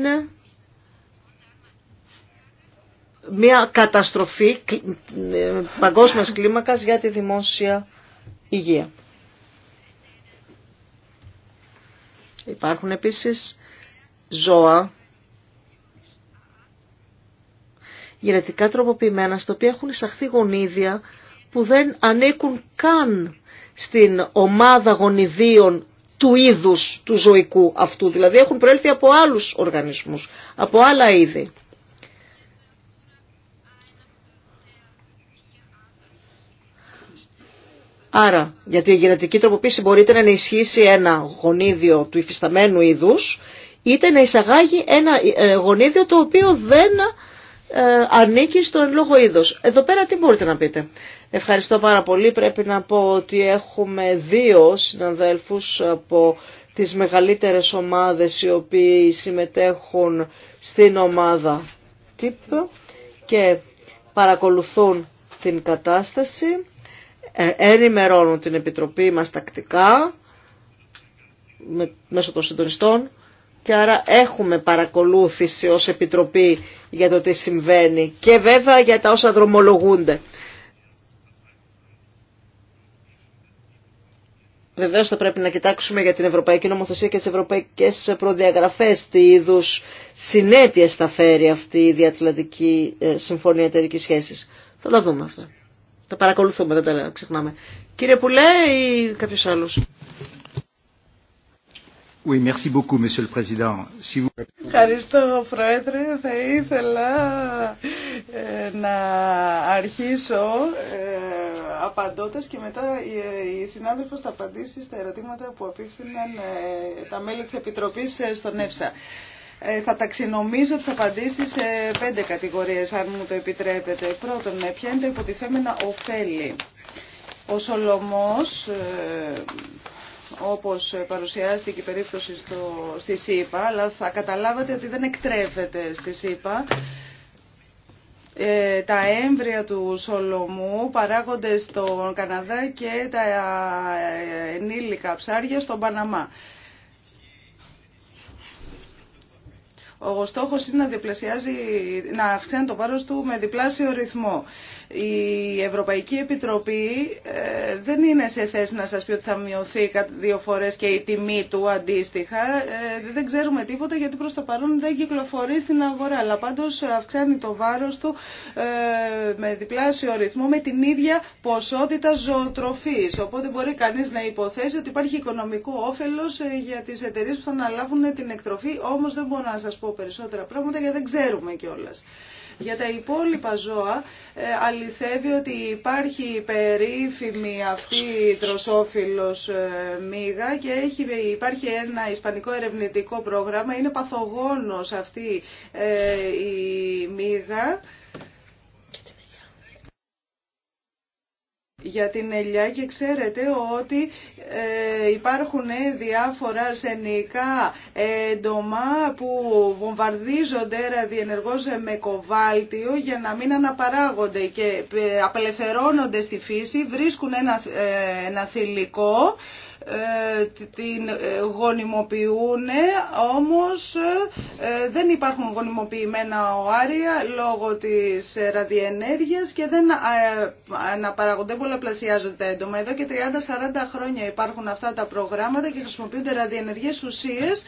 μια καταστροφή ε, παγκόσμιας κλίμακας για τη δημόσια υγεία. Υπάρχουν επίσης ζώα γενετικά τροποποιημένα στα οποία έχουν εισαχθεί γονίδια που δεν ανήκουν καν στην ομάδα γονιδίων του είδους του ζωικού αυτού. Δηλαδή έχουν προέλθει από άλλους οργανισμούς, από άλλα είδη. Άρα, γιατί η γενετική τροποποίηση μπορείτε να ενισχύσει ένα γονίδιο του υφισταμένου είδους, είτε να εισαγάγει ένα ε, γονίδιο το οποίο δεν ε, ανήκει στον εν λόγω είδος. Εδώ πέρα τι μπορείτε να πείτε. Ευχαριστώ πάρα πολύ. Πρέπει να πω ότι έχουμε δύο συναδέλφους από τις μεγαλύτερες ομάδες οι οποίοι συμμετέχουν στην ομάδα TIP και παρακολουθούν την κατάσταση. Ε, ενημερώνουν την Επιτροπή μας τακτικά με, μέσω των συντονιστών και άρα έχουμε παρακολούθηση ως Επιτροπή για το τι συμβαίνει και βέβαια για τα όσα δρομολογούνται. Βεβαίω θα πρέπει να κοιτάξουμε για την Ευρωπαϊκή Νομοθεσία και τι Ευρωπαϊκέ Προδιαγραφέ τι είδου συνέπειε θα φέρει αυτή η Διατλαντική ε, Συμφωνία Εταιρική Σχέση. Θα τα δούμε αυτά. Τα παρακολουθούμε, δεν τα ξεχνάμε. Κύριε Πουλέ ή κάποιος άλλος. Oui, merci beaucoup, Monsieur le Président. Si vous... Ευχαριστώ, Πρόεδρε. Θα ήθελα ε, να αρχίσω ε, απαντώντας και μετά η, η θα απαντήσει στα ερωτήματα που απίφθηναν ε, τα μέλη της Επιτροπής ε, στον ΕΦΣΑ. Ε, θα ταξινομήσω τις απαντήσεις σε πέντε κατηγορίες, αν μου το επιτρέπετε. Πρώτον, ναι, ποια είναι τα υποτιθέμενα ωφέλη. Ο Σολομός, ε, όπως παρουσιάστηκε η περίπτωση στη ΣΥΠΑ, αλλά θα καταλάβατε ότι δεν εκτρέφεται στη ΣΥΠΑ, ε, τα έμβρια του Σολομού παράγονται στον Καναδά και τα ενήλικα ψάρια στον Παναμά. Ο στόχος είναι να να αυξάνει το πάρος του με διπλάσιο ρυθμό. Η Ευρωπαϊκή Επιτροπή ε, δεν είναι σε θέση να σας πει ότι θα μειωθεί δύο φορές και η τιμή του αντίστοιχα. Ε, δεν ξέρουμε τίποτα γιατί προς το παρόν δεν κυκλοφορεί στην αγορά. Αλλά πάντως αυξάνει το βάρος του ε, με διπλάσιο ρυθμό με την ίδια ποσότητα ζωοτροφής. Οπότε μπορεί κανείς να υποθέσει ότι υπάρχει οικονομικό όφελος για τις εταιρείε που θα αναλάβουν την εκτροφή. Όμως δεν μπορώ να σας πω περισσότερα πράγματα γιατί δεν ξέρουμε κιόλας. Για τα υπόλοιπα ζώα ε, αληθεύει ότι υπάρχει περίφημη αυτή τροσόφιλος ε, μίγα και έχει, υπάρχει ένα ισπανικό ερευνητικό πρόγραμμα. Είναι παθογόνος αυτή ε, η μίγα. για την ελιά και ξέρετε ότι ε, υπάρχουν διάφορα σενικά έντομα που βομβαρδίζονται ραδιενεργώς με κοβάλτιο για να μην αναπαράγονται και ε, απελευθερώνονται στη φύση, βρίσκουν ένα, ε, ένα θηλυκό ε, την ε, γονιμοποιούν, όμως ε, δεν υπάρχουν γονιμοποιημένα οάρια λόγω της ραδιενέργειας και δεν αναπαραγονται, πολλαπλασιάζονται έντομα. Εδώ και 30-40 χρόνια υπάρχουν αυτά τα προγράμματα και χρησιμοποιούνται ραδιενεργές ουσίες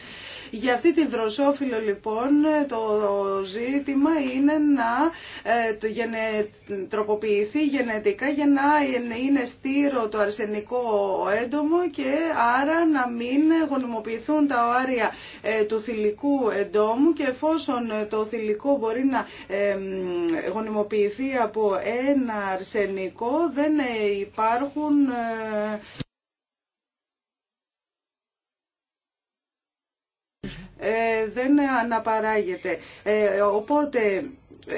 για αυτή τη δροσόφυλλο λοιπόν το ζήτημα είναι να ε, τροποποιηθεί γενετικά για να είναι στήρο το αρσενικό έντομο και άρα να μην γονιμοποιηθούν τα οάρια ε, του θηλυκού εντόμου και εφόσον το θηλυκό μπορεί να γονιμοποιηθεί από ένα αρσενικό δεν ε, υπάρχουν Ε, δεν αναπαράγεται. Ε, οπότε ε,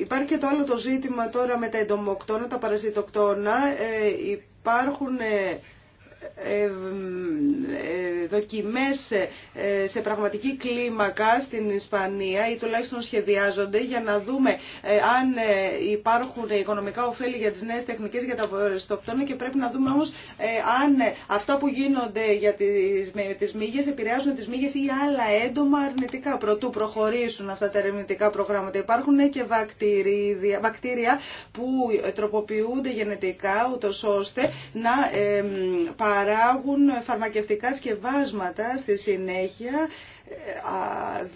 υπάρχει και το άλλο το ζήτημα τώρα με τα εντομοκτώνα, τα παρασιτοκτώνα. Υπάρχουν ε, ε, δοκιμές ε, σε πραγματική κλίμακα στην Ισπανία ή τουλάχιστον σχεδιάζονται για να δούμε αν υπάρχουν οικονομικά ωφέλη για τις νέες τεχνικές για τα βορειοστοκτόνα και πρέπει να δούμε όμως αν αυτά που γίνονται για τις, τις μύγες επηρεάζουν τις μύγες ή άλλα έντομα αρνητικά προτού προχωρήσουν αυτά τα ερευνητικά προγράμματα. Υπάρχουν και βακτήρια που τροποποιούνται γενετικά ούτως ώστε να ε, παράγουν φαρμακευτικά σκευάσματα στη συνέχεια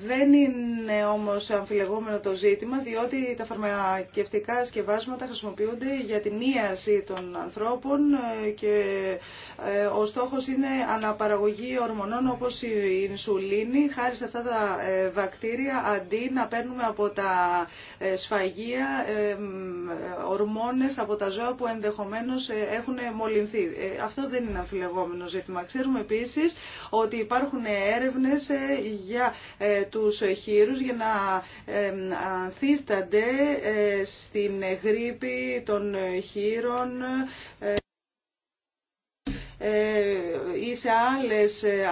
δεν είναι όμως αμφιλεγόμενο το ζήτημα, διότι τα φαρμακευτικά σκευάσματα χρησιμοποιούνται για την ίαση των ανθρώπων ε, και ε, ο στόχος είναι αναπαραγωγή ορμονών όπως η ινσουλίνη. Χάρη σε αυτά τα ε, βακτήρια, αντί να παίρνουμε από τα σφαγεία ορμόνες από τα ζώα που ενδεχομένως έχουν μολυνθεί. Αυτό δεν είναι αμφιλεγόμενο ζήτημα. Ξέρουμε επίσης ότι υπάρχουν έρευνες για ε, τους χείρους για να ε, ανθίστανται ε, στην γρήπη των χείρων ε, ή σε άλλες, ε,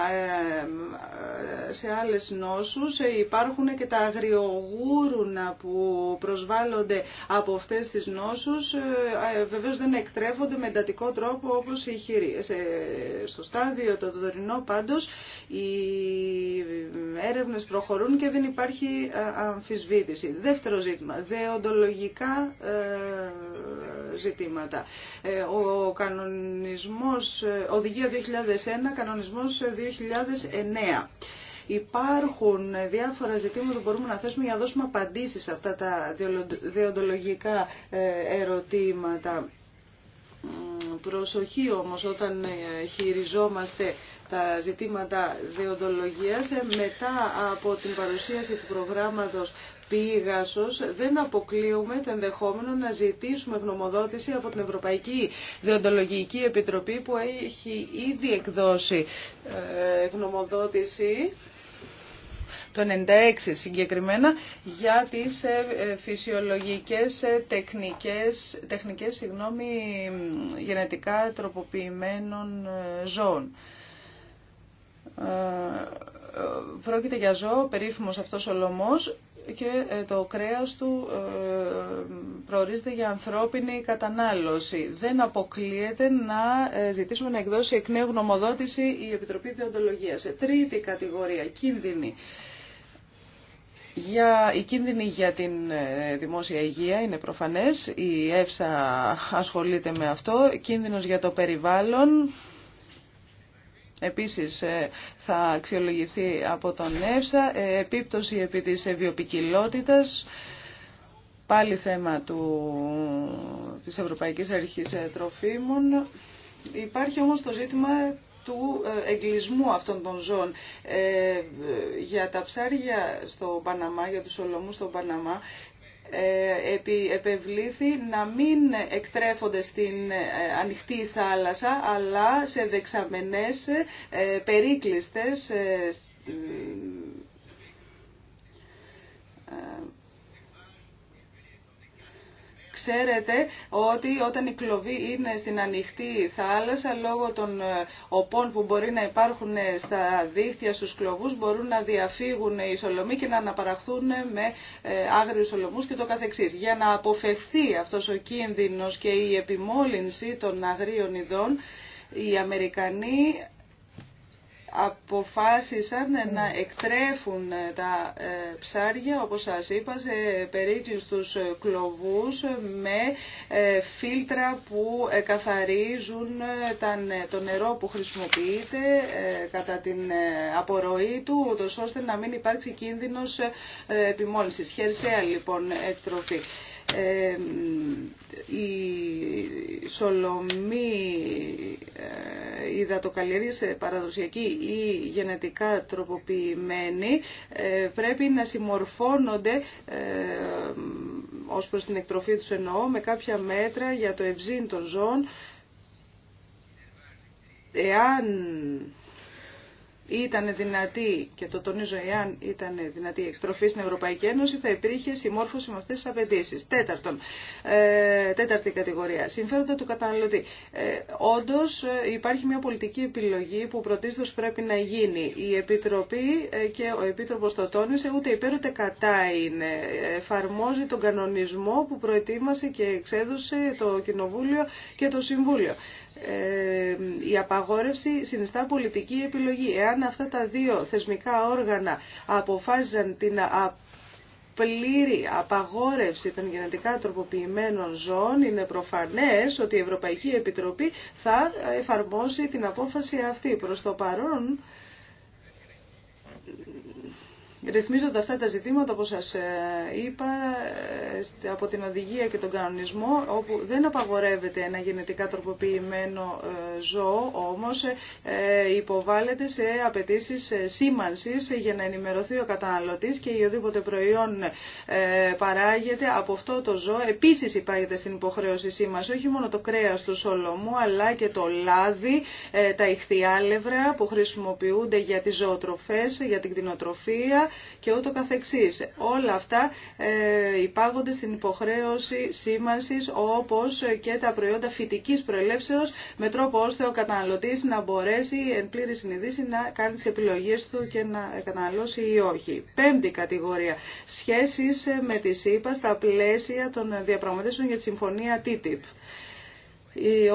ε, σε νόσους. Υπάρχουν και τα αγριογούρουνα που προσβάλλονται από αυτές τις νόσους. Βεβαίως δεν εκτρέφονται με εντατικό τρόπο όπως οι Στο στάδιο το τωρινό πάντως οι έρευνες προχωρούν και δεν υπάρχει αμφισβήτηση. Δεύτερο ζήτημα, δεοντολογικά ζητήματα. Ο κανονισμός Οδηγία 2001, Κανονισμός 2009. Υπάρχουν διάφορα ζητήματα που μπορούμε να θέσουμε για να δώσουμε απαντήσεις σε αυτά τα διοντολογικά ε, ερωτήματα. Προσοχή όμως όταν ε, χειριζόμαστε τα ζητήματα διοντολογίας ε, μετά από την παρουσίαση του προγράμματος δεν αποκλείουμε το ενδεχόμενο να ζητήσουμε γνωμοδότηση από την Ευρωπαϊκή Διοντολογική Επιτροπή που έχει ήδη εκδώσει ε, γνωμοδότηση το 96 συγκεκριμένα, για τις ε, ε, φυσιολογικές τεχνικές, τεχνικές συγγνώμη, γενετικά τροποποιημένων ζώων. Πρόκειται για ζώο, περίφημος αυτός ο λομός, και ε, το κρέας του ε, προορίζεται για ανθρώπινη κατανάλωση. Δεν αποκλείεται να ε, ζητήσουμε να εκδώσει εκ νέου γνωμοδότηση η Επιτροπή Διοντολογίας. Τρίτη κατηγορία, κίνδυνη. Για, η κίνδυνη για την δημόσια υγεία είναι προφανές, η ΕΦΣΑ ασχολείται με αυτό, κίνδυνος για το περιβάλλον, Επίσης ε, θα αξιολογηθεί από τον ΕΦΣΑ ε, επίπτωση επί της βιοπικιλότητας πάλι θέμα του, της Ευρωπαϊκής Αρχής ε, Τροφίμων. Υπάρχει όμως το ζήτημα του εγκλισμού αυτών των ζώων. για τα ψάρια στο Παναμά, για τους ολομούς στο Παναμά, ε, επευλήθη να μην εκτρέφονται στην ε, ανοιχτή θάλασσα αλλά σε δεξαμενές ε, περίκλειστες Ξέρετε ότι όταν η κλωβή είναι στην ανοιχτή θάλασσα λόγω των ε, οπών που μπορεί να υπάρχουν ε, στα δίχτυα στους κλοβούς, μπορούν να διαφύγουν οι σολομοί και να αναπαραχθούν με ε, άγριους σολομούς και το καθεξής. Για να αποφευθεί αυτός ο κίνδυνος και η επιμόλυνση των αγρίων ειδών οι Αμερικανοί αποφάσισαν να εκτρέφουν ε, τα ε, ψάρια, όπως σας είπα, σε τους κλοβούς με ε, φίλτρα που καθαρίζουν το νερό που χρησιμοποιείται κατά την απορροή του, ώστε να μην υπάρξει κίνδυνος επιμόλυνσης. Χερσαία λοιπόν εκτροφή η σολομή, η ε, σε παραδοσιακή ή γενετικά τροποποιημένη ε, πρέπει να συμμορφώνονται ε, ως προς την εκτροφή τους εννοώ με κάποια μέτρα για το ευζήν των ζώων εάν ήταν δυνατή, και το τονίζω εάν ήταν δυνατή η εκτροφή στην Ευρωπαϊκή Ένωση, θα υπήρχε συμμόρφωση με αυτέ τι απαιτήσει. ε, τέταρτη κατηγορία, συμφέροντα του καταναλωτή. Ε, Όντω ε, υπάρχει μια πολιτική επιλογή που πρωτίστω πρέπει να γίνει. Η Επιτροπή ε, και ο Επίτροπο το τόνισε, ούτε υπέρ ούτε κατά είναι. Εφαρμόζει τον κανονισμό που προετοίμασε και εξέδωσε το Κοινοβούλιο και το Συμβούλιο. Ε, η απαγόρευση συνιστά πολιτική επιλογή. Εάν αυτά τα δύο θεσμικά όργανα αποφάσιζαν την πλήρη απαγόρευση των γενετικά τροποποιημένων ζώων, είναι προφανές ότι η Ευρωπαϊκή Επιτροπή θα εφαρμόσει την απόφαση αυτή. Προς το παρόν, ρυθμίζονται αυτά τα ζητήματα, όπως σας ε, είπα, ε, από την οδηγία και τον κανονισμό, όπου δεν απαγορεύεται ένα γενετικά τροποποιημένο ε, ζώο, όμως υποβάλλεται σε απαιτήσει σήμανσης για να ενημερωθεί ο καταναλωτής και οποιοδήποτε προϊόν παράγεται από αυτό το ζώο. Επίσης υπάγεται στην υποχρέωση σήμανση, όχι μόνο το κρέας του σολομού, αλλά και το λάδι, τα ηχθιάλευρα που χρησιμοποιούνται για τις ζωοτροφές, για την κτηνοτροφία, και ούτω καθεξής. Όλα αυτά ε, υπάγονται στην υποχρέωση σήμανσης όπως και τα προϊόντα φυτικής προελεύσεως με τρόπο ώστε ο καταναλωτής να μπορέσει εν πλήρη συνειδήση να κάνει τις επιλογές του και να καταναλώσει ή όχι. Πέμπτη κατηγορία. Σχέσεις ε, με τη ΣΥΠΑ στα πλαίσια των διαπραγματεύσεων για τη συμφωνία TTIP.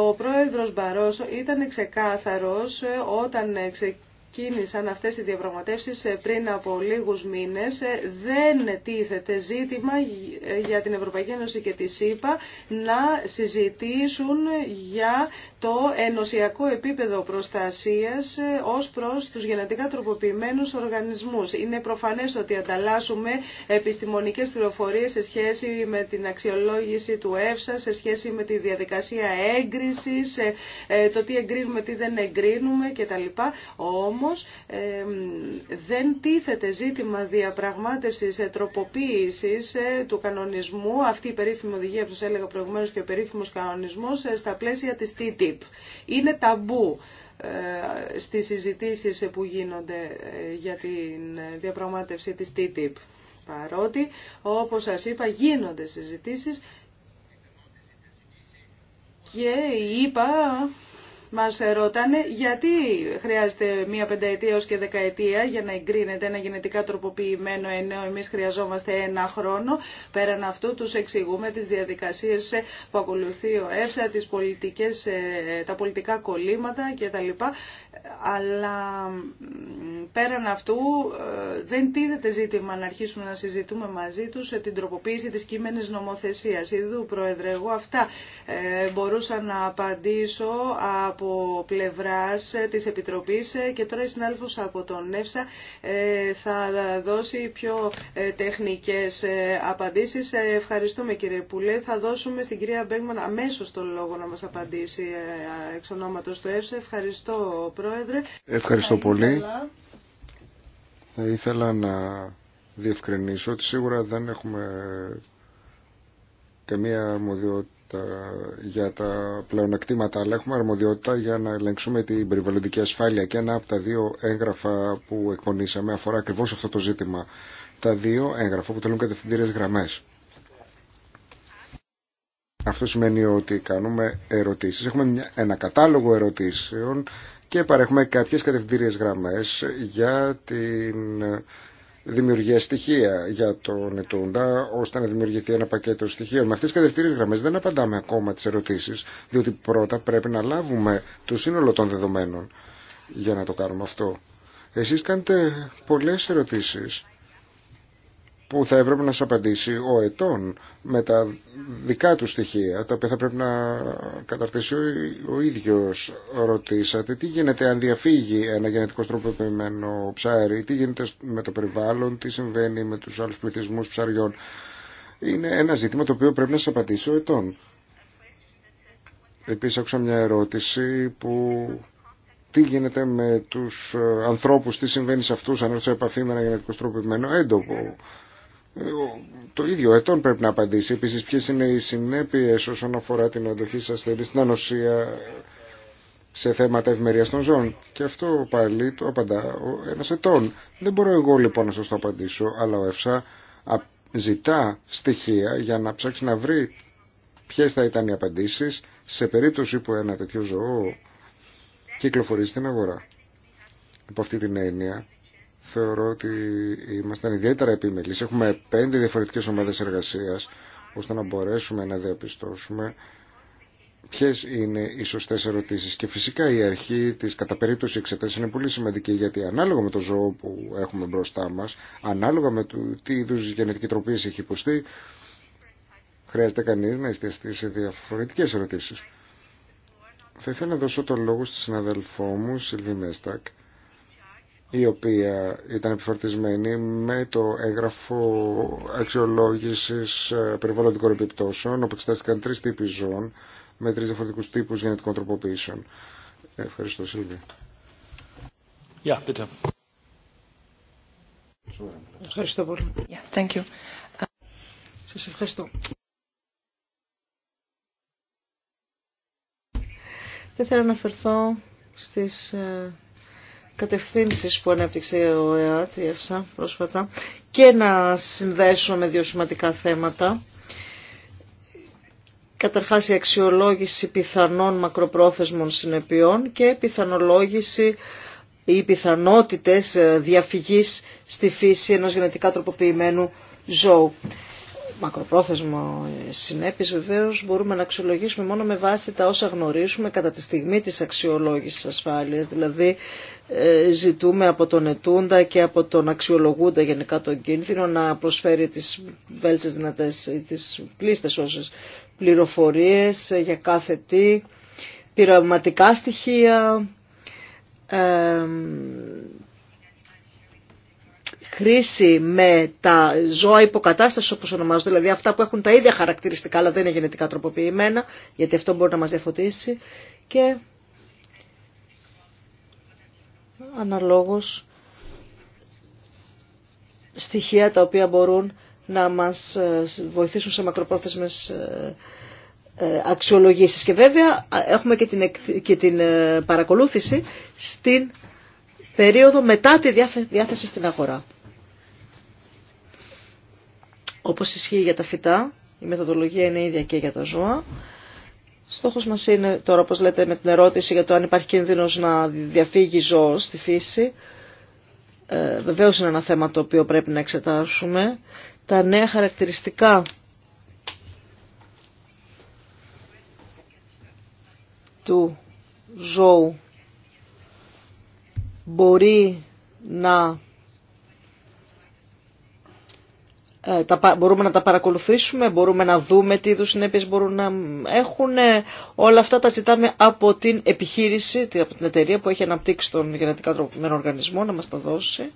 Ο πρόεδρος Μπαρόσο ήταν ξεκάθαρος ε, όταν ξεκίνησε κίνησαν αυτές οι διαπραγματεύσεις ε, πριν από λίγους μήνες ε, δεν τίθεται ζήτημα για την Ευρωπαϊκή Ένωση και τη ΣΥΠΑ να συζητήσουν για το ενωσιακό επίπεδο προστασίας ε, ως προς τους γενετικά τροποποιημένους οργανισμούς. Είναι προφανές ότι ανταλλάσσουμε επιστημονικές πληροφορίες σε σχέση με την αξιολόγηση του ΕΦΣΑ, σε σχέση με τη διαδικασία έγκρισης, το τι εγκρίνουμε, τι δεν εγκρίνουμε κτλ όμως δεν τίθεται ζήτημα διαπραγμάτευσης ε, τροποποίησης ε, του κανονισμού, αυτή η περίφημη οδηγία που σας έλεγα προηγουμένως και ο περίφημος κανονισμός, ε, στα πλαίσια της TTIP. Είναι ταμπού στις συζητήσεις που γίνονται για την διαπραγμάτευση της TTIP. Παρότι, όπως σας είπα, γίνονται συζητήσεις και είπα μας ρώτανε γιατί χρειάζεται μία πενταετία ως και δεκαετία για να εγκρίνεται ένα γενετικά τροποποιημένο ενώ εμείς χρειαζόμαστε ένα χρόνο. Πέραν αυτού τους εξηγούμε τις διαδικασίες που ακολουθεί ο ΕΦΣΑ, τις πολιτικές, ε, τα πολιτικά κολλήματα κτλ. Αλλά πέραν αυτού ε, δεν τίθεται ζήτημα να αρχίσουμε να συζητούμε μαζί τους την τροποποίηση της κείμενης νομοθεσίας. Ιδού, Πρόεδρε, εγώ αυτά ε, μπορούσα να απαντήσω από πλευράς της Επιτροπής ε, και τώρα η συνάδελφος από τον ΕΦΣΑ θα δώσει πιο τεχνικές απαντήσεις. Ευχαριστούμε κύριε Πουλέ. Θα δώσουμε στην κυρία Μπέγμαν αμέσως τον λόγο να μας απαντήσει εξ ονόματος του ΕΦΣΑ. Ευχαριστώ Πρόεδρε. Ευχαριστώ πολύ. Θα ήθελα να διευκρινίσω ότι σίγουρα δεν έχουμε καμία αρμοδιότητα για τα πλεονεκτήματα, αλλά έχουμε αρμοδιότητα για να ελεγξούμε την περιβαλλοντική ασφάλεια και ένα από τα δύο έγγραφα που εκπονήσαμε αφορά ακριβώς αυτό το ζήτημα. Τα δύο έγγραφα που τελούν κατευθυντήρες γραμμές. Αυτό σημαίνει ότι κάνουμε ερωτήσεις. Έχουμε ένα κατάλογο ερωτήσεων και παρέχουμε κάποιες κατευθυντήριες γραμμές για την δημιουργία στοιχεία για τον ετούντα, ώστε να δημιουργηθεί ένα πακέτο στοιχείων. Με αυτές τις κατευθυντήριες γραμμές δεν απαντάμε ακόμα τις ερωτήσεις, διότι πρώτα πρέπει να λάβουμε το σύνολο των δεδομένων για να το κάνουμε αυτό. Εσείς κάνετε πολλές ερωτήσεις που θα έπρεπε να σε απαντήσει ο ετών με τα δικά του στοιχεία, τα οποία θα πρέπει να καταρτήσει ο ίδιος. Ρωτήσατε τι γίνεται αν διαφύγει ένα γενετικό τροποποιημένο ψάρι, τι γίνεται με το περιβάλλον, τι συμβαίνει με τους άλλους πληθυσμούς ψαριών. Είναι ένα ζήτημα το οποίο πρέπει να σε απαντήσει ο ετών. Επίσης άκουσα μια ερώτηση που τι γίνεται με τους ε, ανθρώπους, τι συμβαίνει σε αυτούς αν έρθω σε επαφή με ένα γενετικό τροποποιημένο έντοπο το ίδιο ετών πρέπει να απαντήσει. επίση ποιε είναι οι συνέπειες όσον αφορά την αντοχή σας ασθενή στην ανοσία σε θέματα ευημερία των ζώων. Και αυτό πάλι το απαντά ένας ετών. Δεν μπορώ εγώ λοιπόν να σα το απαντήσω, αλλά ο ΕΦΣΑ ζητά στοιχεία για να ψάξει να βρει ποιε θα ήταν οι απαντήσει σε περίπτωση που ένα τέτοιο ζώο κυκλοφορεί στην αγορά. Από αυτή την έννοια θεωρώ ότι ήμασταν ιδιαίτερα επιμελείς. Έχουμε πέντε διαφορετικές ομάδες εργασίας ώστε να μπορέσουμε να διαπιστώσουμε ποιες είναι οι σωστές ερωτήσεις. Και φυσικά η αρχή της κατά περίπτωση εξετάσεις είναι πολύ σημαντική γιατί ανάλογα με το ζώο που έχουμε μπροστά μας, ανάλογα με το τι είδου γενετική τροπή έχει υποστεί, χρειάζεται κανείς να εστιαστεί σε διαφορετικές ερωτήσεις. Θα ήθελα να δώσω το λόγο στη συναδελφό μου, Σιλβί Μέστακ, η οποία ήταν επιφορτισμένη με το έγγραφο αξιολόγησης ε, περιβαλλοντικών επιπτώσεων, όπου εξετάστηκαν τρεις τύποι ζώων με τρεις διαφορετικούς τύπους γενετικών τροποποιήσεων. Ευχαριστώ, Σίλβη. Yeah, bitte. Ευχαριστώ πολύ. Yeah, thank you. Σας ευχαριστώ. Θα θέλω να αναφερθώ στις ε, κατευθύνσεις που ανέπτυξε ο ΕΑΤ, η ΕΦΣΑ πρόσφατα, και να συνδέσω με δύο σημαντικά θέματα. Καταρχάς η αξιολόγηση πιθανών μακροπρόθεσμων συνεπειών και πιθανολόγηση ή πιθανότητες διαφυγής στη φύση ενός γενετικά τροποποιημένου ζώου μακροπρόθεσμο συνέπειες βεβαίως μπορούμε να αξιολογήσουμε μόνο με βάση τα όσα γνωρίζουμε κατά τη στιγμή της αξιολόγησης ασφάλειας. Δηλαδή ε, ζητούμε από τον ετούντα και από τον αξιολογούντα γενικά τον κίνδυνο να προσφέρει τις βέλτιστες δυνατές ή τις πλήστες όσες πληροφορίες για κάθε τι, πειραματικά στοιχεία, ε, χρήση με τα ζώα υποκατάσταση όπω ονομάζονται, δηλαδή αυτά που έχουν τα ίδια χαρακτηριστικά αλλά δεν είναι γενετικά τροποποιημένα, γιατί αυτό μπορεί να μας διαφωτίσει και αναλόγως στοιχεία τα οποία μπορούν να μας ε, βοηθήσουν σε μακροπρόθεσμες ε, ε, αξιολογήσεις. Και βέβαια έχουμε και την, και την παρακολούθηση στην περίοδο μετά τη διάθεση στην αγορά όπως ισχύει για τα φυτά, η μεθοδολογία είναι ίδια και για τα ζώα. Στόχος μας είναι, τώρα όπως λέτε με την ερώτηση για το αν υπάρχει κίνδυνος να διαφύγει ζώο στη φύση, ε, βεβαίως είναι ένα θέμα το οποίο πρέπει να εξετάσουμε. Τα νέα χαρακτηριστικά του ζώου μπορεί να Ε, μπορούμε να τα παρακολουθήσουμε, μπορούμε να δούμε τι είδους συνέπειες μπορούν να έχουν. Ε, όλα αυτά τα ζητάμε από την επιχείρηση, από την εταιρεία που έχει αναπτύξει τον γενετικά τροποποιημένο οργανισμό να μας τα δώσει.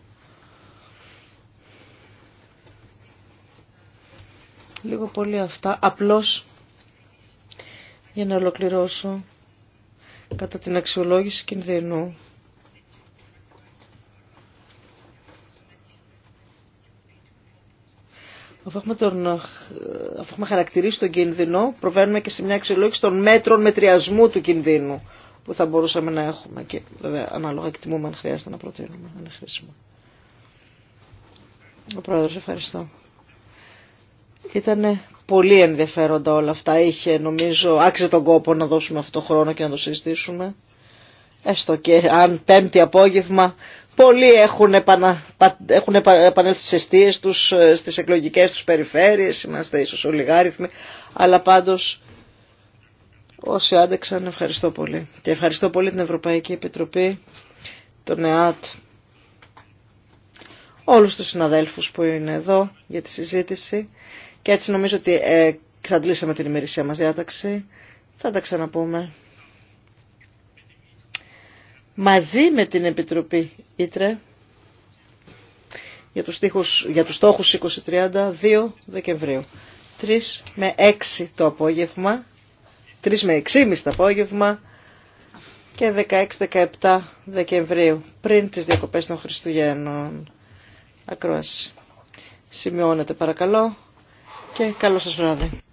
Λίγο πολύ αυτά. Απλώς για να ολοκληρώσω κατά την αξιολόγηση κινδύνου. Αφού έχουμε, τον, ε, αφού έχουμε χαρακτηρίσει τον κίνδυνο, προβαίνουμε και σε μια αξιολόγηση των μέτρων μετριασμού του κινδύνου που θα μπορούσαμε να έχουμε και βέβαια ανάλογα εκτιμούμε αν χρειάζεται να προτείνουμε, αν είναι χρήσιμο. Ο Πρόεδρος, ευχαριστώ. Ήταν πολύ ενδιαφέροντα όλα αυτά. Είχε, νομίζω, άξιζε τον κόπο να δώσουμε αυτό το χρόνο και να το συζητήσουμε. Έστω και αν πέμπτη απόγευμα Πολλοί έχουν, έχουν επανέλθει στις αιστείες τους, ε, στις εκλογικές τους περιφέρειες, είμαστε ίσως ολιγάριθμοι, αλλά πάντως όσοι άντεξαν ευχαριστώ πολύ. Και ευχαριστώ πολύ την Ευρωπαϊκή Επιτροπή, τον ΕΑΤ, όλους τους συναδέλφους που είναι εδώ για τη συζήτηση και έτσι νομίζω ότι ε, εξαντλήσαμε την ημερησία μας διάταξη. Θα τα ξαναπούμε μαζί με την Επιτροπή Ήτρε για τους, στίχους, για τους στόχους 2030 2 Δεκεμβρίου. 3 με 6 το απόγευμα, 3 με 6,5 το απόγευμα και 16-17 Δεκεμβρίου πριν τις διακοπές των Χριστουγέννων. Ακρόαση. Σημειώνετε παρακαλώ και καλό σας βράδυ.